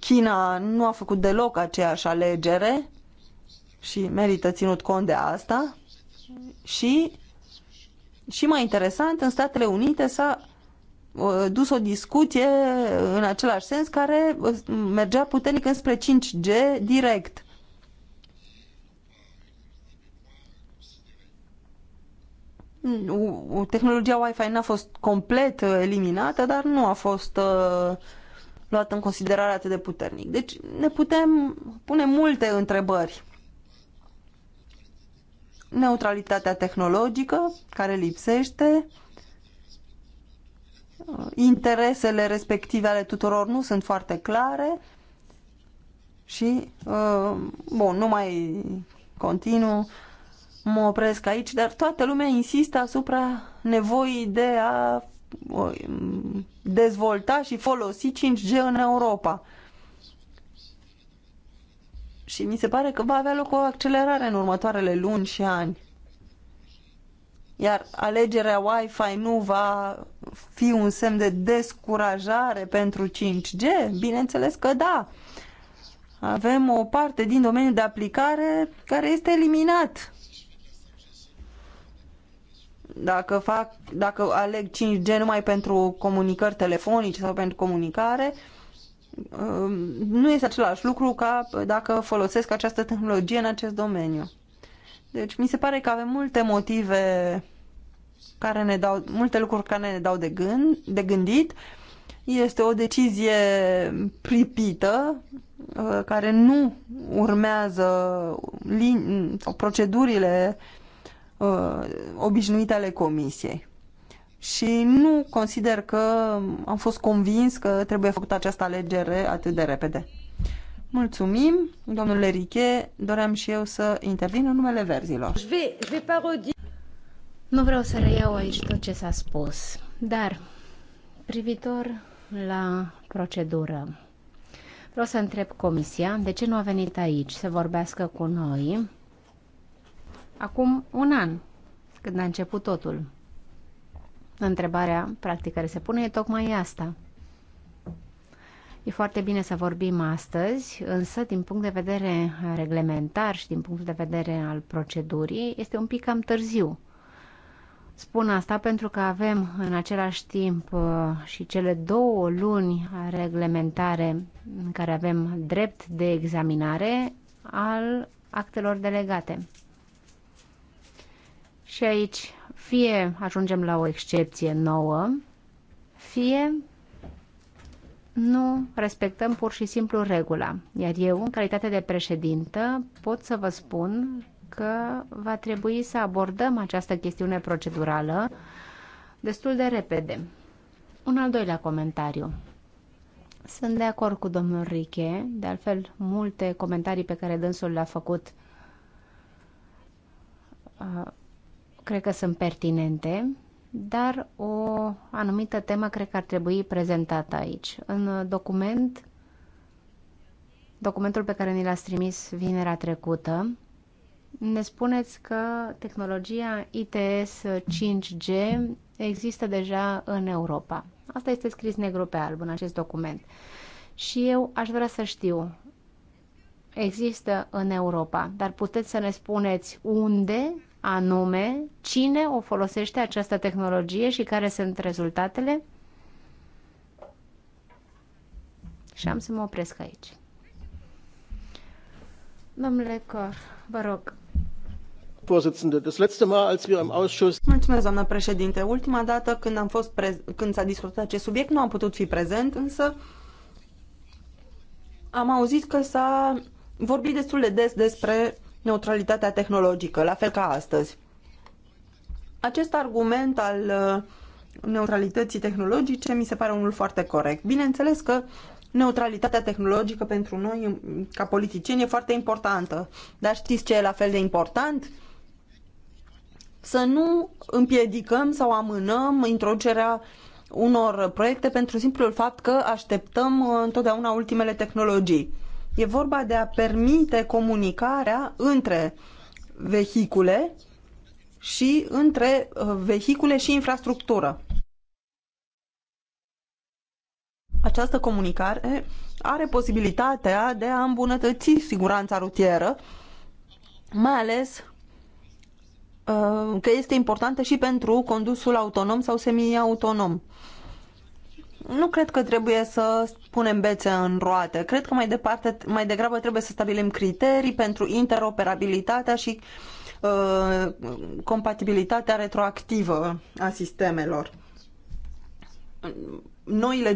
China nu a făcut deloc aceeași alegere și merită ținut cont de asta. Și, și mai interesant, în Statele Unite s-a Uh, dus o discuție în același sens care uh, mergea puternic înspre 5G direct. Mm, tehnologia Wi-Fi n-a fost complet uh, eliminată, dar nu a fost luată în considerare atât de puternic. Deci ne putem pune multe întrebări. Neutralitatea tehnologică care lipsește, interesele respective ale tuturor nu sunt foarte clare și, uh, bun, nu mai continuu, mă opresc aici, dar toată lumea insistă asupra nevoii de a uh, dezvolta și folosi 5G în Europa. Și mi se pare că va avea loc o accelerare în următoarele luni și ani iar alegerea Wi-Fi nu va fi un semn de descurajare pentru 5G? Bineînțeles că da. Avem o parte din domeniul de aplicare care este eliminat. Dacă, fac, dacă aleg 5G numai pentru comunicări telefonice sau pentru comunicare, um, nu este același lucru ca dacă folosesc această tehnologie în acest domeniu. Deci mi se pare că avem multe motive care ne dau, multe lucruri care ne dau de, gând, de gândit. Este o decizie pripită uh, care nu urmează lin, sau procedurile uh, obișnuite ale comisiei. Și nu consider că am fost convins că trebuie făcută această alegere atât de repede. Mulțumim, domnule Riche. Doream și eu să intervin în numele verzilor. Nu vreau să reiau aici tot ce s-a spus, dar privitor la procedură, vreau să întreb Comisia de ce nu a venit aici să vorbească cu noi acum un an, când a început totul. Întrebarea, practică care se pune e tocmai asta – E foarte bine să vorbim astăzi, însă din punct de vedere reglementar și din punct de vedere al procedurii este un pic cam târziu. Spun asta pentru că avem în același timp uh, și cele două luni reglementare în care avem drept de examinare al actelor delegate. Și aici fie ajungem la o excepție nouă, fie nu respectăm pur și simplu regula. Iar eu, în calitate de președintă, pot să vă spun că va trebui să abordăm această chestiune procedurală destul de repede. Un al doilea comentariu. Sunt de acord cu domnul Riche, de altfel multe comentarii pe care dânsul le-a făcut uh, cred că sunt pertinente dar o anumită temă cred că ar trebui prezentată aici. În document, documentul pe care ni l-ați trimis vinerea trecută, ne spuneți că tehnologia ITS 5G există deja în Europa. Asta este scris negru pe alb în acest document. Și eu aș vrea să știu, există în Europa, dar puteți să ne spuneți unde anume cine o folosește această tehnologie și care sunt rezultatele. Și am să mă opresc aici. Domnule Cor, vă rog. Mulțumesc, doamnă președinte. Ultima dată când, am fost când s-a discutat acest subiect nu am putut fi prezent, însă am auzit că s-a vorbit destul de des despre neutralitatea tehnologică, la fel ca astăzi. Acest argument al uh, neutralității tehnologice mi se pare unul foarte corect. Bineînțeles că neutralitatea tehnologică pentru noi, ca politicieni, e foarte importantă. Dar știți ce e la fel de important? Să nu împiedicăm sau amânăm introducerea unor proiecte pentru simplul fapt că așteptăm uh, întotdeauna ultimele tehnologii. E vorba de a permite comunicarea între vehicule și între uh, vehicule și infrastructură. Această comunicare are posibilitatea de a îmbunătăți siguranța rutieră, mai ales uh, că este importantă și pentru condusul autonom sau semi-autonom nu cred că trebuie să punem bețe în roate. Cred că mai, departe, mai degrabă trebuie să stabilim criterii pentru interoperabilitatea și uh, compatibilitatea retroactivă a sistemelor. Noile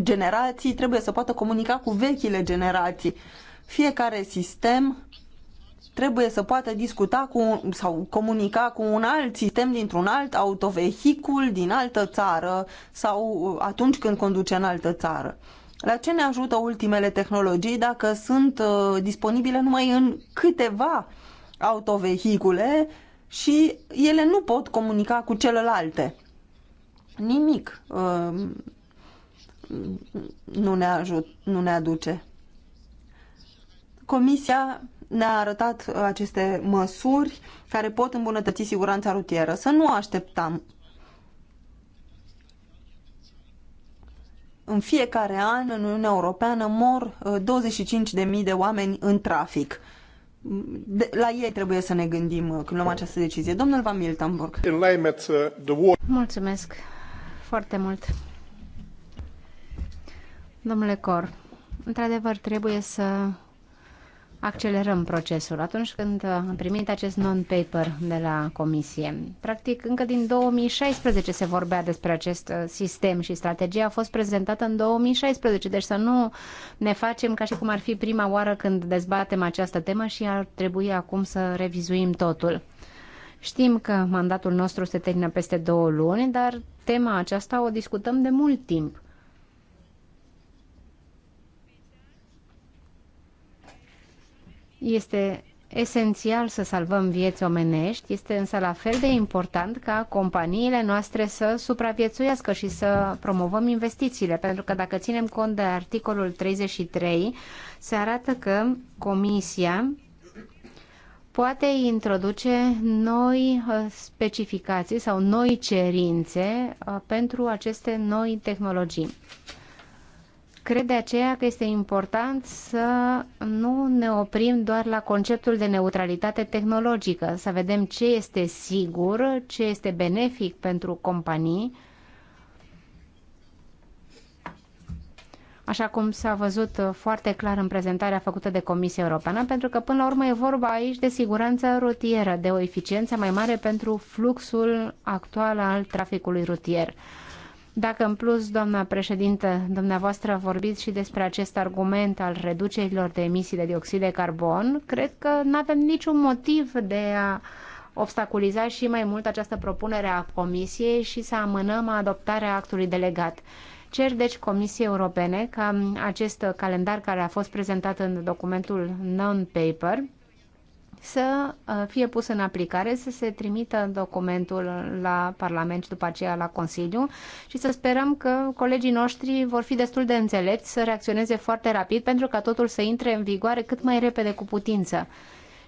generații trebuie să poată comunica cu vechile generații. Fiecare sistem trebuie să poată discuta cu, sau comunica cu un alt sistem dintr-un alt autovehicul din altă țară sau atunci când conduce în altă țară. La ce ne ajută ultimele tehnologii dacă sunt uh, disponibile numai în câteva autovehicule și ele nu pot comunica cu celelalte? Nimic uh, nu, ne ajut, nu ne aduce. Comisia ne-a arătat aceste măsuri care pot îmbunătăți siguranța rutieră. Să nu așteptăm. În fiecare an în Uniunea Europeană mor 25.000 uh, de oameni în trafic. De, la ei trebuie să ne gândim uh, când luăm această decizie. Domnul Van Miltenburg. Uh, Mulțumesc foarte mult. Domnule Cor, într-adevăr trebuie să accelerăm procesul atunci când uh, am primit acest non-paper de la comisie. Practic, încă din 2016 se vorbea despre acest uh, sistem și strategia a fost prezentată în 2016, deci să nu ne facem ca și cum ar fi prima oară când dezbatem această temă și ar trebui acum să revizuim totul. Știm că mandatul nostru se termină peste două luni, dar tema aceasta o discutăm de mult timp. Este esențial să salvăm vieți omenești, este însă la fel de important ca companiile noastre să supraviețuiască și să promovăm investițiile, pentru că dacă ținem cont de articolul 33, se arată că Comisia poate introduce noi uh, specificații sau noi cerințe uh, pentru aceste noi tehnologii. Cred de aceea că este important să nu ne oprim doar la conceptul de neutralitate tehnologică, să vedem ce este sigur, ce este benefic pentru companii, așa cum s-a văzut uh, foarte clar în prezentarea făcută de Comisia Europeană, pentru că până la urmă e vorba aici de siguranță rutieră, de o eficiență mai mare pentru fluxul actual al traficului rutier. Dacă în plus, doamna președintă, dumneavoastră vorbiți și despre acest argument al reducerilor de emisii de dioxid de carbon, cred că nu avem niciun motiv de a obstaculiza și mai mult această propunere a Comisiei și să amânăm adoptarea actului delegat. Cer deci Comisiei Europene ca acest calendar care a fost prezentat în documentul non-paper să uh, fie pus în aplicare, să se trimită documentul la Parlament și după aceea la Consiliu și să sperăm că colegii noștri vor fi destul de înțelepți să reacționeze foarte rapid pentru ca totul să intre în vigoare cât mai repede cu putință.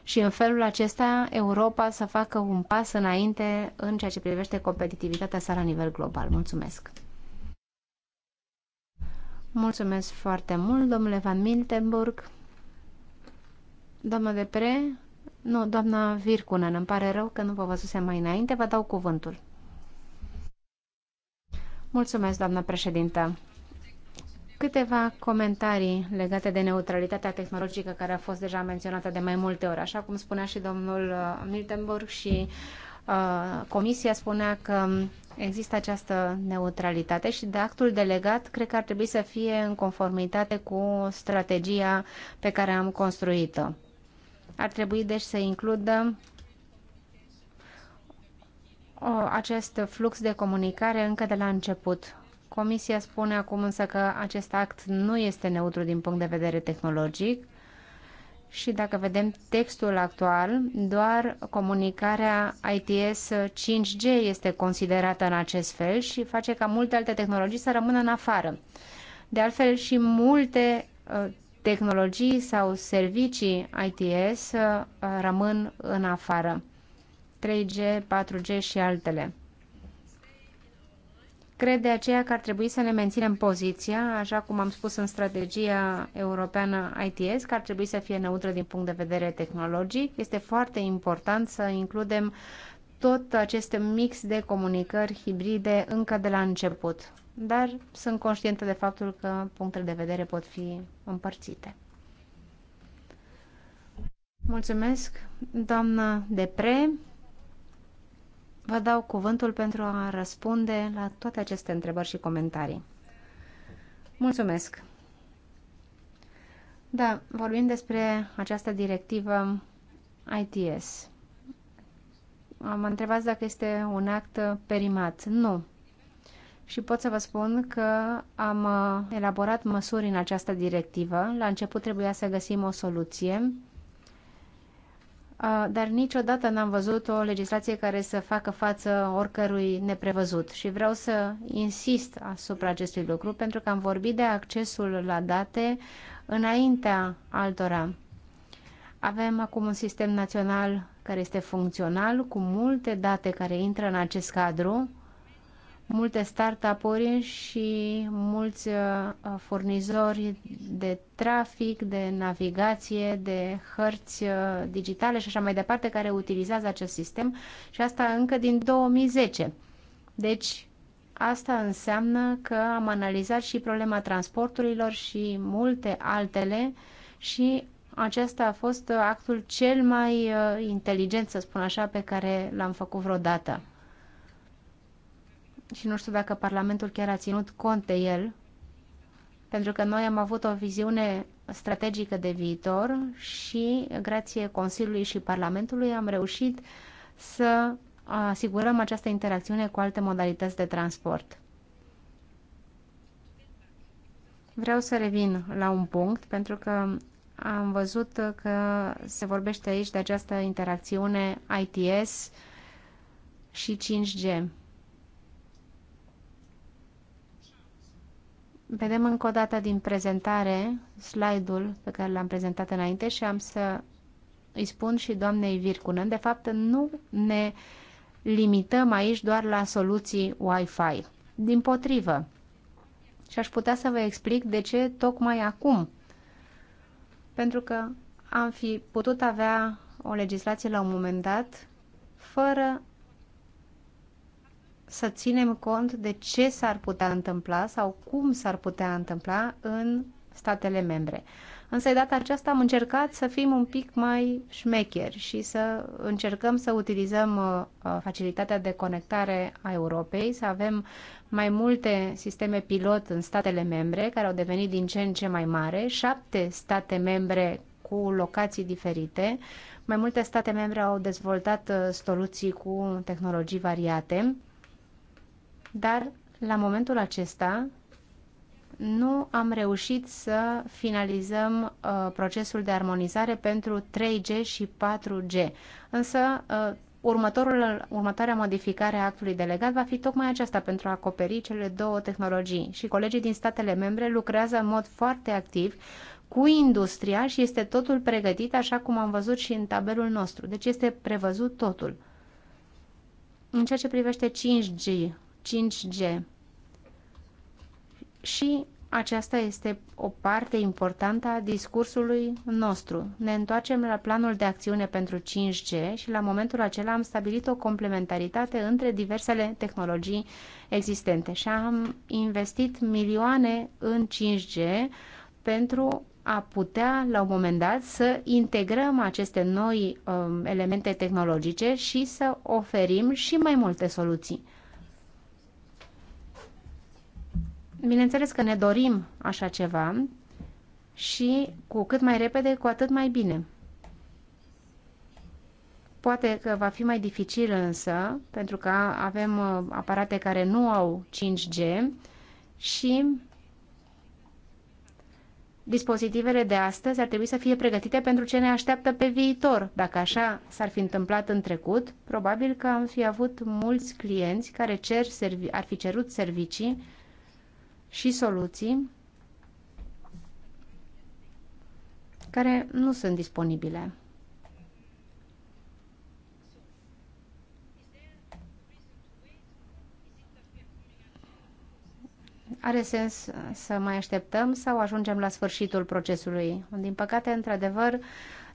Și în felul acesta Europa să facă un pas înainte în ceea ce privește competitivitatea sa la nivel global. Mulțumesc! Mulțumesc foarte mult, domnule Van Miltenburg. Doamna Pre. Nu, doamna Vircunen, îmi pare rău că nu vă văzusem mai înainte, vă dau cuvântul. Mulțumesc, doamna președintă. Câteva comentarii legate de neutralitatea tehnologică care a fost deja menționată de mai multe ori. Așa cum spunea și domnul uh, Miltenburg și uh, comisia spunea că există această neutralitate și de actul delegat cred că ar trebui să fie în conformitate cu strategia pe care am construit-o. Ar trebui deci să includă acest flux de comunicare încă de la început. Comisia spune acum însă că acest act nu este neutru din punct de vedere tehnologic și dacă vedem textul actual, doar comunicarea ITS 5G este considerată în acest fel și face ca multe alte tehnologii să rămână în afară. De altfel și multe uh, tehnologii sau servicii ITS uh, rămân în afară. 3G, 4G și altele. Cred de aceea că ar trebui să ne menținem poziția, așa cum am spus în strategia europeană ITS, că ar trebui să fie neutră din punct de vedere tehnologic. Este foarte important să includem tot acest mix de comunicări hibride încă de la început dar sunt conștientă de faptul că punctele de vedere pot fi împărțite. Mulțumesc, doamna Depre. Vă dau cuvântul pentru a răspunde la toate aceste întrebări și comentarii. Mulțumesc! Da, vorbim despre această directivă ITS. Mă întrebați dacă este un act perimat. Nu, și pot să vă spun că am uh, elaborat măsuri în această directivă. La început trebuia să găsim o soluție, uh, dar niciodată n-am văzut o legislație care să facă față oricărui neprevăzut și vreau să insist asupra acestui lucru pentru că am vorbit de accesul la date înaintea altora. Avem acum un sistem național care este funcțional, cu multe date care intră în acest cadru, multe startup-uri și mulți uh, furnizori de trafic, de navigație, de hărți uh, digitale și așa mai departe, care utilizează acest sistem și asta încă din 2010. Deci, asta înseamnă că am analizat și problema transporturilor și multe altele și acesta a fost actul cel mai uh, inteligent, să spun așa, pe care l-am făcut vreodată și nu știu dacă Parlamentul chiar a ținut cont de el, pentru că noi am avut o viziune strategică de viitor și, grație Consiliului și Parlamentului, am reușit să asigurăm această interacțiune cu alte modalități de transport. Vreau să revin la un punct, pentru că am văzut că se vorbește aici de această interacțiune ITS și 5G. Vedem încă o dată din prezentare slide-ul pe care l-am prezentat înainte și am să îi spun și doamnei Vircunen. De fapt, nu ne limităm aici doar la soluții Wi-Fi. Din potrivă, și aș putea să vă explic de ce tocmai acum. Pentru că am fi putut avea o legislație la un moment dat fără să ținem cont de ce s-ar putea întâmpla sau cum s-ar putea întâmpla în statele membre. Însă, de data aceasta, am încercat să fim un pic mai șmecheri și să încercăm să utilizăm uh, uh, facilitatea de conectare a Europei, să avem mai multe sisteme pilot în statele membre, care au devenit din ce în ce mai mare, șapte state membre cu locații diferite. Mai multe state membre au dezvoltat uh, soluții cu tehnologii variate dar la momentul acesta nu am reușit să finalizăm uh, procesul de armonizare pentru 3G și 4G. Însă, uh, următorul, următoarea modificare a actului delegat va fi tocmai aceasta pentru a acoperi cele două tehnologii. Și colegii din statele membre lucrează în mod foarte activ cu industria și este totul pregătit, așa cum am văzut și în tabelul nostru. Deci este prevăzut totul. În ceea ce privește 5G, 5G. Și aceasta este o parte importantă a discursului nostru. Ne întoarcem la planul de acțiune pentru 5G și la momentul acela am stabilit o complementaritate între diversele tehnologii existente și am investit milioane în 5G pentru a putea, la un moment dat, să integrăm aceste noi um, elemente tehnologice și să oferim și mai multe soluții. Bineînțeles că ne dorim așa ceva și cu cât mai repede, cu atât mai bine. Poate că va fi mai dificil însă, pentru că avem uh, aparate care nu au 5G și dispozitivele de astăzi ar trebui să fie pregătite pentru ce ne așteaptă pe viitor. Dacă așa s-ar fi întâmplat în trecut, probabil că am fi avut mulți clienți care cer, ar fi cerut servicii și soluții care nu sunt disponibile. Are sens să mai așteptăm sau ajungem la sfârșitul procesului? Din păcate, într-adevăr,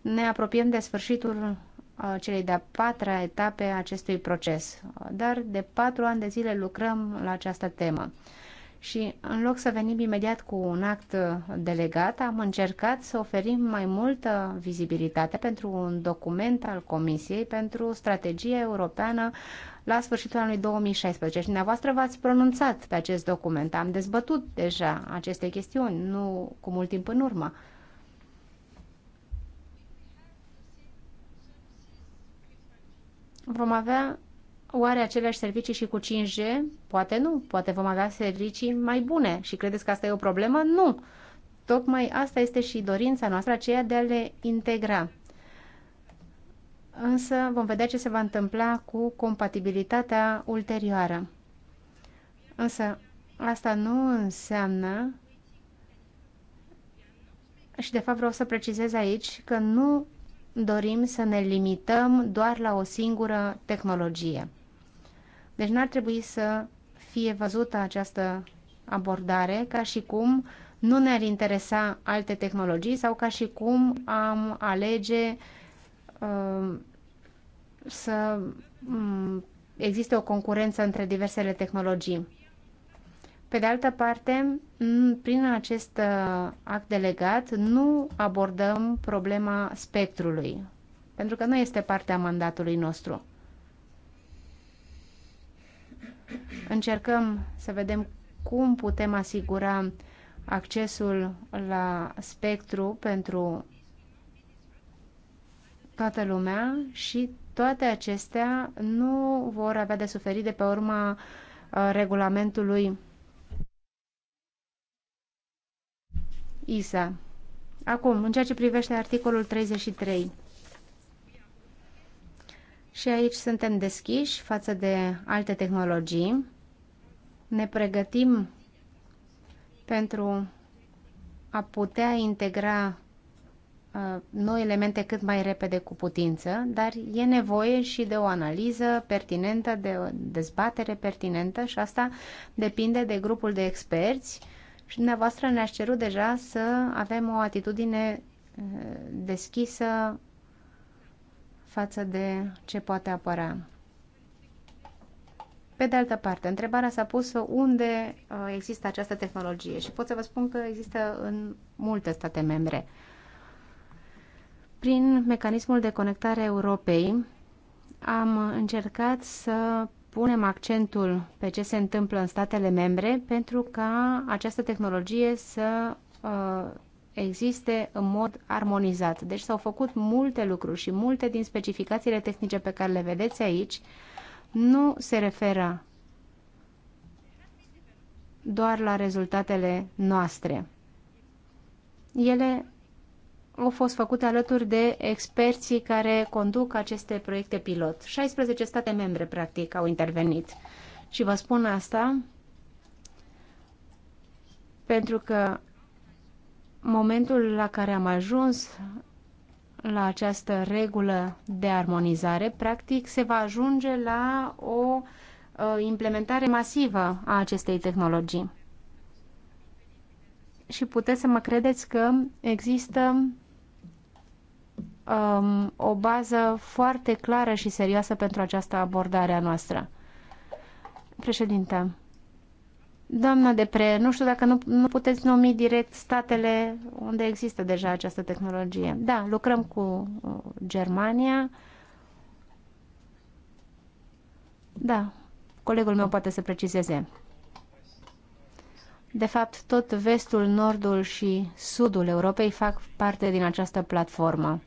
ne apropiem de sfârșitul uh, celei de-a patra etape a acestui proces, dar de patru ani de zile lucrăm la această temă. Și în loc să venim imediat cu un act delegat, am încercat să oferim mai multă vizibilitate pentru un document al Comisiei pentru strategia europeană la sfârșitul anului 2016. Și dumneavoastră v-ați pronunțat pe acest document. Am dezbătut deja aceste chestiuni, nu cu mult timp în urmă. Vom avea oare aceleași servicii și cu 5G? Poate nu, poate vom avea servicii mai bune și credeți că asta e o problemă? Nu! Tocmai asta este și dorința noastră, aceea de a le integra. Însă vom vedea ce se va întâmpla cu compatibilitatea ulterioară. Însă asta nu înseamnă și de fapt vreau să precizez aici că nu dorim să ne limităm doar la o singură tehnologie. Deci n-ar trebui să fie văzută această abordare ca și cum nu ne-ar interesa alte tehnologii sau ca și cum am alege uh, să um, existe o concurență între diversele tehnologii. Pe de altă parte, prin acest uh, act delegat nu abordăm problema spectrului, pentru că nu este partea mandatului nostru. Încercăm să vedem cum putem asigura accesul la spectru pentru toată lumea și toate acestea nu vor avea de suferit de pe urma uh, regulamentului ISA. Acum, în ceea ce privește articolul 33, și aici suntem deschiși față de alte tehnologii. Ne pregătim pentru a putea integra uh, noi elemente cât mai repede cu putință, dar e nevoie și de o analiză pertinentă, de o dezbatere pertinentă și asta depinde de grupul de experți și dumneavoastră ne-ați cerut deja să avem o atitudine uh, deschisă față de ce poate apăra. Pe de altă parte, întrebarea s-a pus unde uh, există această tehnologie și pot să vă spun că există în multe state membre. Prin mecanismul de conectare Europei am încercat să punem accentul pe ce se întâmplă în statele membre pentru ca această tehnologie să uh, existe în mod armonizat. Deci s-au făcut multe lucruri și multe din specificațiile tehnice pe care le vedeți aici nu se referă doar la rezultatele noastre. Ele au fost făcute alături de experții care conduc aceste proiecte pilot. 16 state membre, practic, au intervenit. Și vă spun asta pentru că momentul la care am ajuns la această regulă de armonizare, practic se va ajunge la o ă, implementare masivă a acestei tehnologii. Și puteți să mă credeți că există um, o bază foarte clară și serioasă pentru această abordare a noastră. Președinte, Doamna pre, nu știu dacă nu, nu puteți numi direct statele unde există deja această tehnologie. Da, lucrăm cu uh, Germania. Da, colegul meu poate să precizeze. De fapt, tot vestul, nordul și sudul Europei fac parte din această platformă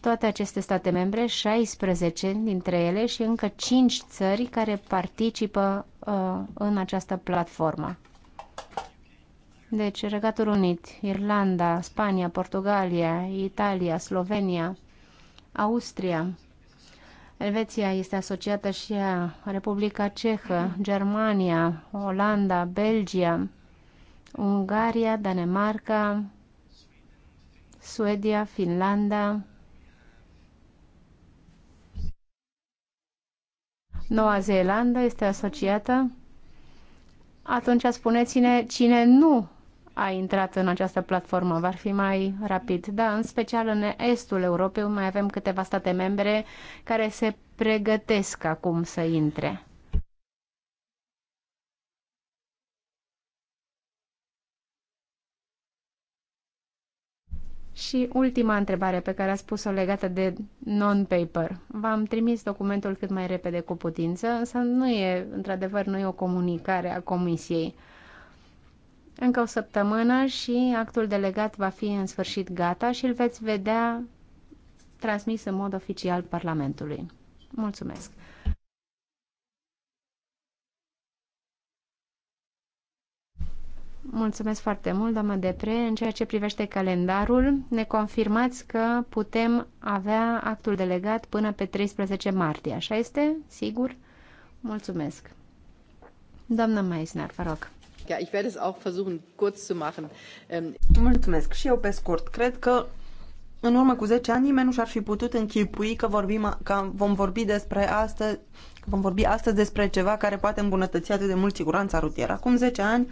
toate aceste state membre, 16 dintre ele și încă 5 țări care participă uh, în această platformă. Deci, Regatul Unit, Irlanda, Spania, Portugalia, Italia, Slovenia, Austria, Elveția este asociată și a Republica Cehă, Germania, Olanda, Belgia, Ungaria, Danemarca, Suedia, Finlanda, Noua Zeelandă este asociată, atunci spuneți-ne cine nu a intrat în această platformă, va fi mai rapid. Da, în special în estul Europei mai avem câteva state membre care se pregătesc acum să intre. Și ultima întrebare pe care a spus-o legată de non-paper. V-am trimis documentul cât mai repede cu putință, însă nu e, într-adevăr, nu e o comunicare a comisiei. Încă o săptămână și actul delegat va fi în sfârșit gata și îl veți vedea transmis în mod oficial Parlamentului. Mulțumesc! Mulțumesc foarte mult, doamnă Depre. În ceea ce privește calendarul, ne confirmați că putem avea actul delegat până pe 13 martie. Așa este? Sigur? Mulțumesc. Doamna Meisner, vă rog. Ja, ich werde es auch versuchen, kurz zu machen. Ähm, Mulțumesc. Și eu pe scurt. Cred că în urmă cu 10 ani nimeni nu și-ar fi putut închipui că, vorbim, că vom vorbi despre astăzi, vom vorbi astăzi despre ceva care poate îmbunătăți atât de mult siguranța rutieră. Acum 10 ani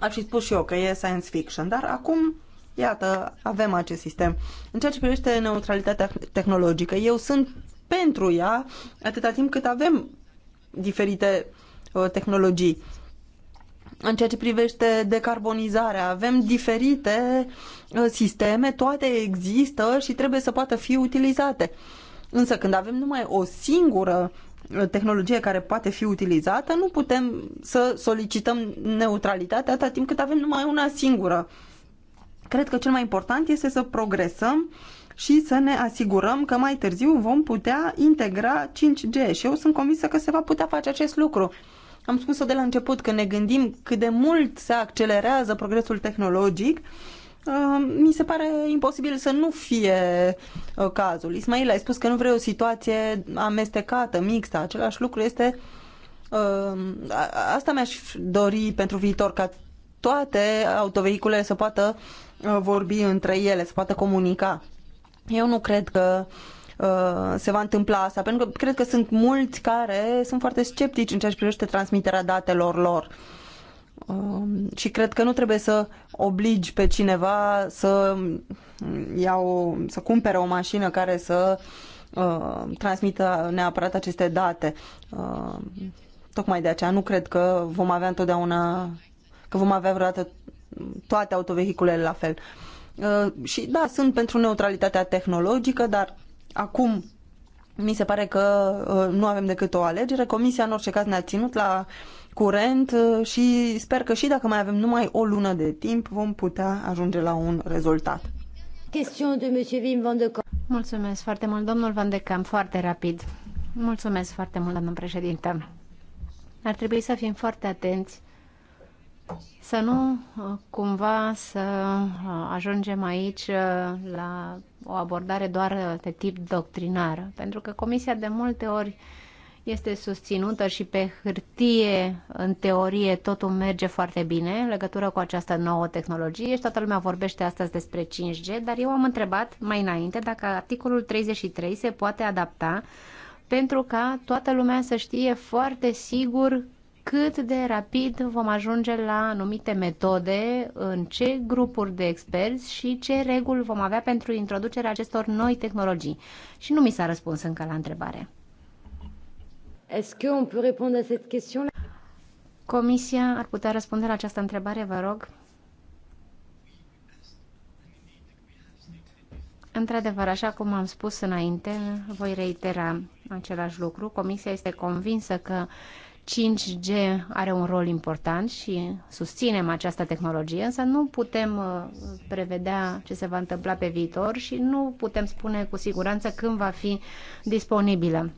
Aș fi spus și eu că e science fiction, dar acum, iată, avem acest sistem. În ceea ce privește neutralitatea tehnologică, eu sunt pentru ea atâta timp cât avem diferite uh, tehnologii. În ceea ce privește decarbonizarea, avem diferite uh, sisteme, toate există și trebuie să poată fi utilizate. Însă când avem numai o singură tehnologie care poate fi utilizată, nu putem să solicităm neutralitatea atâta timp cât avem numai una singură. Cred că cel mai important este să progresăm și să ne asigurăm că mai târziu vom putea integra 5G și eu sunt convinsă că se va putea face acest lucru. Am spus-o de la început, că ne gândim cât de mult se accelerează progresul tehnologic, mi se pare imposibil să nu fie uh, cazul. Ismail a spus că nu vrea o situație amestecată, mixtă. Același lucru este... Um, asta mi-aș dori pentru viitor, ca toate autovehiculele să poată uh, vorbi între ele, să poată comunica. Eu nu cred că uh, se va întâmpla asta, pentru că cred că sunt mulți care sunt foarte sceptici în ceea ce privește transmiterea datelor lor Um, și cred că nu trebuie să obligi pe cineva să, ia o, să cumpere o mașină care să uh, transmită neapărat aceste date. Uh, tocmai de aceea nu cred că vom avea întotdeauna că vom avea vreodată toate autovehiculele la fel. Uh, și da, sunt pentru neutralitatea tehnologică, dar acum mi se pare că uh, nu avem decât o alegere. Comisia, în orice caz, ne-a ținut la uh, curent uh, și sper că și dacă mai avem numai o lună de timp vom putea ajunge la un rezultat. Mulțumesc foarte mult, domnul Van de Camp, foarte rapid. Mulțumesc foarte mult, domnul președinte. Ar trebui să fim foarte atenți să nu uh, cumva să uh, ajungem aici la o abordare doar de tip doctrinar, pentru că Comisia de multe ori este susținută și pe hârtie, în teorie, totul merge foarte bine în legătură cu această nouă tehnologie și toată lumea vorbește astăzi despre 5G, dar eu am întrebat mai înainte dacă articolul 33 se poate adapta pentru ca toată lumea să știe foarte sigur cât de rapid vom ajunge la anumite metode, în ce grupuri de experți și ce reguli vom avea pentru introducerea acestor noi tehnologii. Și nu mi s-a răspuns încă la întrebare. Est-ce on peut répondre à cette question? Comisia ar putea răspunde la această întrebare, vă rog. Într-adevăr, așa cum am spus înainte, voi reitera același lucru. Comisia este convinsă că 5G are un rol important și susținem această tehnologie, însă nu putem uh, prevedea ce se va întâmpla pe viitor și nu putem spune cu siguranță când va fi disponibilă.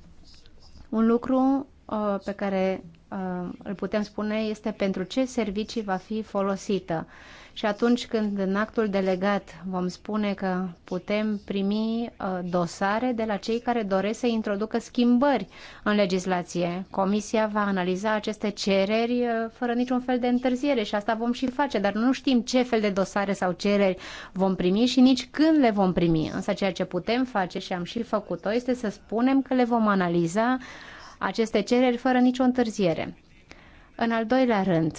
Un lucru uh, pe care uh, îl putem spune este pentru ce servicii va fi folosită. Uh, și atunci când în actul delegat vom spune că putem primi uh, dosare de la cei care doresc să introducă schimbări în legislație, Comisia va analiza aceste cereri uh, fără niciun fel de întârziere și asta vom și face, dar nu știm ce fel de dosare sau cereri vom primi și nici când le vom primi. Însă ceea ce putem face și am și făcut-o este să spunem că le vom analiza aceste cereri fără nicio întârziere. În al doilea rând,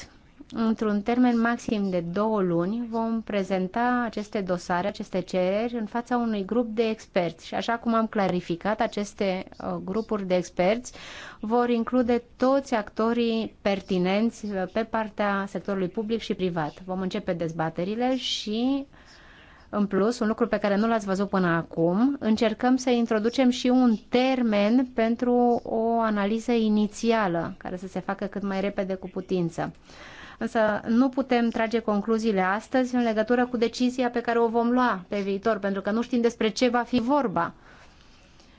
Într-un termen maxim de două luni vom prezenta aceste dosare, aceste cereri, în fața unui grup de experți. Și așa cum am clarificat, aceste uh, grupuri de experți vor include toți actorii pertinenți uh, pe partea sectorului public și privat. Vom începe dezbaterile și în plus, un lucru pe care nu l-ați văzut până acum, încercăm să introducem și un termen pentru o analiză inițială, care să se facă cât mai repede cu putință însă nu putem trage concluziile astăzi în legătură cu decizia pe care o vom lua pe viitor, pentru că nu știm despre ce va fi vorba.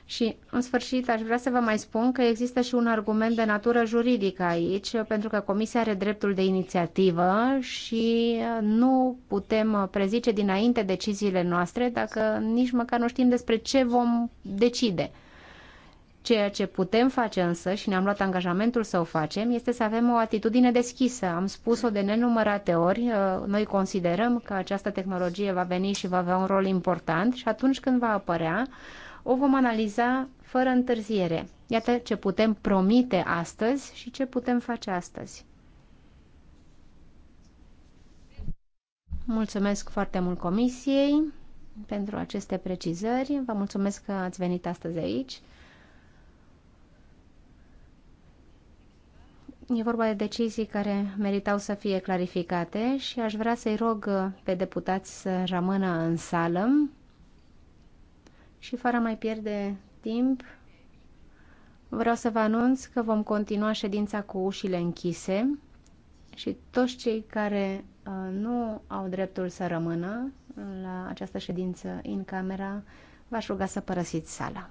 Și, în sfârșit, aș vrea să vă mai spun că există și un argument de natură juridică aici, pentru că Comisia are dreptul de inițiativă și nu putem prezice dinainte deciziile noastre dacă nici măcar nu știm despre ce vom decide. Ceea ce putem face însă, și ne-am luat angajamentul să o facem, este să avem o atitudine deschisă. Am spus-o de nenumărate ori, uh, noi considerăm că această tehnologie va veni și va avea un rol important și atunci când va apărea, o vom analiza fără întârziere. Iată ce putem promite astăzi și ce putem face astăzi. Mulțumesc foarte mult Comisiei pentru aceste precizări. Vă mulțumesc că ați venit astăzi aici. E vorba de decizii care meritau să fie clarificate și aș vrea să-i rog pe deputați să rămână în sală și fără mai pierde timp, vreau să vă anunț că vom continua ședința cu ușile închise și toți cei care uh, nu au dreptul să rămână la această ședință în camera, v-aș ruga să părăsiți sala.